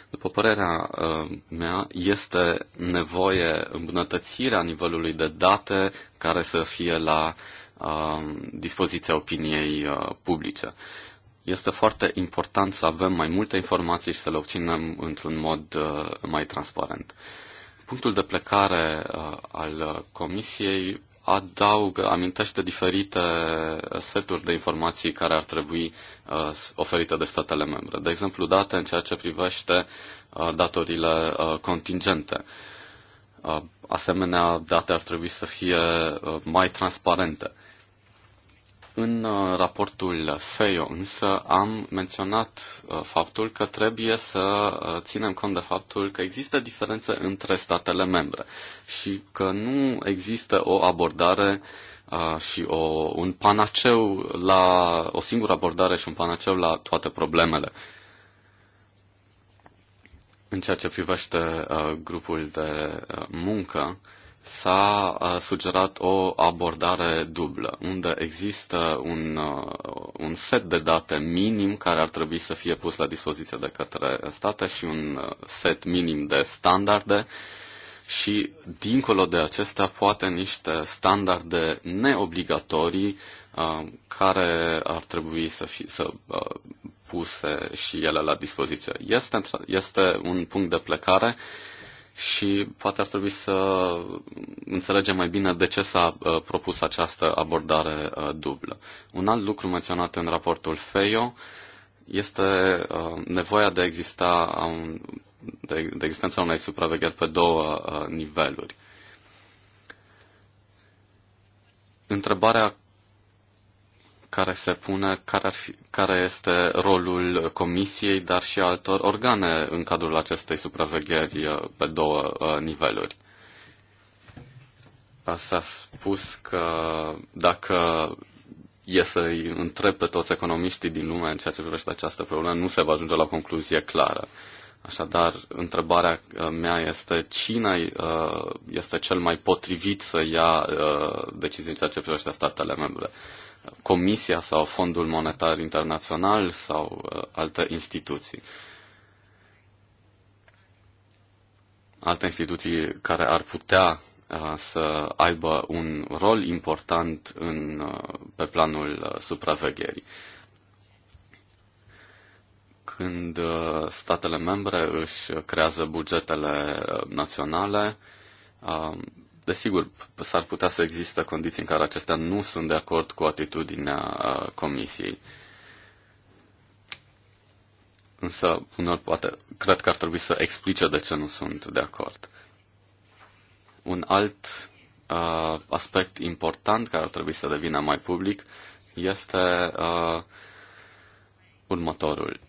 După părerea uh, mea, este nevoie îmbunătățirea nivelului de date care să fie la uh, dispoziția opiniei uh, publice. Este foarte important să avem mai multe informații și să le obținem într-un mod mai transparent. Punctul de plecare al Comisiei adaugă, amintește diferite uh, seturi de informații care ar trebui uh, oferite de statele membre. De exemplu, date în ceea ce privește uh, datorile uh, contingente. Uh, asemenea, date ar trebui să fie uh, mai transparente. Uh, în uh, raportul FEIO însă am menționat uh, faptul că trebuie să uh, ținem cont de faptul că există diferențe între statele membre și că nu există o abordare și o, un panaceu la o singură abordare și un panaceu la toate problemele. În ceea ce privește grupul de muncă, s-a sugerat o abordare dublă, unde există un, un set de date minim care ar trebui să fie pus la dispoziție de către state și un set minim de standarde și, dincolo de acestea, poate niște standarde neobligatorii care ar trebui să, fie să puse și ele la dispoziție. Este, este un punct de plecare și poate ar trebui să înțelegem mai bine de ce s-a uh, propus această abordare uh, dublă. Un alt lucru menționat în raportul FEIO este uh, nevoia de exista de, de existența unei supravegheri pe două niveluri. Întrebarea care se pune, care, ar fi, care este rolul Comisiei, dar și altor organe în cadrul acestei supravegheri uh, pe două uh, niveluri. Uh, s-a spus că dacă e să-i întreb pe toți economiștii din lume în ceea ce privește această problemă, nu se va ajunge la o concluzie clară. Așadar, întrebarea mea este cine este cel mai potrivit să ia decizii în ceea ce privește statele membre. Comisia sau Fondul Monetar Internațional sau uh, alte instituții. Alte instituții care ar putea uh, să aibă un rol important în, uh, pe planul supravegherii. Când statele membre își creează bugetele naționale, Desigur, s-ar putea să există condiții în care acestea nu sunt de acord cu atitudinea Comisiei. Însă, unor poate, cred că ar trebui să explice de ce nu sunt de acord. Un alt uh, aspect important care ar trebui să devină mai public este uh, următorul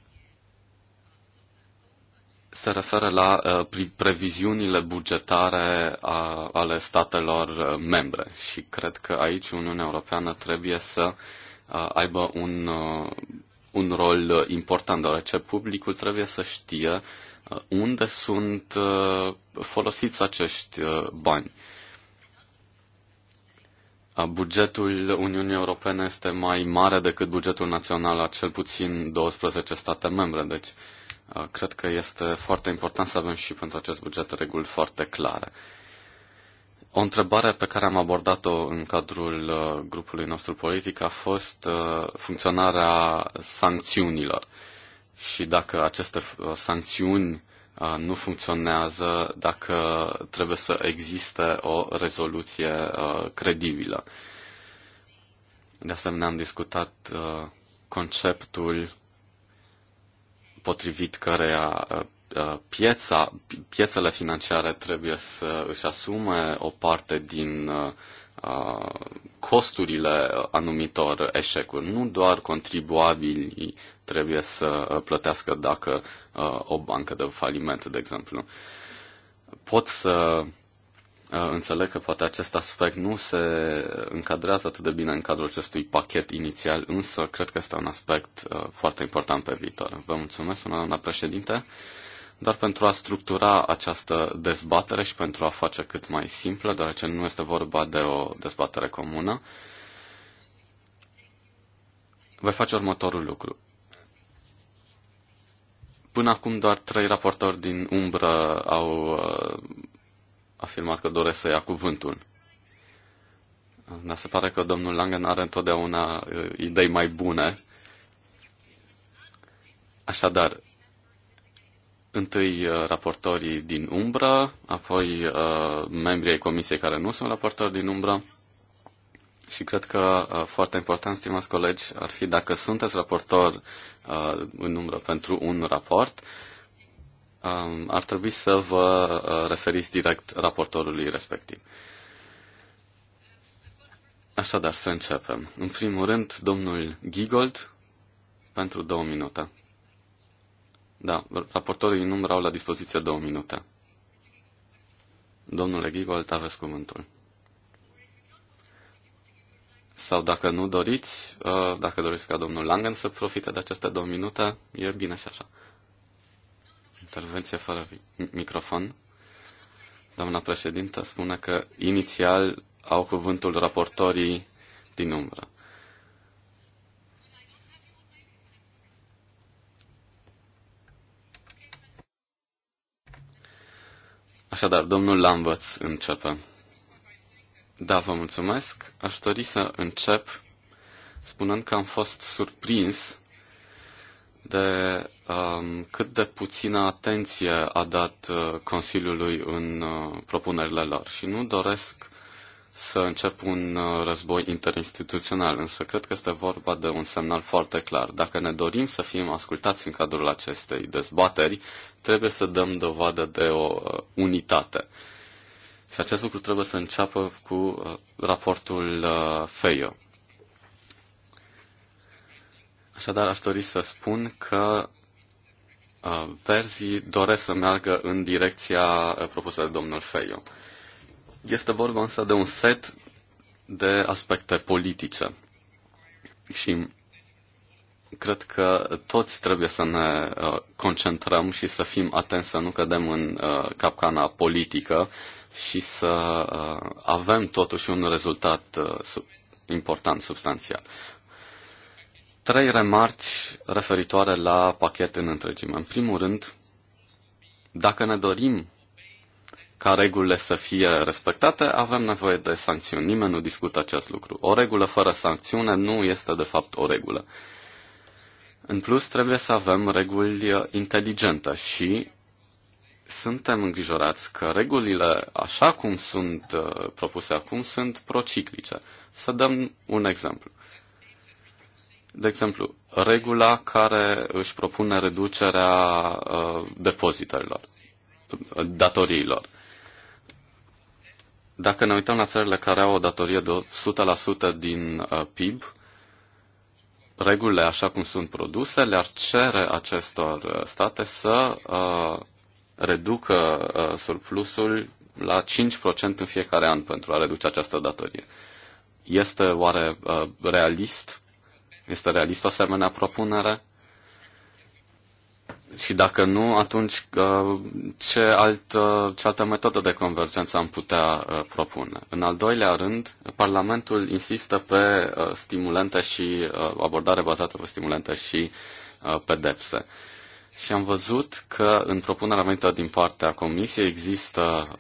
se referă la uh, previziunile bugetare a, ale statelor uh, membre și cred că aici Uniunea Europeană trebuie să uh, aibă un, un rol important, deoarece publicul trebuie să știe unde sunt folosiți acești bani. Bugetul Uniunii Europene este mai mare decât bugetul național a cel puțin 12 state membre, deci uh, Cred că este foarte important să avem și pentru acest buget reguli foarte clare. O întrebare pe care am abordat-o în cadrul uh, grupului nostru politic a fost uh, funcționarea sancțiunilor și dacă aceste uh, sancțiuni nu funcționează, dacă trebuie să existe o rezoluție credibilă. De asemenea, am discutat conceptul potrivit căreia uh, uh, pieța, piețele financiare trebuie să își asume o parte din uh, costurile anumitor eșecuri. Nu doar contribuabilii trebuie să plătească dacă o bancă dă faliment, de exemplu. Pot să Uh, înțeleg că poate acest aspect nu se încadrează atât de bine în cadrul acestui pachet inițial, însă cred că este un aspect uh, foarte important pe viitor. Vă mulțumesc, doamna președinte, doar pentru a structura această dezbatere și pentru a face cât mai simplă, deoarece nu este vorba de o dezbatere comună, voi face următorul lucru. Până acum doar trei raportori din umbră au uh, afirmat că doresc să ia cuvântul. Dar se pare că domnul Langen are întotdeauna uh, idei mai bune. Așadar, întâi uh, raportorii din umbră, apoi uh, membrii ai comisiei care nu sunt raportori din umbră. Și cred că foarte important, stimați colegi, ar fi dacă sunteți raportor în umbră pentru un raport, Um, ar trebui să vă uh, referiți direct raportorului respectiv. Așadar, să începem. În primul rând, domnul Gigold, pentru două minute. Da, raportorii nu au la dispoziție două minute. Domnule Gigold, aveți cuvântul. Sau dacă nu doriți, uh, dacă doriți ca domnul Langen să profite de aceste două minute, e bine și așa. Intervenție fără microfon. Doamna președintă spune că inițial au cuvântul raportorii din umbră. Așadar, domnul Lambăț începe. Da, vă mulțumesc. Aș dori să încep spunând că am fost surprins de um, cât de puțină atenție a dat uh, Consiliului în uh, propunerile lor și nu doresc să încep un uh, război interinstituțional, însă cred că este vorba de un semnal foarte clar. Dacă ne dorim să fim ascultați în cadrul acestei dezbateri, trebuie să dăm dovadă de o unitate. Și acest lucru trebuie să înceapă cu raportul FEIO. Așadar, aș dori să spun că uh, verzii doresc să meargă în direcția uh, propusă de domnul Feio. Este vorba însă de un set de aspecte politice și cred că toți trebuie să ne uh, concentrăm și să fim atenți să nu cădem în capcana politică și să avem totuși un rezultat important, substanțial. Trei remarci referitoare la pachet în întregime. În primul rând, dacă ne dorim ca regulile să fie respectate, avem nevoie de sancțiuni. Nimeni nu discută acest lucru. O regulă fără sancțiune nu este de fapt o regulă. În plus, trebuie să avem reguli inteligente și suntem îngrijorați că regulile, așa cum sunt uh, propuse acum, sunt prociclice. Să dăm un exemplu de exemplu, regula care își propune reducerea uh, depozitelor, datoriilor. Dacă ne uităm la țările care au o datorie de 100% din uh, PIB, regulile așa cum sunt produse le-ar cere acestor uh, state să reducă surplusul la 5% în fiecare an pentru a reduce această datorie. Este oare realist este realistă o asemenea propunere? Și dacă nu, atunci uh, ce, alt, uh, ce altă metodă de convergență am putea uh, propune? În al doilea rând, Parlamentul insistă pe stimulente și abordare bazată pe stimulente și pedepse. Și am văzut că în propunerea venită din partea Comisiei există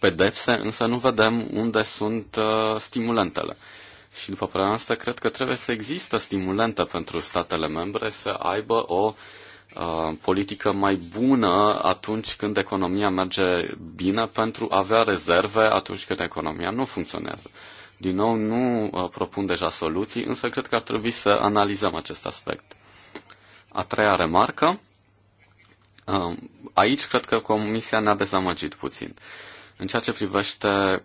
pedepse, însă nu vedem unde sunt stimulentele. Și după părerea noastră, cred că trebuie să există stimulente pentru statele membre să aibă o uh, politică mai bună atunci când economia merge bine pentru a avea rezerve atunci când economia nu funcționează. Din nou, nu uh, propun deja soluții, însă cred că ar trebui să analizăm acest aspect. A treia remarcă. Uh, aici cred că Comisia ne-a dezamăgit puțin. În ceea ce privește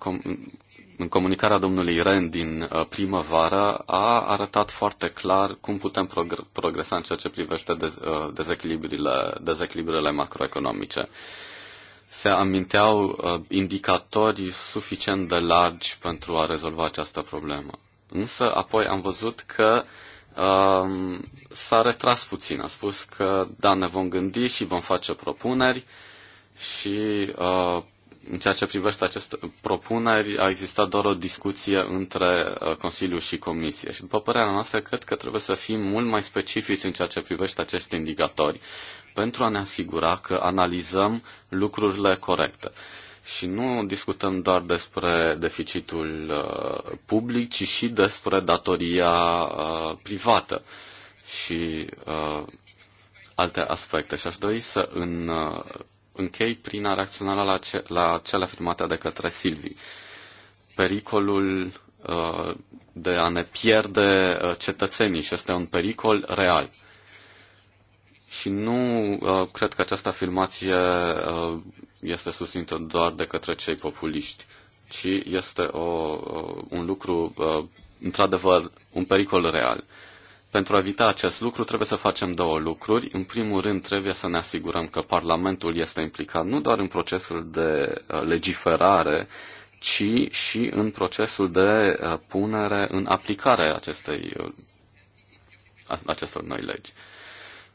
în comunicarea domnului Ren din uh, primăvară a arătat foarte clar cum putem progresa în ceea ce privește uh, dezechilibrile, dezechilibrile macroeconomice. Se aminteau uh, indicatori suficient de largi pentru a rezolva această problemă. Însă apoi am văzut că um, s-a retras puțin. A spus că da, ne vom gândi și vom face propuneri și uh, în ceea ce privește aceste propuneri, a existat doar o discuție între uh, Consiliu și Comisie și, după părerea noastră, cred că trebuie să fim mult mai specifici în ceea ce privește acești indicatori pentru a ne asigura că analizăm lucrurile corecte. Și nu discutăm doar despre deficitul uh, public, ci și despre datoria uh, privată și alte aspecte. Și aș dori să în închei prin a reacționa la, ce, la cele afirmate de către Silvi. Pericolul uh, de a ne pierde uh, cetățenii și este un pericol real. Și nu uh, cred că această afirmație uh, este susținută doar de către cei populiști, ci este o, uh, un lucru, uh, într-adevăr, un pericol real. Uh, pentru a evita acest lucru, trebuie să facem două lucruri. În primul rând, trebuie să ne asigurăm că Parlamentul este implicat nu doar în procesul de uh, legiferare, ci și în procesul de uh, punere în aplicare acestei, uh, acestor noi legi.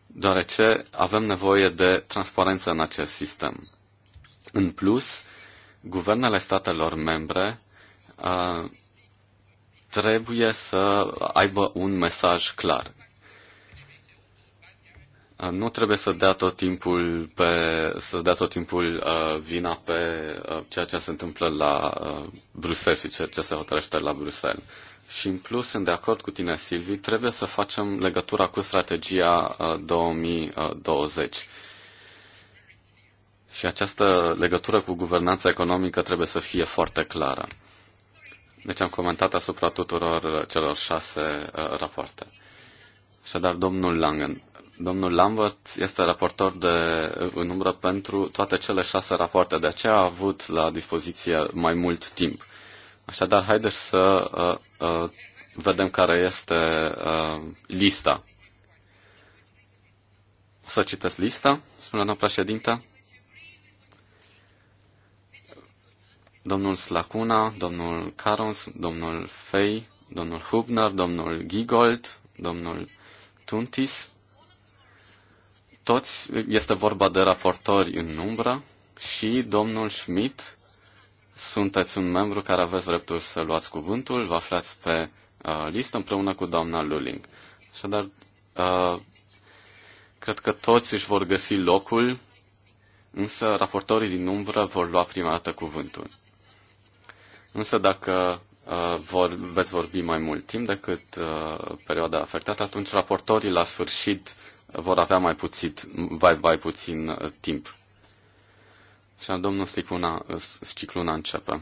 Deoarece avem nevoie de transparență în acest sistem. În plus, guvernele statelor membre trebuie să aibă un mesaj clar. Uh, nu trebuie să dea tot timpul pe, să dea tot timpul uh, vina pe uh, ceea ce se întâmplă la uh, Bruxelles și ceea ce se hotărăște la Bruxelles. Și în plus sunt de acord cu tine, Silvi, trebuie să facem legătura cu strategia uh, 2020. Uh, și această legătură cu guvernanța economică trebuie să fie foarte clară. Deci am comentat asupra tuturor uh, celor șase uh, rapoarte. Așadar, domnul Langen, domnul Lambert este raportor de, uh, în umbră pentru toate cele șase rapoarte, de aceea a avut la dispoziție mai mult timp. Așadar, haideți să uh, uh, vedem care este uh, lista. O să citesc lista, spune doamna președinte. domnul Slacuna, domnul Carons, domnul Fei, domnul Hubner, domnul Gigold, domnul Tuntis. Toți, este vorba de raportori în umbră și domnul Schmidt, sunteți un membru care aveți dreptul să luați cuvântul, vă aflați pe uh, listă împreună cu doamna Luling. Așadar, uh, cred că toți își vor găsi locul, însă raportorii din umbră vor lua prima dată cuvântul. Însă dacă uh, vor, veți vorbi mai mult timp decât uh, perioada afectată, atunci raportorii la sfârșit vor avea mai puțin, vai, vai puțin uh, timp. Și al domnul Sticluna, uh, Sticluna începe.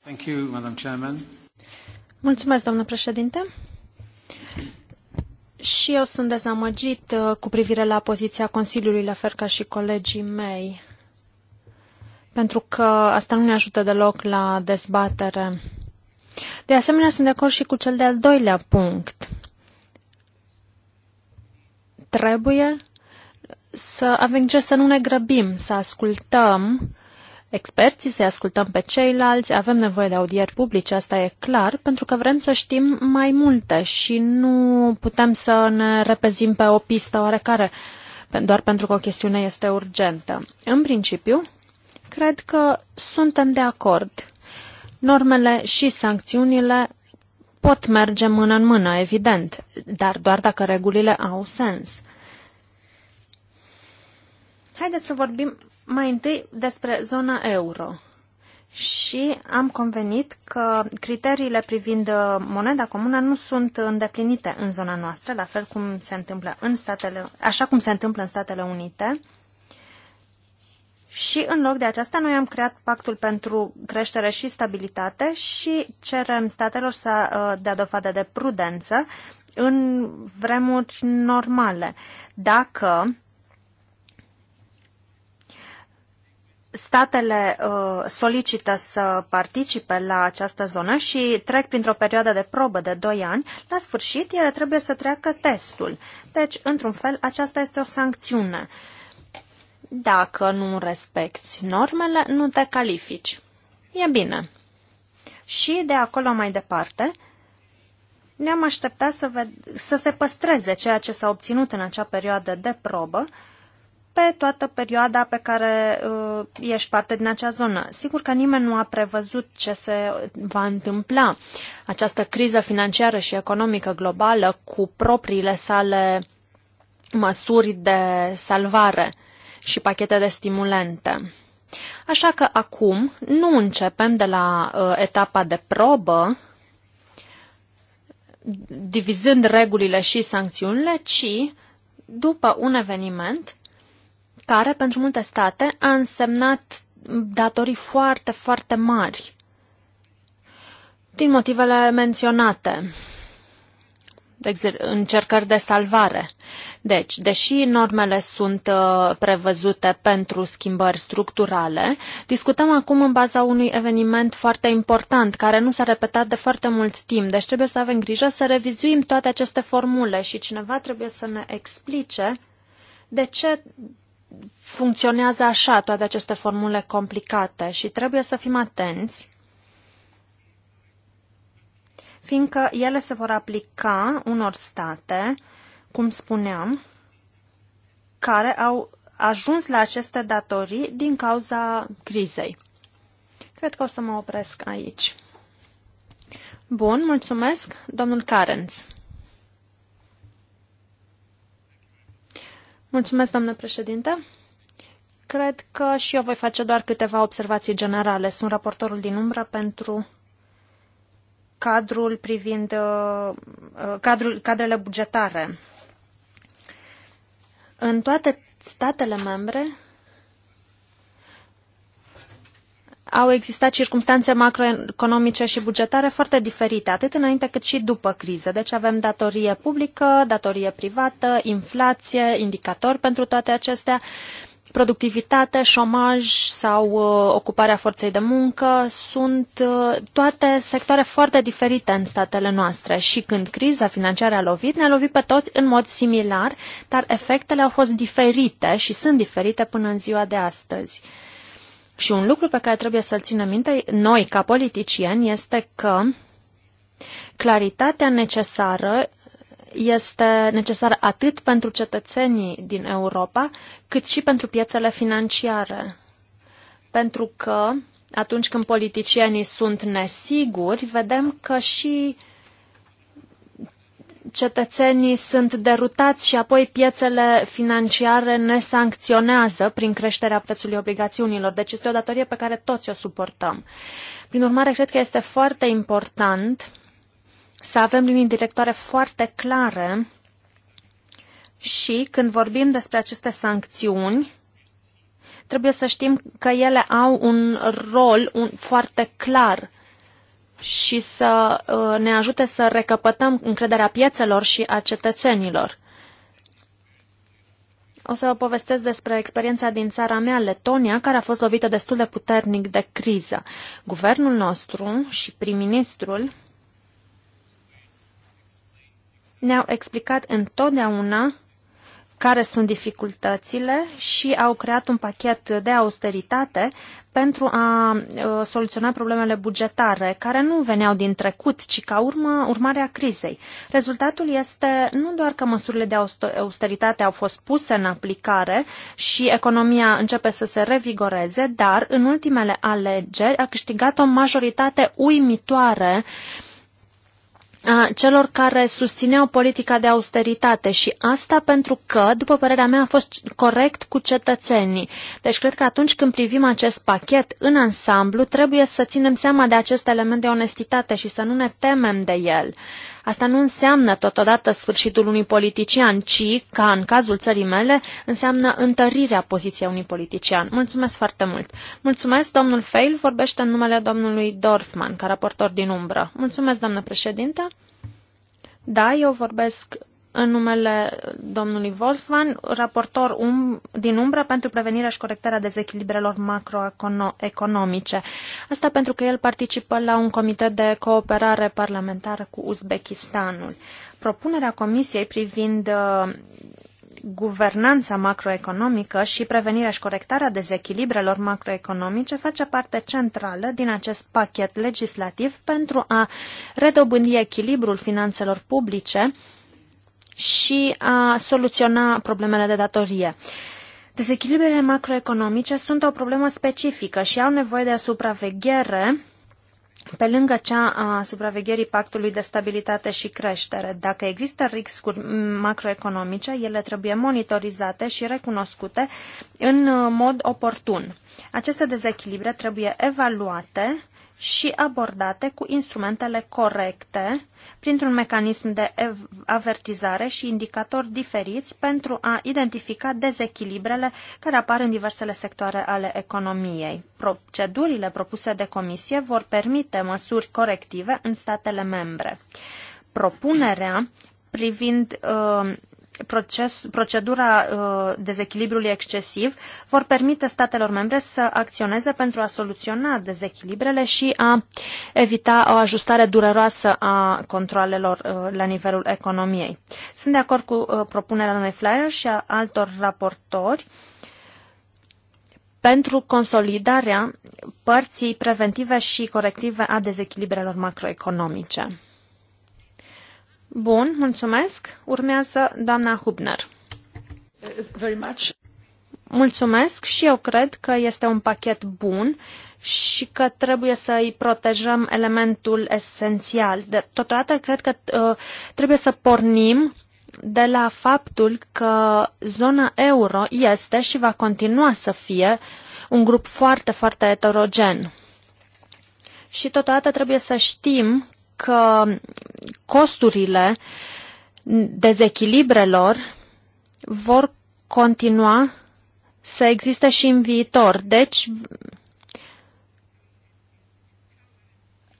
Thank you, Madam Chairman. Mulțumesc, domnule președinte. Și eu sunt dezamăgit uh, cu privire la poziția Consiliului, la fel ca și colegii mei pentru că asta nu ne ajută deloc la dezbatere. De asemenea, sunt de acord și cu cel de-al doilea punct. Trebuie să avem grijă să nu ne grăbim, să ascultăm experții, să-i ascultăm pe ceilalți, avem nevoie de audieri publice, asta e clar, pentru că vrem să știm mai multe și nu putem să ne repezim pe o pistă oarecare, doar pentru că o chestiune este urgentă. În principiu, Cred că suntem de acord. Normele și sancțiunile pot merge mână în mână, evident, dar doar dacă regulile au sens. Haideți să vorbim mai întâi despre zona euro. Și am convenit că criteriile privind uh, moneda comună nu sunt îndeplinite în zona noastră, la fel cum se întâmplă în statele, așa cum se întâmplă în Statele Unite. Și în loc de aceasta, noi am creat Pactul pentru Creștere și Stabilitate și cerem statelor să uh, dea dovadă de prudență în vremuri normale. Dacă statele uh, solicită să participe la această zonă și trec printr-o perioadă de probă de 2 ani, la sfârșit ele trebuie să treacă testul. Deci, într-un fel, aceasta este o sancțiune. Uh, dacă nu respecti normele, nu te califici. E bine. Și de acolo mai departe, ne-am așteptat să, ved- să se păstreze ceea ce s-a obținut în acea perioadă de probă pe toată perioada pe care uh, ești parte din acea zonă. Sigur că nimeni nu a prevăzut ce se va întâmpla. Această criză financiară și economică globală cu propriile sale măsuri de salvare. Uh, și pachete de stimulente. Așa că acum nu începem de la uh, etapa de probă, divizând regulile și sancțiunile, ci după un eveniment care, pentru multe state, a însemnat datorii foarte, foarte mari. Din motivele menționate, de încercări de salvare, deci, deși normele sunt uh, prevăzute pentru schimbări structurale, discutăm acum în baza unui eveniment foarte important, care nu s-a repetat de foarte mult timp, deci trebuie să avem grijă să revizuim toate aceste formule și cineva trebuie să ne explice de ce funcționează așa toate aceste formule complicate și trebuie să fim atenți fiindcă ele se vor aplica unor state cum spuneam, care au ajuns la aceste datorii din cauza crizei. Cred că o să mă opresc aici. Bun, mulțumesc, domnul Carenț. Mulțumesc, domnule președinte. Cred că și eu voi face doar câteva observații generale. Sunt raportorul din umbră pentru cadrul privind uh, uh cadrul, cadrele bugetare în toate statele membre au existat circunstanțe macroeconomice și bugetare foarte diferite, atât înainte cât și după criză. Deci avem datorie publică, datorie privată, inflație, indicatori pentru toate acestea. Uh, productivitate, șomaj sau uh, ocuparea forței de muncă sunt uh, toate sectoare foarte diferite în statele noastre și când criza financiară a lovit, ne-a lovit pe toți în mod similar, dar efectele au fost diferite și sunt diferite până în ziua de astăzi. Și un lucru pe care trebuie să-l ținem minte noi, ca politicieni, este că claritatea necesară este necesară atât pentru cetățenii din Europa, cât și pentru piețele financiare. Pentru că atunci când politicienii sunt nesiguri, vedem că și cetățenii sunt derutați și apoi piețele financiare ne sancționează prin creșterea prețului obligațiunilor. Deci este o datorie pe care toți o suportăm. Prin urmare, cred că este foarte important să avem linii directoare foarte clare și când vorbim despre aceste sancțiuni, trebuie să știm că ele au un rol un, foarte clar și să uh, ne ajute să recapătăm încrederea piețelor și a cetățenilor. O să vă povestesc despre experiența din țara mea, Letonia, care a fost lovită destul de puternic de criză. Guvernul nostru și prim-ministrul ne-au explicat întotdeauna care sunt dificultățile și au creat un pachet de austeritate pentru a uh, soluționa problemele bugetare, care nu veneau din trecut, ci ca urmă, urmare a crizei. Rezultatul este nu doar că măsurile de austeritate au fost puse în aplicare și economia începe să se revigoreze, dar în ultimele alegeri a câștigat o majoritate uimitoare uh, celor care susțineau politica de austeritate și asta pentru că, după părerea mea, a fost corect cu cetățenii. Deci cred că atunci când privim acest pachet în ansamblu, trebuie să ținem seama de acest element de onestitate și să nu ne temem de el. Asta nu înseamnă totodată sfârșitul unui politician, ci, ca în cazul țării mele, înseamnă întărirea poziției unui politician. Mulțumesc foarte mult! Mulțumesc, domnul Feil vorbește în numele domnului Dorfman, ca raportor din umbră. Mulțumesc, doamnă președinte! Da, eu vorbesc în numele domnului Wolfman, raportor um, din umbră pentru prevenirea și corectarea dezechilibrelor macroeconomice. Asta pentru că el participă la un comitet de cooperare parlamentară cu Uzbekistanul. Propunerea Comisiei privind uh, guvernanța macroeconomică și prevenirea și corectarea dezechilibrelor macroeconomice face parte centrală din acest pachet legislativ pentru a redobândi echilibrul finanțelor publice și a soluționa problemele de datorie. Dezechilibrele macroeconomice sunt o problemă specifică și au nevoie de supraveghere pe lângă cea a supravegherii pactului de stabilitate și creștere. Dacă există riscuri macroeconomice, ele trebuie monitorizate și recunoscute în mod oportun. Aceste dezechilibre trebuie evaluate și abordate cu instrumentele corecte, printr-un mecanism de avertizare și indicatori diferiți pentru a identifica dezechilibrele care apar în diversele sectoare ale economiei. Procedurile propuse de comisie vor permite măsuri corective în statele membre. Propunerea privind uh, proces, procedura uh, dezechilibrului excesiv vor permite statelor membre să acționeze pentru a soluționa dezechilibrele și a evita o ajustare dureroasă a controlelor uh, la nivelul economiei. Sunt de acord cu uh, propunerea doamnei Flyer și a altor raportori pentru consolidarea părții preventive și corective a dezechilibrelor macroeconomice. Bun, mulțumesc. Urmează doamna Hubner. Very much. Mulțumesc și eu cred că este un pachet bun și că trebuie să îi protejăm elementul esențial. De, totodată cred că uh, trebuie să pornim de la faptul că zona euro este și va continua să fie un grup foarte, foarte heterogen. Și totodată trebuie să știm că costurile dezechilibrelor vor continua să existe și în viitor. Deci,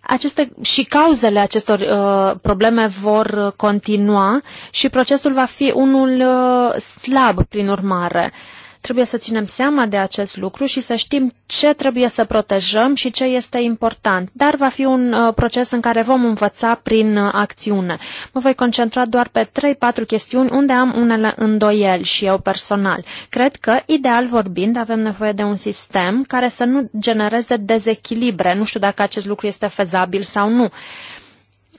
aceste și cauzele acestor uh, probleme vor continua și procesul va fi unul uh, slab prin urmare. Uh, Trebuie să ținem seama de acest lucru și să știm ce trebuie să protejăm și ce este important. Dar va fi un uh, proces în care vom învăța prin uh, acțiune. Mă voi concentra doar pe 3-4 chestiuni unde am unele îndoieli și eu personal. Cred că, ideal vorbind, avem nevoie de un sistem care să nu genereze dezechilibre. Nu știu dacă acest lucru este fezabil sau nu.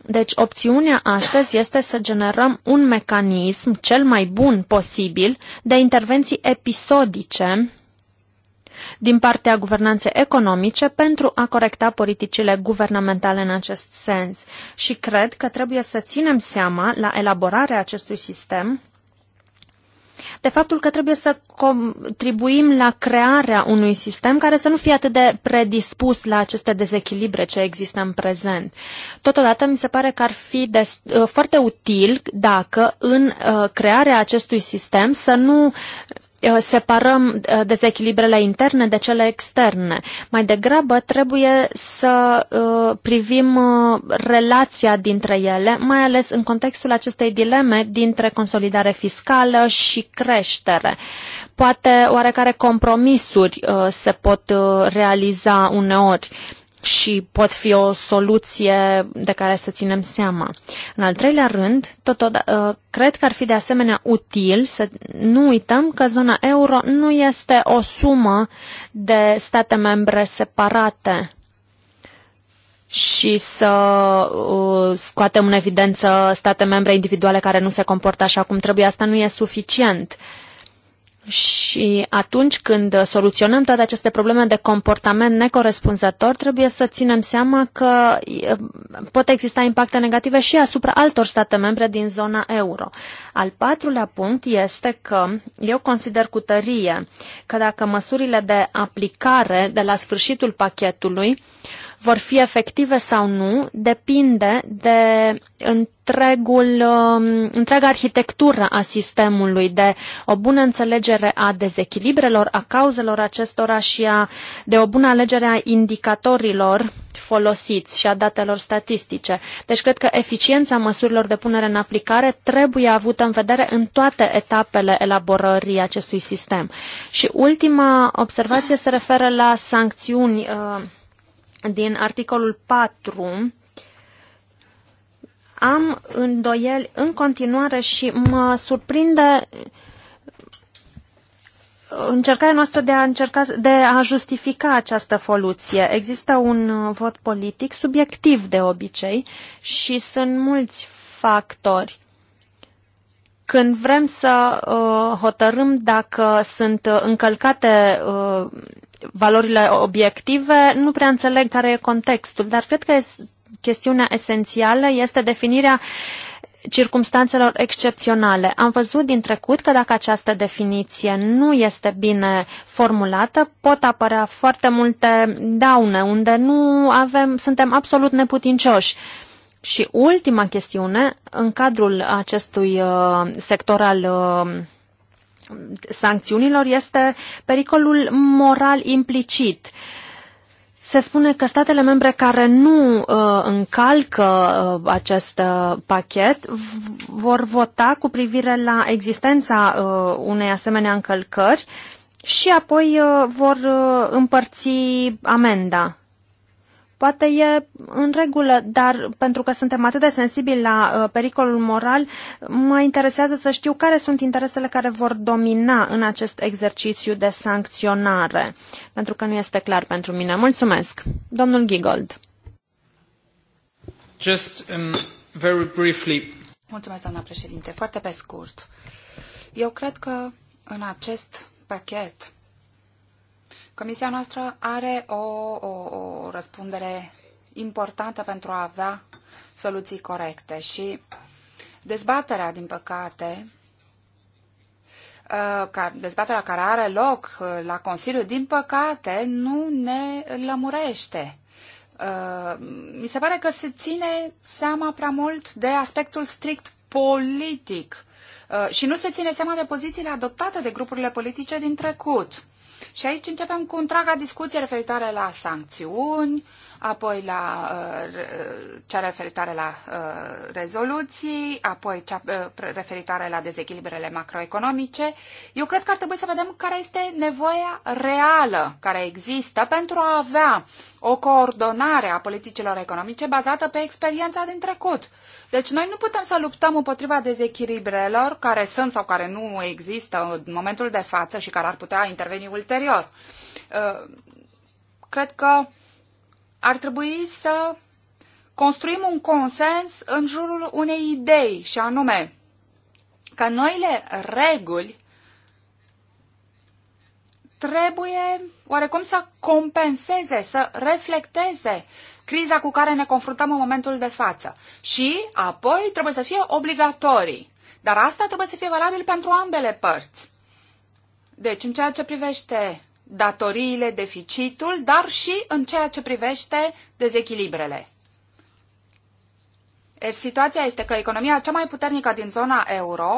Deci opțiunea astăzi este să generăm un mecanism cel mai bun posibil de intervenții episodice din partea guvernanței economice pentru a corecta politicile guvernamentale în acest sens. Și cred că trebuie să ținem seama la elaborarea acestui sistem de faptul că trebuie să contribuim la crearea unui sistem care să nu fie atât de predispus la aceste dezechilibre ce există în prezent. Totodată mi se pare că ar fi uh, foarte util dacă în uh, crearea acestui sistem să nu Eh, separăm eh, dezechilibrele interne de cele externe. Mai degrabă trebuie să eh, privim relația dintre ele, mai ales în contextul acestei dileme dintre consolidare fiscală și creștere. Poate oarecare compromisuri se pot realiza uneori și pot fi o soluție de care să ținem seama. În al treilea rând, totodată, uh, cred că ar fi de asemenea util să nu uităm că zona euro nu este o sumă de state membre separate și să uh, scoatem în evidență state membre individuale care nu se comportă așa cum trebuie. Asta nu e suficient. Uh, și atunci când soluționăm toate aceste probleme de comportament necorespunzător, trebuie să ținem seama că pot exista impacte negative și asupra altor state membre din zona euro. Al patrulea punct este că eu consider cu tărie că dacă măsurile de aplicare de la sfârșitul pachetului uh, vor fi efective sau nu depinde de întregul, um, întreaga arhitectură a sistemului, de o bună înțelegere a dezechilibrelor, a cauzelor acestora și a, de o bună alegere a indicatorilor folosiți și a datelor statistice. Deci cred că eficiența măsurilor de punere în aplicare trebuie avută în vedere în toate etapele elaborării acestui sistem. Și ultima observație se referă la sancțiuni uh, din articolul 4 am îndoieli în continuare și mă surprinde încercarea noastră de a, încerca, de a justifica această foluție. Există un vot politic subiectiv de obicei și sunt mulți factori. Când vrem să uh, hotărâm dacă sunt încălcate uh, valorile obiective, nu prea înțeleg care e contextul, dar cred că chestiunea esențială este definirea circumstanțelor excepționale. Am văzut din trecut că dacă această definiție nu este bine formulată, pot apărea foarte multe daune unde nu avem, suntem absolut neputincioși. Și ultima chestiune, în cadrul acestui uh, sector al uh, sancțiunilor este pericolul moral implicit. Se spune că statele membre care nu uh, încalcă uh, acest uh, pachet vor vota cu privire la existența uh, unei asemenea încălcări și apoi uh, vor uh, împărți amenda. Poate e în regulă, dar pentru că suntem atât de sensibili la uh, pericolul moral, mă interesează să știu care sunt interesele care vor domina în acest exercițiu de sancționare, pentru că nu este clar pentru mine. Mulțumesc. Domnul Gigold. Just um, very briefly. Mulțumesc, doamna președinte. Foarte pe scurt. Eu cred că în acest pachet Comisia noastră are o, o, o răspundere importantă pentru a avea soluții corecte și dezbaterea, din păcate, uh, dezbaterea care are loc uh, la Consiliu, din păcate, nu ne lămurește. Uh, mi se pare că se ține seama prea mult de aspectul strict politic și nu se ține seama de pozițiile adoptate de grupurile politice din trecut. Și aici începem cu întreaga discuție referitoare la sancțiuni, apoi la uh, uh, cea referitoare la uh, rezoluții, apoi cea referitoare la dezechilibrele macroeconomice. Eu cred că ar trebui să vedem care este nevoia reală care există pentru a avea o coordonare a politicilor economice bazată pe experiența din trecut. Deci noi nu putem să luptăm împotriva dezechilibrelor care sunt sau care nu există în momentul de față și care ar putea interveni ulterior. Cred că ar trebui să construim un consens în jurul unei idei, și anume că noile reguli trebuie oarecum să compenseze, să reflecteze criza cu care ne confruntăm în momentul de față. Și apoi trebuie să fie obligatorii. Dar asta trebuie să fie valabil pentru ambele părți. Deci, în ceea ce privește datoriile, deficitul, dar și în ceea ce privește dezechilibrele. E, situația este că economia cea mai puternică din zona euro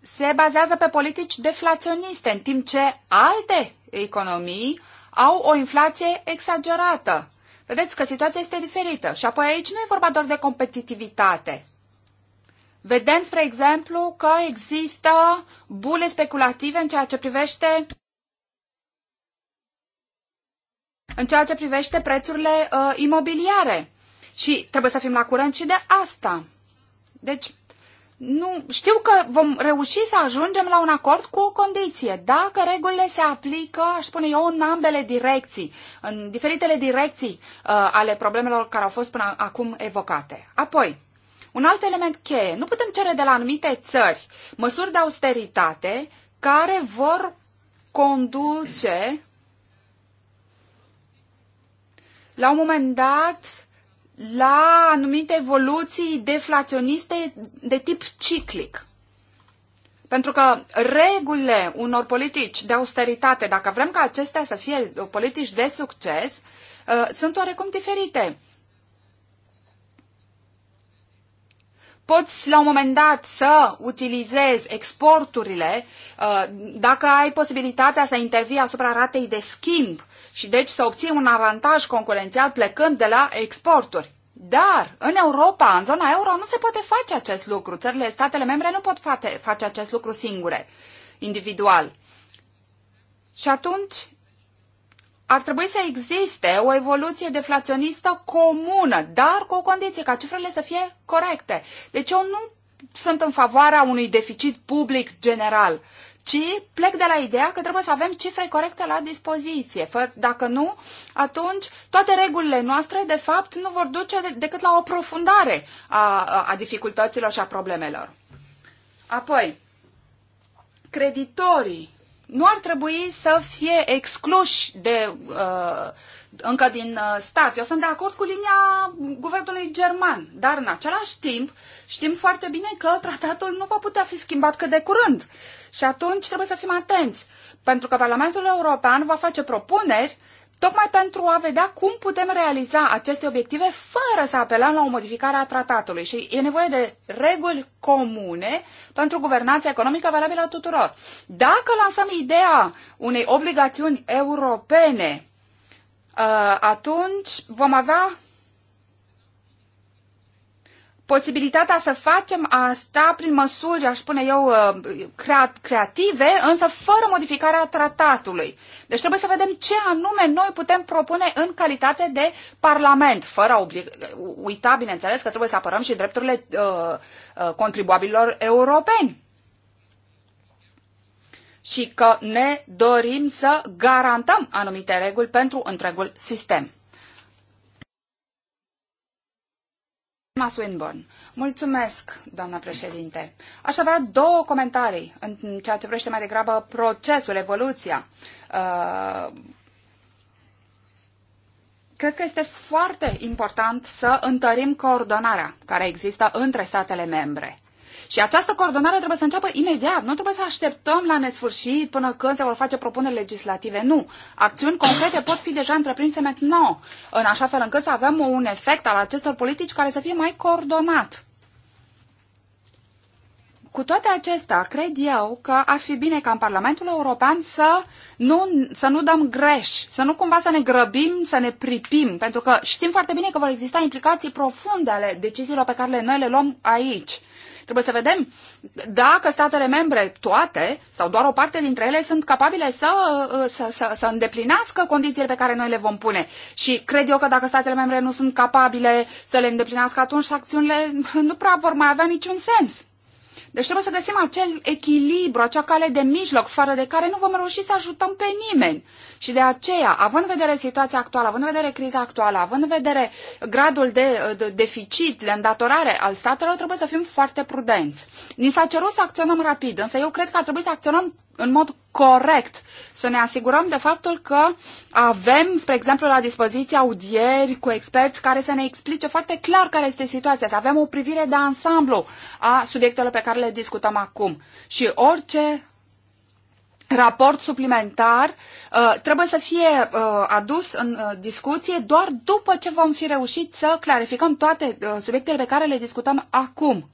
se bazează pe politici deflaționiste, în timp ce alte economii au o inflație exagerată. Vedeți că situația este diferită. Și apoi aici nu e vorba doar de competitivitate. Vedem, spre exemplu, că există bule speculative în ceea ce privește în ceea ce privește prețurile uh, imobiliare. Și trebuie să fim la curent și de asta. Deci, nu, știu că vom reuși să ajungem la un acord cu o condiție. Dacă regulile se aplică, aș spune eu, în ambele direcții, în diferitele direcții uh, ale problemelor care au fost până acum evocate. Apoi, un alt element cheie. Nu putem cere de la anumite țări măsuri de austeritate care vor conduce la un moment dat la anumite evoluții deflaționiste de tip ciclic. Pentru că regulile unor politici de austeritate, dacă vrem ca acestea să fie politici de succes, uh, sunt oarecum diferite. poți la un moment dat să utilizezi exporturile uh, dacă ai posibilitatea să intervii asupra ratei de schimb și deci să obții un avantaj concurențial plecând de la exporturi. Dar în Europa, în zona euro, nu se poate face acest lucru. Țările, statele membre nu pot face, face acest lucru singure, individual. Și atunci ar trebui să existe o evoluție deflaționistă comună, dar cu o condiție, ca cifrele să fie corecte. Deci eu nu sunt în favoarea unui deficit public general, ci plec de la ideea că trebuie să avem cifre corecte la dispoziție. Dacă nu, atunci toate regulile noastre, de fapt, nu vor duce decât la o profundare a, a dificultăților și a problemelor. Apoi, creditorii nu ar trebui să fie excluși de, uh, încă din uh, start. Eu sunt de acord cu linia guvernului german, dar în același timp știm foarte bine că tratatul nu va putea fi schimbat cât de curând. Și atunci trebuie să fim atenți, pentru că Parlamentul European va face propuneri tocmai pentru a vedea cum putem realiza aceste obiective fără să apelăm la o modificare a tratatului. Și e nevoie de reguli comune pentru guvernanța economică valabilă a tuturor. Dacă lansăm ideea unei obligațiuni europene, uh, atunci vom avea posibilitatea să facem asta prin măsuri, aș spune eu, uh, creative, însă fără modificarea tratatului. Deci trebuie să vedem ce anume noi putem propune în calitate de Parlament, fără a uita, bineînțeles, că trebuie să apărăm și drepturile uh, uh, contribuabililor europeni și că ne dorim să garantăm anumite reguli pentru întregul sistem. Doamna Swinburne, mulțumesc, doamna președinte. Aș avea două comentarii în ceea ce vrește mai degrabă procesul, evoluția. Uh, cred că este foarte important să întărim coordonarea care există între statele membre. Și această coordonare trebuie să înceapă imediat. Nu trebuie să așteptăm la nesfârșit până când se vor face propuneri legislative. Nu. Acțiuni concrete pot fi deja întreprinse nou, în așa fel încât să avem un efect al acestor politici care să fie mai coordonat. Cu toate acestea, cred eu că ar fi bine ca în Parlamentul European să nu, să nu dăm greș, să nu cumva să ne grăbim, să ne pripim, pentru că știm foarte bine că vor exista implicații profunde ale deciziilor pe care le noi le luăm aici. Trebuie să vedem dacă statele membre, toate sau doar o parte dintre ele, sunt capabile să, uh, să, să, să îndeplinească condițiile pe care noi le vom pune. Și cred eu că dacă statele membre nu sunt capabile să le îndeplinească, atunci acțiunile nu prea vor mai avea niciun sens. Deci trebuie să găsim acel echilibru, acea cale de mijloc, fără de care nu vom reuși să ajutăm pe nimeni. Și de aceea, având în vedere situația actuală, având în vedere criza actuală, având în vedere gradul de, de deficit, de îndatorare al statelor, trebuie să fim foarte prudenți. Ni s-a cerut să acționăm rapid, însă eu cred că ar trebui să acționăm în mod corect, să ne asigurăm de faptul că avem, spre exemplu, la dispoziție audieri cu experți care să ne explice foarte clar care este situația, să avem o privire de ansamblu a subiectelor pe care care le discutăm acum. Și orice raport suplimentar uh, trebuie să fie uh, adus în uh, discuție doar după ce vom fi reușit să clarificăm toate uh, subiectele pe care le discutăm acum.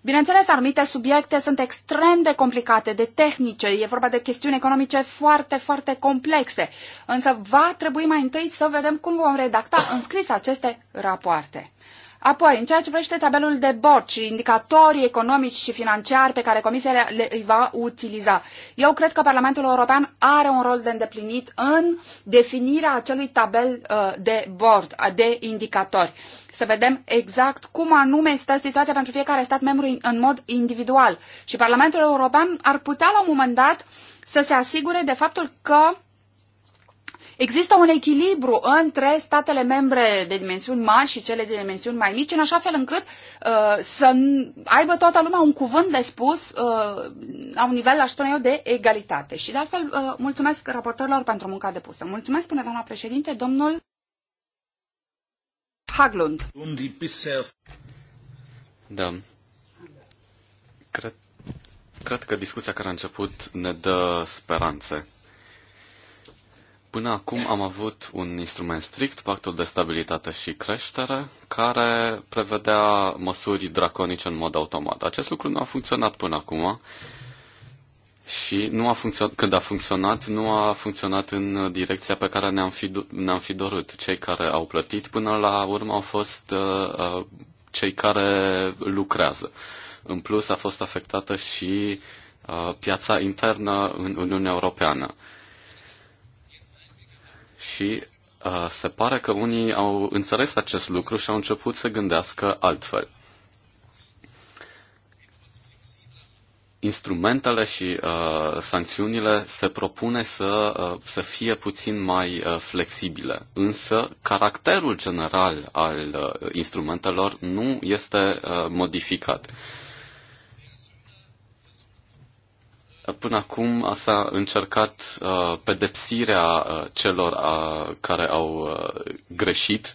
Bineînțeles, anumite subiecte sunt extrem de complicate, de tehnice, e vorba de chestiuni economice foarte, foarte complexe, însă va trebui mai întâi să vedem cum vom redacta în scris aceste rapoarte. Apoi, în ceea ce privește tabelul de bord și indicatorii economici și financiari pe care Comisia le va utiliza, eu cred că Parlamentul European are un rol de îndeplinit în definirea acelui tabel uh, de bord, uh, de indicatori. Să vedem exact cum anume stă situația pentru fiecare stat membru în mod individual. Și Parlamentul European ar putea la un moment dat să se asigure de faptul că Există un echilibru între statele membre de dimensiuni mari și cele de dimensiuni mai mici, în așa fel încât uh, să aibă toată lumea un cuvânt de spus uh, la un nivel, aș spune eu, de egalitate. Și de altfel, uh, mulțumesc raportorilor pentru munca depusă. Mulțumesc, până doamna președinte, domnul Haglund. Da. Cred, cred că discuția care a început ne dă speranțe. Până acum am avut un instrument strict, Pactul de Stabilitate și Creștere, care prevedea măsuri draconice în mod automat. Acest lucru nu a funcționat până acum și nu a funcționat, când a funcționat, nu a funcționat în direcția pe care ne-am fi, ne-am fi dorit. Cei care au plătit până la urmă au fost uh, uh, cei care lucrează. În plus a fost afectată și uh, piața internă în Uniunea Europeană și uh, se pare că unii au înțeles acest lucru și au început să gândească altfel. Instrumentele și uh, sancțiunile se propune să, uh, să fie puțin mai uh, flexibile, însă caracterul general al uh, instrumentelor nu este uh, modificat. Uh, Până acum s-a încercat uh, pedepsirea uh, celor uh, care au uh, greșit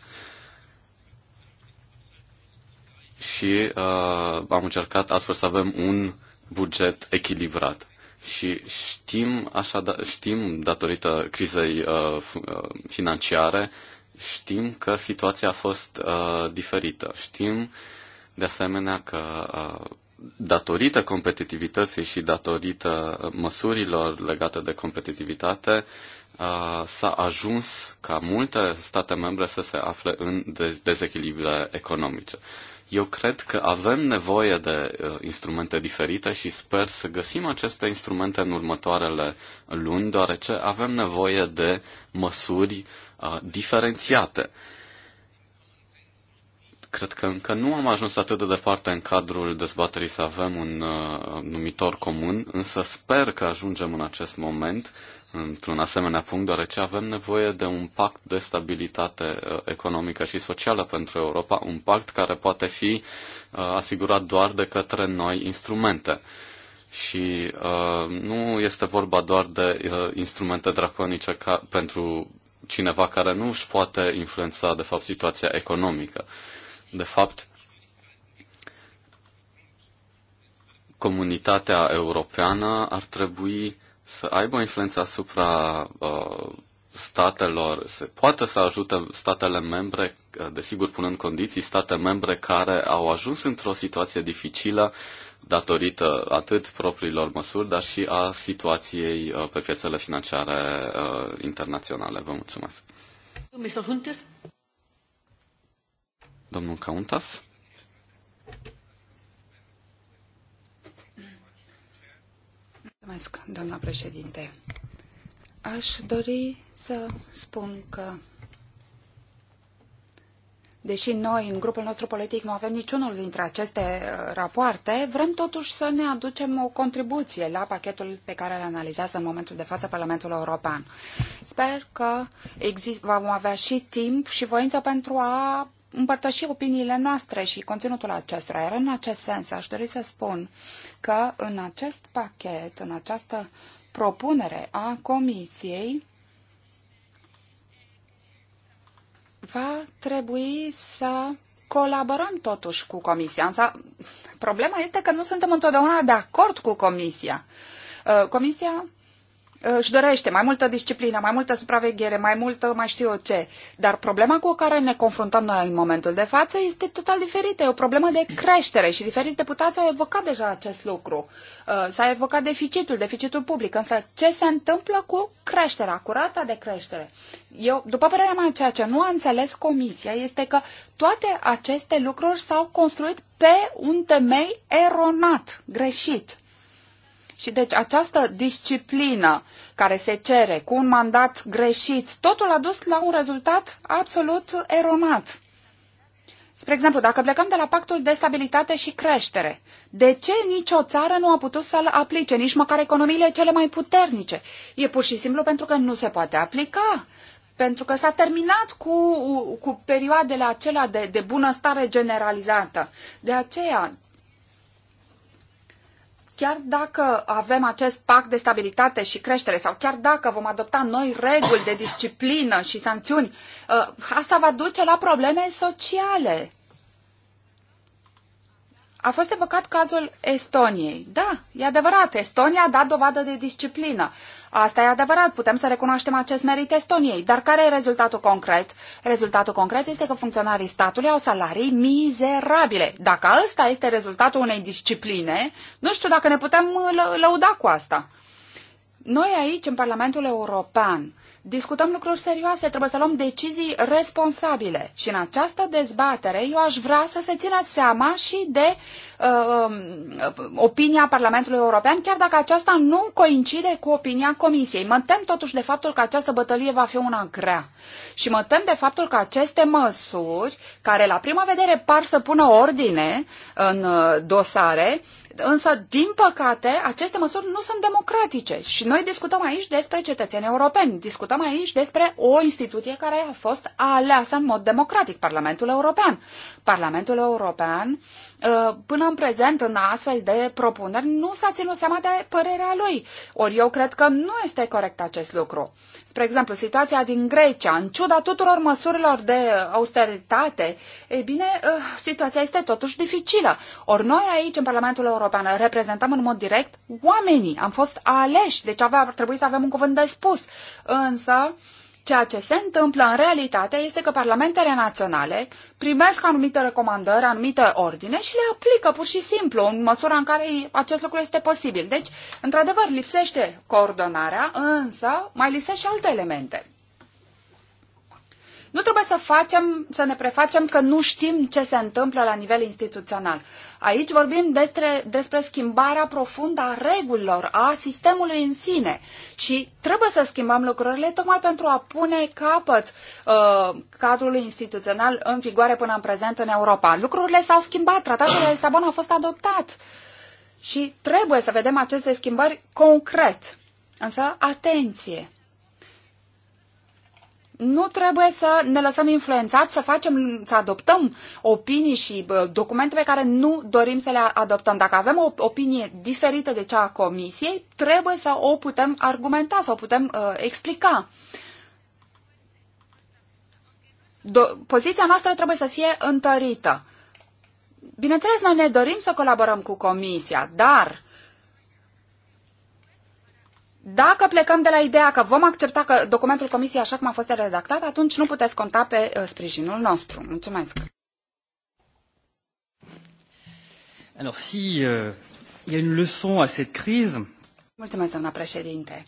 și uh, am încercat astfel să avem un buget echilibrat. Și știm, așa, da, știm datorită crizei uh, uh financiare, știm că situația a fost uh, diferită. Știm, de asemenea, că uh, datorită competitivității și datorită măsurilor legate de competitivitate, s-a ajuns ca multe state membre să se afle în dezechilibre economice. Eu cred că avem nevoie de instrumente diferite și sper să găsim aceste instrumente în următoarele luni, deoarece avem nevoie de măsuri diferențiate. Cred că încă nu am ajuns atât de departe în cadrul dezbaterii să avem un uh, numitor comun, însă sper că ajungem în acest moment într-un asemenea punct, deoarece avem nevoie de un pact de stabilitate uh, economică și socială pentru Europa, un pact care poate fi uh, asigurat doar de către noi instrumente. Și uh, nu este vorba doar de uh, instrumente draconice ca, pentru cineva care nu își poate influența, de fapt, situația economică. Uh, de fapt, comunitatea europeană ar trebui să aibă influență asupra uh, statelor, se poate să ajute statele membre, uh, desigur punând condiții, state membre care au ajuns într-o situație dificilă datorită atât propriilor măsuri, dar și a situației uh, pe piețele financiare uh, internaționale. Vă mulțumesc. Mr. Huntes? Domnul Cauntas? Mulțumesc, doamna președinte. Aș dori să spun că deși noi în grupul nostru politic nu avem niciunul dintre aceste uh, rapoarte, vrem totuși să ne aducem o contribuție la pachetul pe care îl analizează în momentul de față Parlamentul European. Sper că exist- vom avea și timp și voință pentru a împărtăși opiniile noastre și conținutul acestora. Iar în acest sens aș dori să spun că în acest pachet, în această propunere a Comisiei, va trebui să colaborăm totuși cu Comisia. Însă problema este că nu suntem întotdeauna de acord cu Comisia. Uh, Comisia Uh, își dorește mai multă disciplină, mai multă supraveghere, mai multă mai știu eu ce. Dar problema cu care ne confruntăm noi în momentul de față este total diferită. E o problemă de creștere și diferiți deputați au evocat deja acest lucru. Uh, s-a evocat deficitul, deficitul public. Însă ce se întâmplă cu creșterea, cu rata de creștere? Eu, după părerea mea, ceea ce nu a înțeles Comisia este că toate aceste lucruri s-au construit pe un temei eronat, greșit. Și deci această disciplină care se cere cu un mandat greșit, totul a dus la un rezultat absolut eronat. Spre exemplu, dacă plecăm de la pactul de stabilitate și creștere, de ce nicio țară nu a putut să-l aplice, nici măcar economiile cele mai puternice? E pur și simplu pentru că nu se poate aplica pentru că s-a terminat cu, cu perioadele acelea de, de bunăstare generalizată. De aceea, chiar dacă avem acest pact de stabilitate și creștere sau chiar dacă vom adopta noi reguli de disciplină și sancțiuni, ă, asta va duce la probleme sociale. A fost evocat cazul Estoniei. Da, e adevărat, Estonia a dat dovadă de disciplină. Asta e adevărat, putem să recunoaștem acest merit Estoniei. Dar care e rezultatul concret? Rezultatul concret este că funcționarii statului au salarii mizerabile. Dacă ăsta este rezultatul unei discipline, nu știu dacă ne putem lăuda cu asta. Noi aici, în Parlamentul European, discutăm lucruri serioase, trebuie să luăm decizii responsabile. Și în această dezbatere eu aș vrea să se țină seama și de uh, um, opinia Parlamentului European, chiar dacă aceasta nu coincide cu opinia Comisiei. Mă tem totuși de faptul că această bătălie va fi una grea. Și mă tem de faptul că aceste măsuri, care la prima vedere par să pună ordine în uh, dosare, uh, Însă, din păcate, aceste măsuri nu sunt democratice și noi discutăm aici despre cetățeni europeni, discutăm aici despre o instituție care a fost aleasă în mod democratic, Parlamentul European. Parlamentul European, uh, până în prezent, în astfel de propuneri, nu s-a ținut seama de părerea lui. Ori eu cred că nu este corect acest lucru. Spre exemplu, situația din Grecia, în ciuda tuturor măsurilor de austeritate, e bine, uh, situația este totuși dificilă. Ori noi aici, în Parlamentul European, reprezentăm în mod direct oamenii. Am fost aleși, deci avea, ar trebui să avem un cuvânt de spus. Însă, uh, Ceea ce se întâmplă în realitate este că parlamentele naționale primesc anumite recomandări, anumite ordine și le aplică pur și simplu în măsura în care acest lucru este posibil. Deci, într-adevăr, lipsește coordonarea, însă mai lipsește și alte elemente. Nu trebuie să facem, să ne prefacem că nu știm ce se întâmplă la nivel instituțional. Aici vorbim despre, despre schimbarea profundă a regulilor, a sistemului în sine și trebuie să schimbăm lucrurile tocmai pentru a pune capăt uh, cadrului instituțional în vigoare până în prezent în Europa. Lucrurile s-au schimbat, tratatul de Lisabona a fost adoptat și trebuie să vedem aceste schimbări concret. Însă, atenție! nu trebuie să ne lăsăm influențați, să facem, să adoptăm opinii și documente pe care nu dorim să le adoptăm. Dacă avem o opinie diferită de cea a comisiei, trebuie să o putem argumenta, să o putem uh, explica. Do- poziția noastră trebuie să fie întărită. Bineînțeles, noi ne dorim să colaborăm cu comisia, dar dacă plecăm de la ideea că vom accepta că documentul comisiei așa cum a fost redactat, atunci nu puteți conta pe uh, sprijinul nostru. Mulțumesc. Alors, si uh, il y a une leçon à cette crise. Mulțumesc, doamna președinte.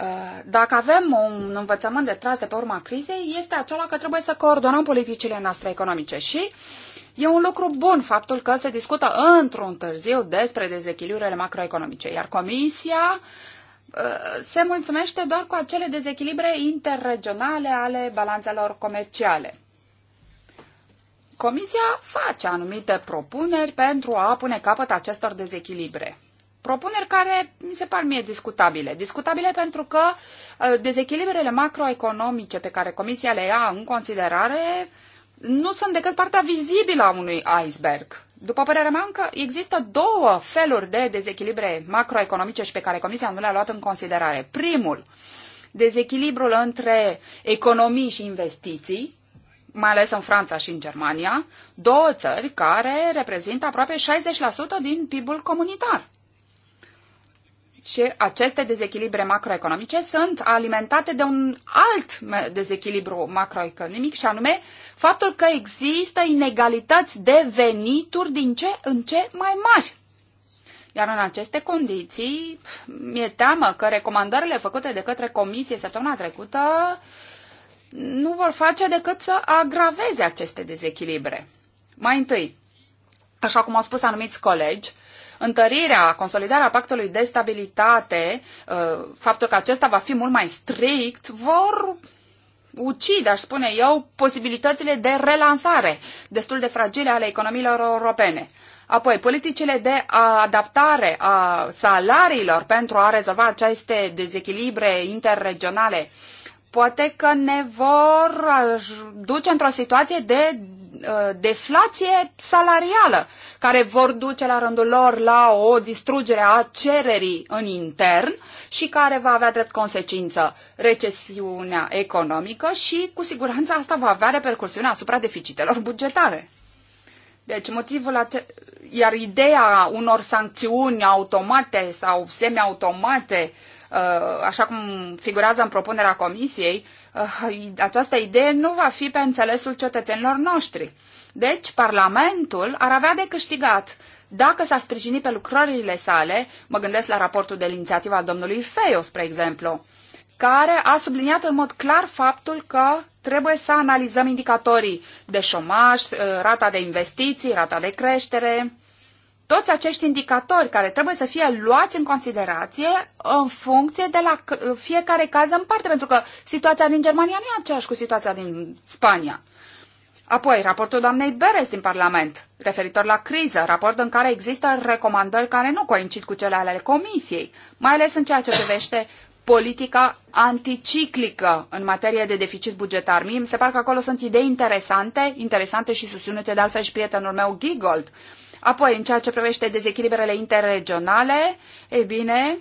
Uh, dacă avem un învățământ de tras de pe urma crizei, este acela că trebuie să coordonăm politicile noastre economice și e un lucru bun faptul că se discută într-un târziu despre dezechilibrele macroeconomice, iar Comisia uh, Uh, se mulțumește doar cu acele dezechilibre interregionale ale balanțelor comerciale. Comisia face anumite propuneri pentru a pune capăt acestor dezechilibre. Propuneri care mi se par mie discutabile. Discutabile pentru că uh, dezechilibrele macroeconomice pe care Comisia le ia în considerare nu sunt decât partea vizibilă a unui iceberg. După părerea mea, încă există două feluri de dezechilibre macroeconomice și pe care Comisia nu le-a luat în considerare. Primul, dezechilibrul între economii și investiții, mai ales în Franța și în Germania, două țări care reprezintă aproape 60% din PIB-ul comunitar. Și aceste dezechilibre macroeconomice sunt alimentate de un alt dezechilibru macroeconomic și anume faptul că există inegalități de venituri din ce în ce mai mari. Iar în aceste condiții, mi-e teamă că recomandările făcute de către Comisie săptămâna trecută nu vor face decât să agraveze aceste dezechilibre. Mai întâi, așa cum au spus anumiți colegi, uh, întărirea, consolidarea pactului de stabilitate, uh, faptul că acesta va fi mult mai strict, vor ucid, aș spune eu, posibilitățile de relansare destul de fragile ale economiilor europene. Apoi, politicile de adaptare a salariilor pentru a rezolva aceste dezechilibre interregionale poate că ne vor duce într-o situație de Uh, deflație salarială, care vor duce la rândul lor la o distrugere a cererii în intern și care va avea drept consecință recesiunea economică și cu siguranță asta va avea repercursiune asupra deficitelor bugetare. Deci motivul ace- iar ideea unor sancțiuni automate sau semi automate uh, așa cum figurează în propunerea comisiei, Uh, această idee nu va fi pe înțelesul cetățenilor noștri. Deci, Parlamentul ar avea de câștigat dacă s-ar sprijini pe lucrările sale, mă gândesc la raportul de inițiativă al domnului Feio, spre exemplu, care a subliniat în mod clar faptul că trebuie să analizăm indicatorii de șomaj, uh, rata de investiții, rata de creștere, toți acești indicatori care trebuie să fie luați în considerație în funcție de la fiecare caz în parte, pentru că situația din Germania nu e aceeași cu situația din Spania. Apoi, raportul doamnei Beres din Parlament, referitor la criză, raport în care există recomandări care nu coincid cu cele ale Comisiei, mai ales în ceea ce privește politica anticiclică în materie de deficit bugetar. Mie mi se pare că acolo sunt idei interesante, interesante și susținute de altfel și prietenul meu Gigold, Apoi, în ceea ce privește dezechilibrele interregionale, e bine,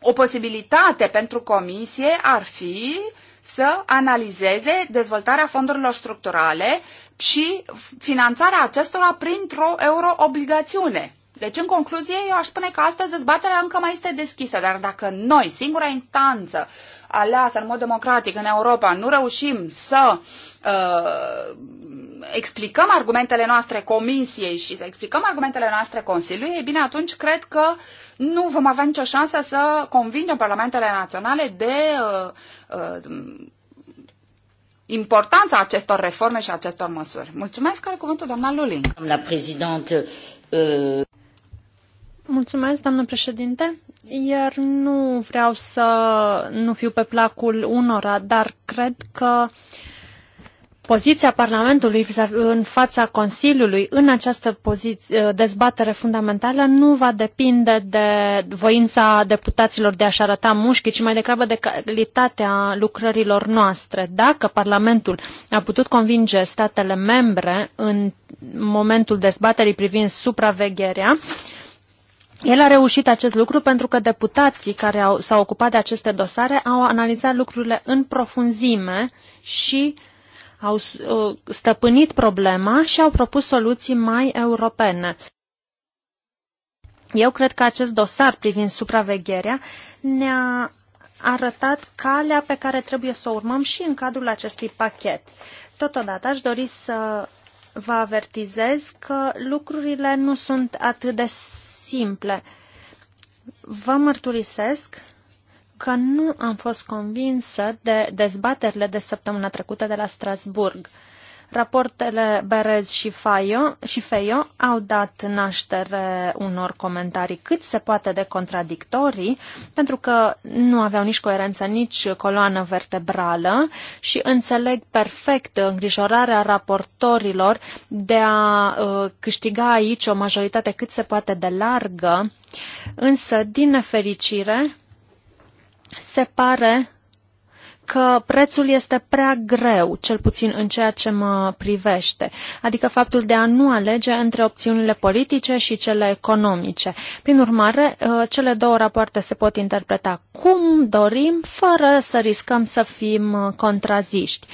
o posibilitate pentru comisie ar fi să analizeze dezvoltarea fondurilor structurale și finanțarea acestora printr-o euroobligațiune. Deci, în concluzie, eu aș spune că astăzi dezbaterea încă mai este deschisă, dar dacă noi, singura instanță aleasă în mod democratic în Europa, nu reușim să uh, explicăm argumentele noastre Comisiei și să explicăm argumentele noastre Consiliului, e bine, atunci cred că nu vom avea nicio șansă să convingem parlamentele naționale de uh, uh, importanța acestor reforme și acestor măsuri. Mulțumesc, care cuvântul doamna Luling. Doamna președinte, uh... Mulțumesc, doamnă președinte. Iar nu vreau să nu fiu pe placul unora, dar cred că uh, poziția Parlamentului în fața Consiliului în această eh, dezbatere fundamentală nu va depinde de voința deputaților de a-și arăta mușchii, ci mai degrabă de calitatea lucrărilor noastre. Dacă Parlamentul a putut convinge statele membre în momentul dezbaterii privind supravegherea, el a reușit acest lucru pentru că deputații care s-au ocupat de aceste dosare au analizat lucrurile în profunzime și uh, au uh, stăpânit problema și au propus soluții mai europene. Eu cred că acest dosar privind supravegherea ne-a arătat calea pe care trebuie să o urmăm și în cadrul acestui pachet. Totodată aș dori să vă avertizez că lucrurile nu sunt atât de simple. Vă mărturisesc că nu am fost convinsă de dezbaterile de săptămâna trecută de la Strasburg. Raportele Berez și, Faio, și Feio au dat naștere unor comentarii cât se poate de contradictorii, pentru că nu aveau nici coerență, nici coloană vertebrală și înțeleg perfect îngrijorarea raportorilor de a uh, câștiga aici o majoritate cât se poate de largă, însă, din nefericire, se pare că prețul este prea greu, cel puțin în ceea ce mă privește, adică faptul de a nu alege între opțiunile politice și cele economice. Prin urmare, ă, cele două rapoarte se pot interpreta cum dorim, fără să riscăm să fim contraziști.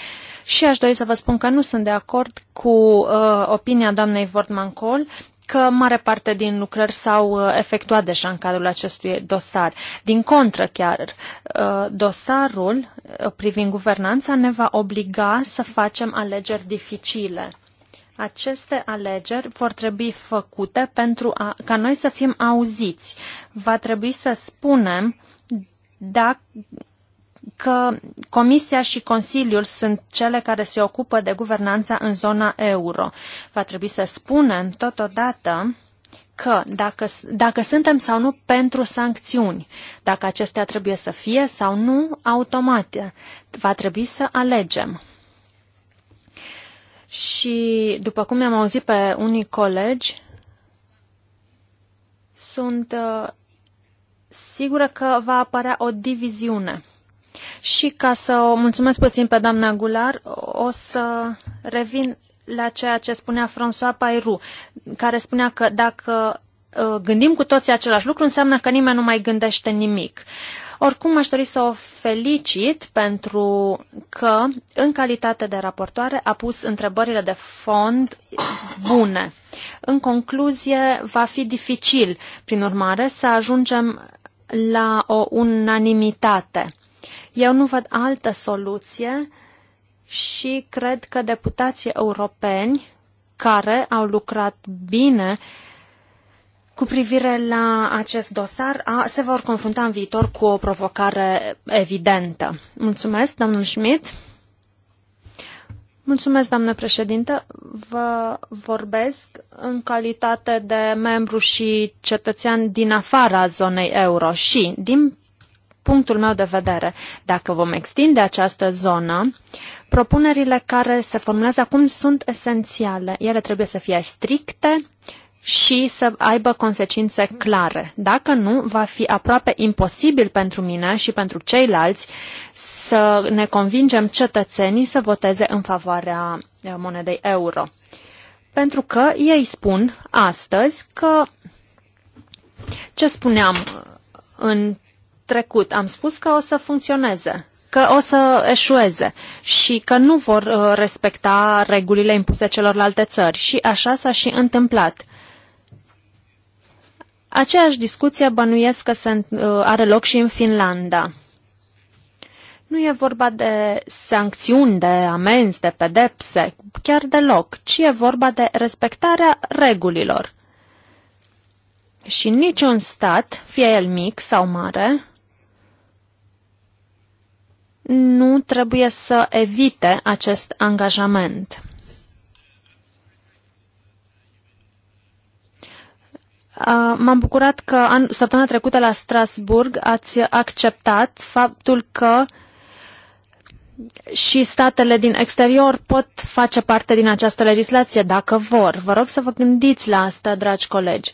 Și aș dori să vă spun că nu sunt de acord cu uh, opinia doamnei Vortman Col că mare parte din lucrări s-au uh, efectuat deja în cadrul acestui dosar. Din contră chiar, uh, dosarul uh, privind guvernanța ne va obliga să facem alegeri dificile. Aceste alegeri vor trebui făcute pentru a, ca noi să fim auziți. Va trebui să spunem dacă că Comisia și Consiliul sunt cele care se ocupă de guvernanța în zona euro. Va trebui să spunem totodată că dacă, dacă suntem sau nu pentru sancțiuni, dacă acestea trebuie să fie sau nu automate, va trebui să alegem. Și după cum am auzit pe unii colegi, sunt uh, sigură că va apărea o diviziune. Și ca să o mulțumesc puțin pe doamna Gular, o să revin la ceea ce spunea François Pairu, care spunea că dacă uh, gândim cu toții același lucru, înseamnă că nimeni nu mai gândește nimic. Oricum, aș dori să o felicit pentru că, în calitate de raportoare, a pus întrebările de fond bune. În concluzie, va fi dificil, prin urmare, să ajungem la o unanimitate. Eu nu văd altă soluție și cred că deputații europeni care au lucrat bine cu privire la acest dosar a, se vor confrunta în viitor cu o provocare evidentă. Mulțumesc, domnul Schmidt. Mulțumesc, doamnă președintă. Vă vorbesc în calitate de membru și cetățean din afara zonei euro și, din punctul meu de vedere, dacă vom extinde această zonă, propunerile care se formulează acum sunt esențiale. Ele trebuie să fie stricte și să aibă consecințe clare. Dacă nu, va fi aproape imposibil pentru mine și pentru ceilalți să ne convingem cetățenii să voteze în favoarea eh, monedei euro. Pentru că ei spun astăzi că ce spuneam în trecut am spus că o să funcționeze, că o să eșueze și că nu vor uh, respecta regulile impuse celorlalte țări. Și așa s-a și întâmplat. Aceeași discuție bănuiesc că se, uh, are loc și în Finlanda. Nu e vorba de sancțiuni, de amenzi, de pedepse, chiar deloc, ci e vorba de respectarea regulilor. Și niciun stat, fie el mic sau mare, nu trebuie să evite acest angajament. M-am bucurat că an, săptămâna trecută la Strasburg ați acceptat faptul că și statele din exterior pot face parte din această legislație dacă vor. Vă rog să vă gândiți la asta, dragi colegi.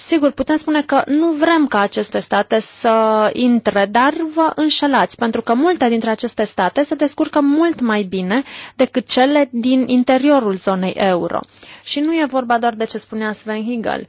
Sigur, putem spune că nu vrem ca aceste state să intre, dar vă înșelați, pentru că multe dintre aceste state se descurcă mult mai bine decât cele din interiorul zonei euro. Și nu e vorba doar de ce spunea Sven Hegel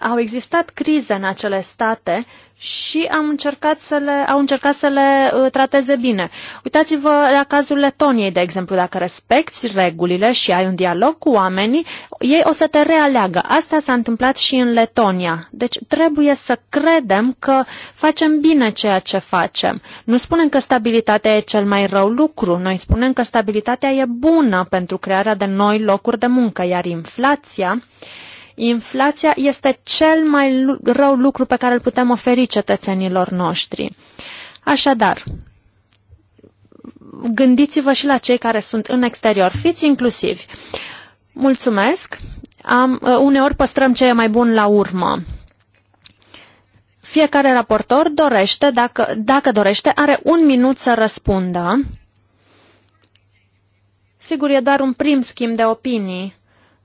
au existat crize în acele state și am încercat să le, au încercat să le uh, trateze bine. Uitați-vă la cazul Letoniei, de exemplu. Dacă respecti regulile și ai un dialog cu oamenii, ei o să te realeagă. Asta s-a întâmplat și în Letonia. Deci trebuie să credem că facem bine ceea ce facem. Nu spunem că stabilitatea e cel mai rău lucru. Noi spunem că stabilitatea e bună pentru crearea de noi locuri de muncă, iar inflația uh, Inflația este cel mai rău lucru pe care îl putem oferi cetățenilor noștri. Așadar, gândiți-vă și la cei care sunt în exterior, fiți inclusivi. Mulțumesc! Am, uh, uneori păstrăm ce e mai bun la urmă. Fiecare raportor dorește, dacă, dacă dorește, are un minut să răspundă. Sigur, e doar un prim schimb de opinii.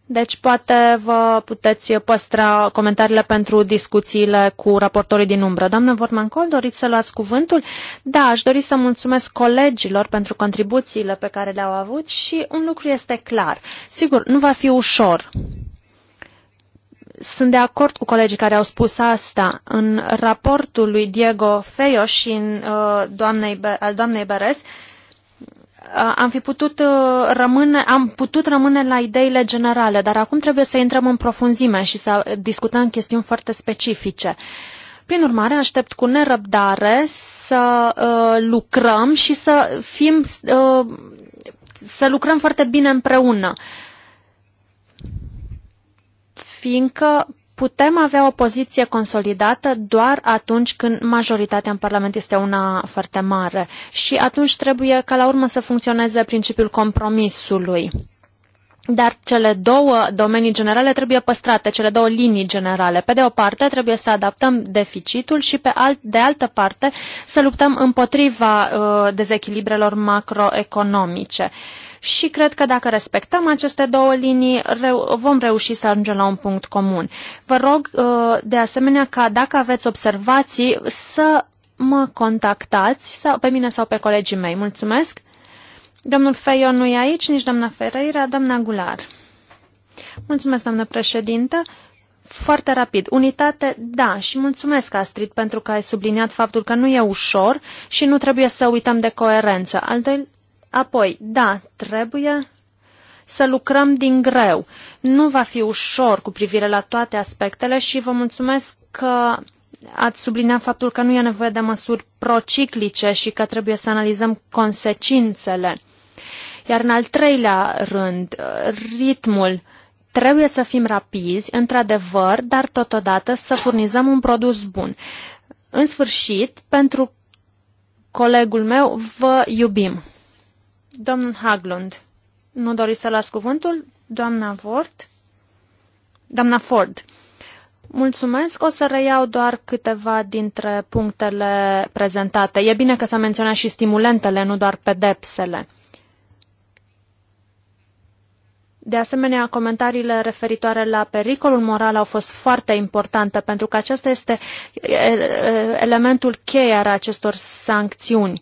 Deci poate vă puteți păstra comentariile pentru discuțiile cu raportorii din umbră. Doamnă Vormancol, doriți să luați cuvântul? Da, aș dori să mulțumesc colegilor pentru contribuțiile pe care le-au avut și un lucru este clar. Sigur, nu va fi ușor. Sunt de acord cu colegii care au spus asta. În raportul lui Diego Feio și în, uh, doamnei, al doamnei Beres, uh, Uh, am fi putut uh, rămâne, am putut rămâne la ideile generale, dar acum trebuie să intrăm în profunzime și să discutăm chestiuni foarte specifice. Prin urmare, aștept cu nerăbdare să uh, lucrăm și să fim uh, să lucrăm foarte bine împreună. Fiindcă putem avea o poziție consolidată doar atunci când majoritatea în Parlament este una foarte mare și atunci trebuie ca la urmă să funcționeze principiul compromisului. Dar cele două domenii generale trebuie păstrate, cele două linii generale. Pe de o parte trebuie să adaptăm deficitul și pe alt, de altă parte să luptăm împotriva uh, dezechilibrelor macroeconomice. Uh, și cred că dacă respectăm aceste două linii reu vom reuși să ajungem la un punct comun. Vă rog uh, de asemenea ca dacă aveți observații să mă contactați sau pe mine sau pe colegii mei. Mulțumesc! Domnul Feio nu e aici, nici doamna Ferreira, doamna Gular. Mulțumesc, doamnă președintă. Foarte rapid. Unitate, da, și mulțumesc, Astrid, pentru că ai subliniat faptul că nu e ușor și nu trebuie să uităm de coerență. Al, doilea, Apoi, da, trebuie să lucrăm din greu. Nu va fi ușor cu privire la toate aspectele și vă mulțumesc că ați subliniat faptul că nu e nevoie de măsuri prociclice și că trebuie să analizăm consecințele. Iar în al treilea rând, ritmul. Trebuie să fim rapizi, într-adevăr, dar totodată să furnizăm un produs bun. În sfârșit, pentru colegul meu, vă iubim. Domnul Haglund, nu doriți să las cuvântul? Doamna Ford? Doamna Ford. Mulțumesc. O să reiau doar câteva dintre punctele prezentate. E bine că s-a menționat și stimulentele, nu doar pedepsele. De asemenea, comentariile referitoare la pericolul moral au fost foarte importante, pentru că acesta este elementul cheie al acestor sancțiuni.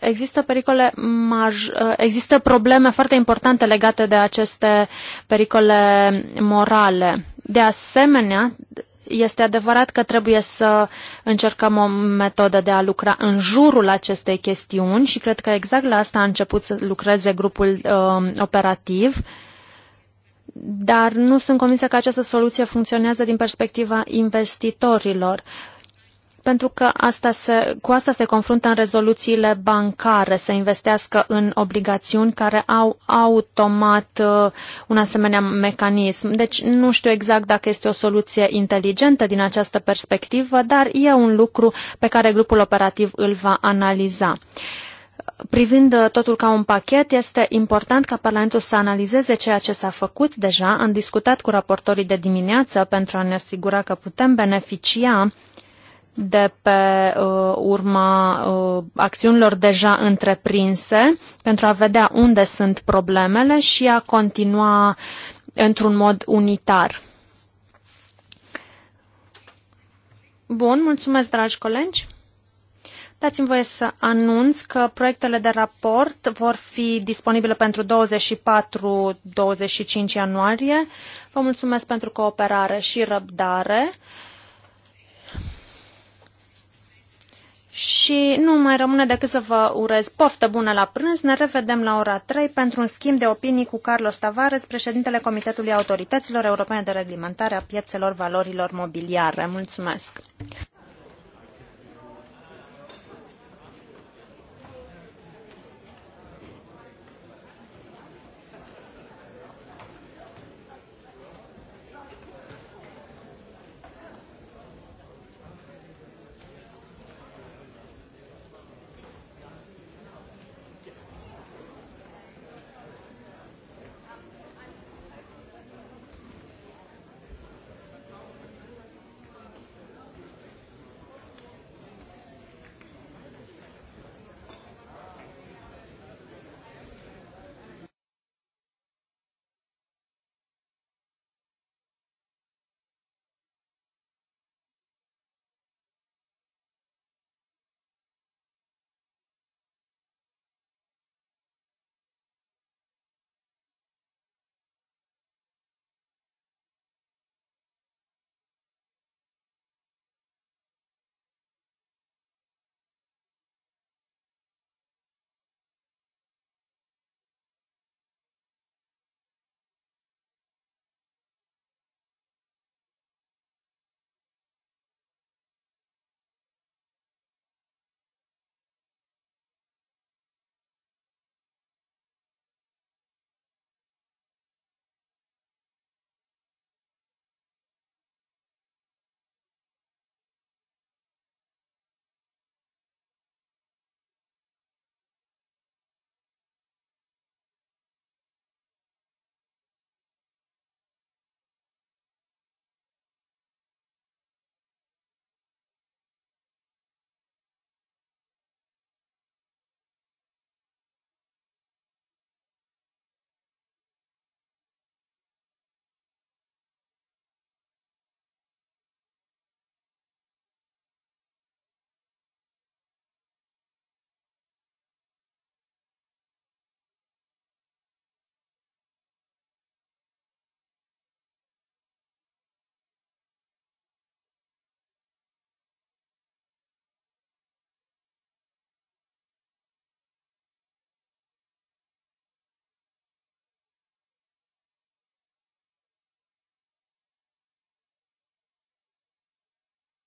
există pericole maj, ă, există probleme foarte importante legate de aceste pericole morale. De asemenea, este adevărat că trebuie să încercăm o metodă de a lucra în jurul acestei chestiuni și cred că exact la asta a început să lucreze grupul uh, operativ, dar nu sunt convinsă că această soluție funcționează din perspectiva investitorilor. Uh, pentru că asta se, cu asta se confruntă în rezoluțiile bancare, să investească în obligațiuni care au automat uh, un asemenea mecanism. Deci nu știu exact dacă este o soluție inteligentă din această perspectivă, dar e un lucru pe care grupul operativ îl va analiza. Privind uh, totul ca un pachet, este important ca Parlamentul să analizeze ceea ce s-a făcut deja. Am discutat cu raportorii de dimineață pentru a ne asigura că putem beneficia uh, de pe uh, urma uh, acțiunilor deja întreprinse pentru a vedea unde sunt problemele și a continua într-un mod unitar. Bun, mulțumesc, dragi colegi. Dați-mi voie să anunț că proiectele de raport vor fi disponibile pentru 24-25 ianuarie. Vă mulțumesc pentru cooperare și răbdare. și nu mai rămâne decât să vă urez poftă bună la prânz. Ne revedem la ora 3 pentru un schimb de opinii cu Carlos Tavares, președintele Comitetului Autorităților Europene de Reglementare a Piețelor Valorilor Mobiliare. Mulțumesc!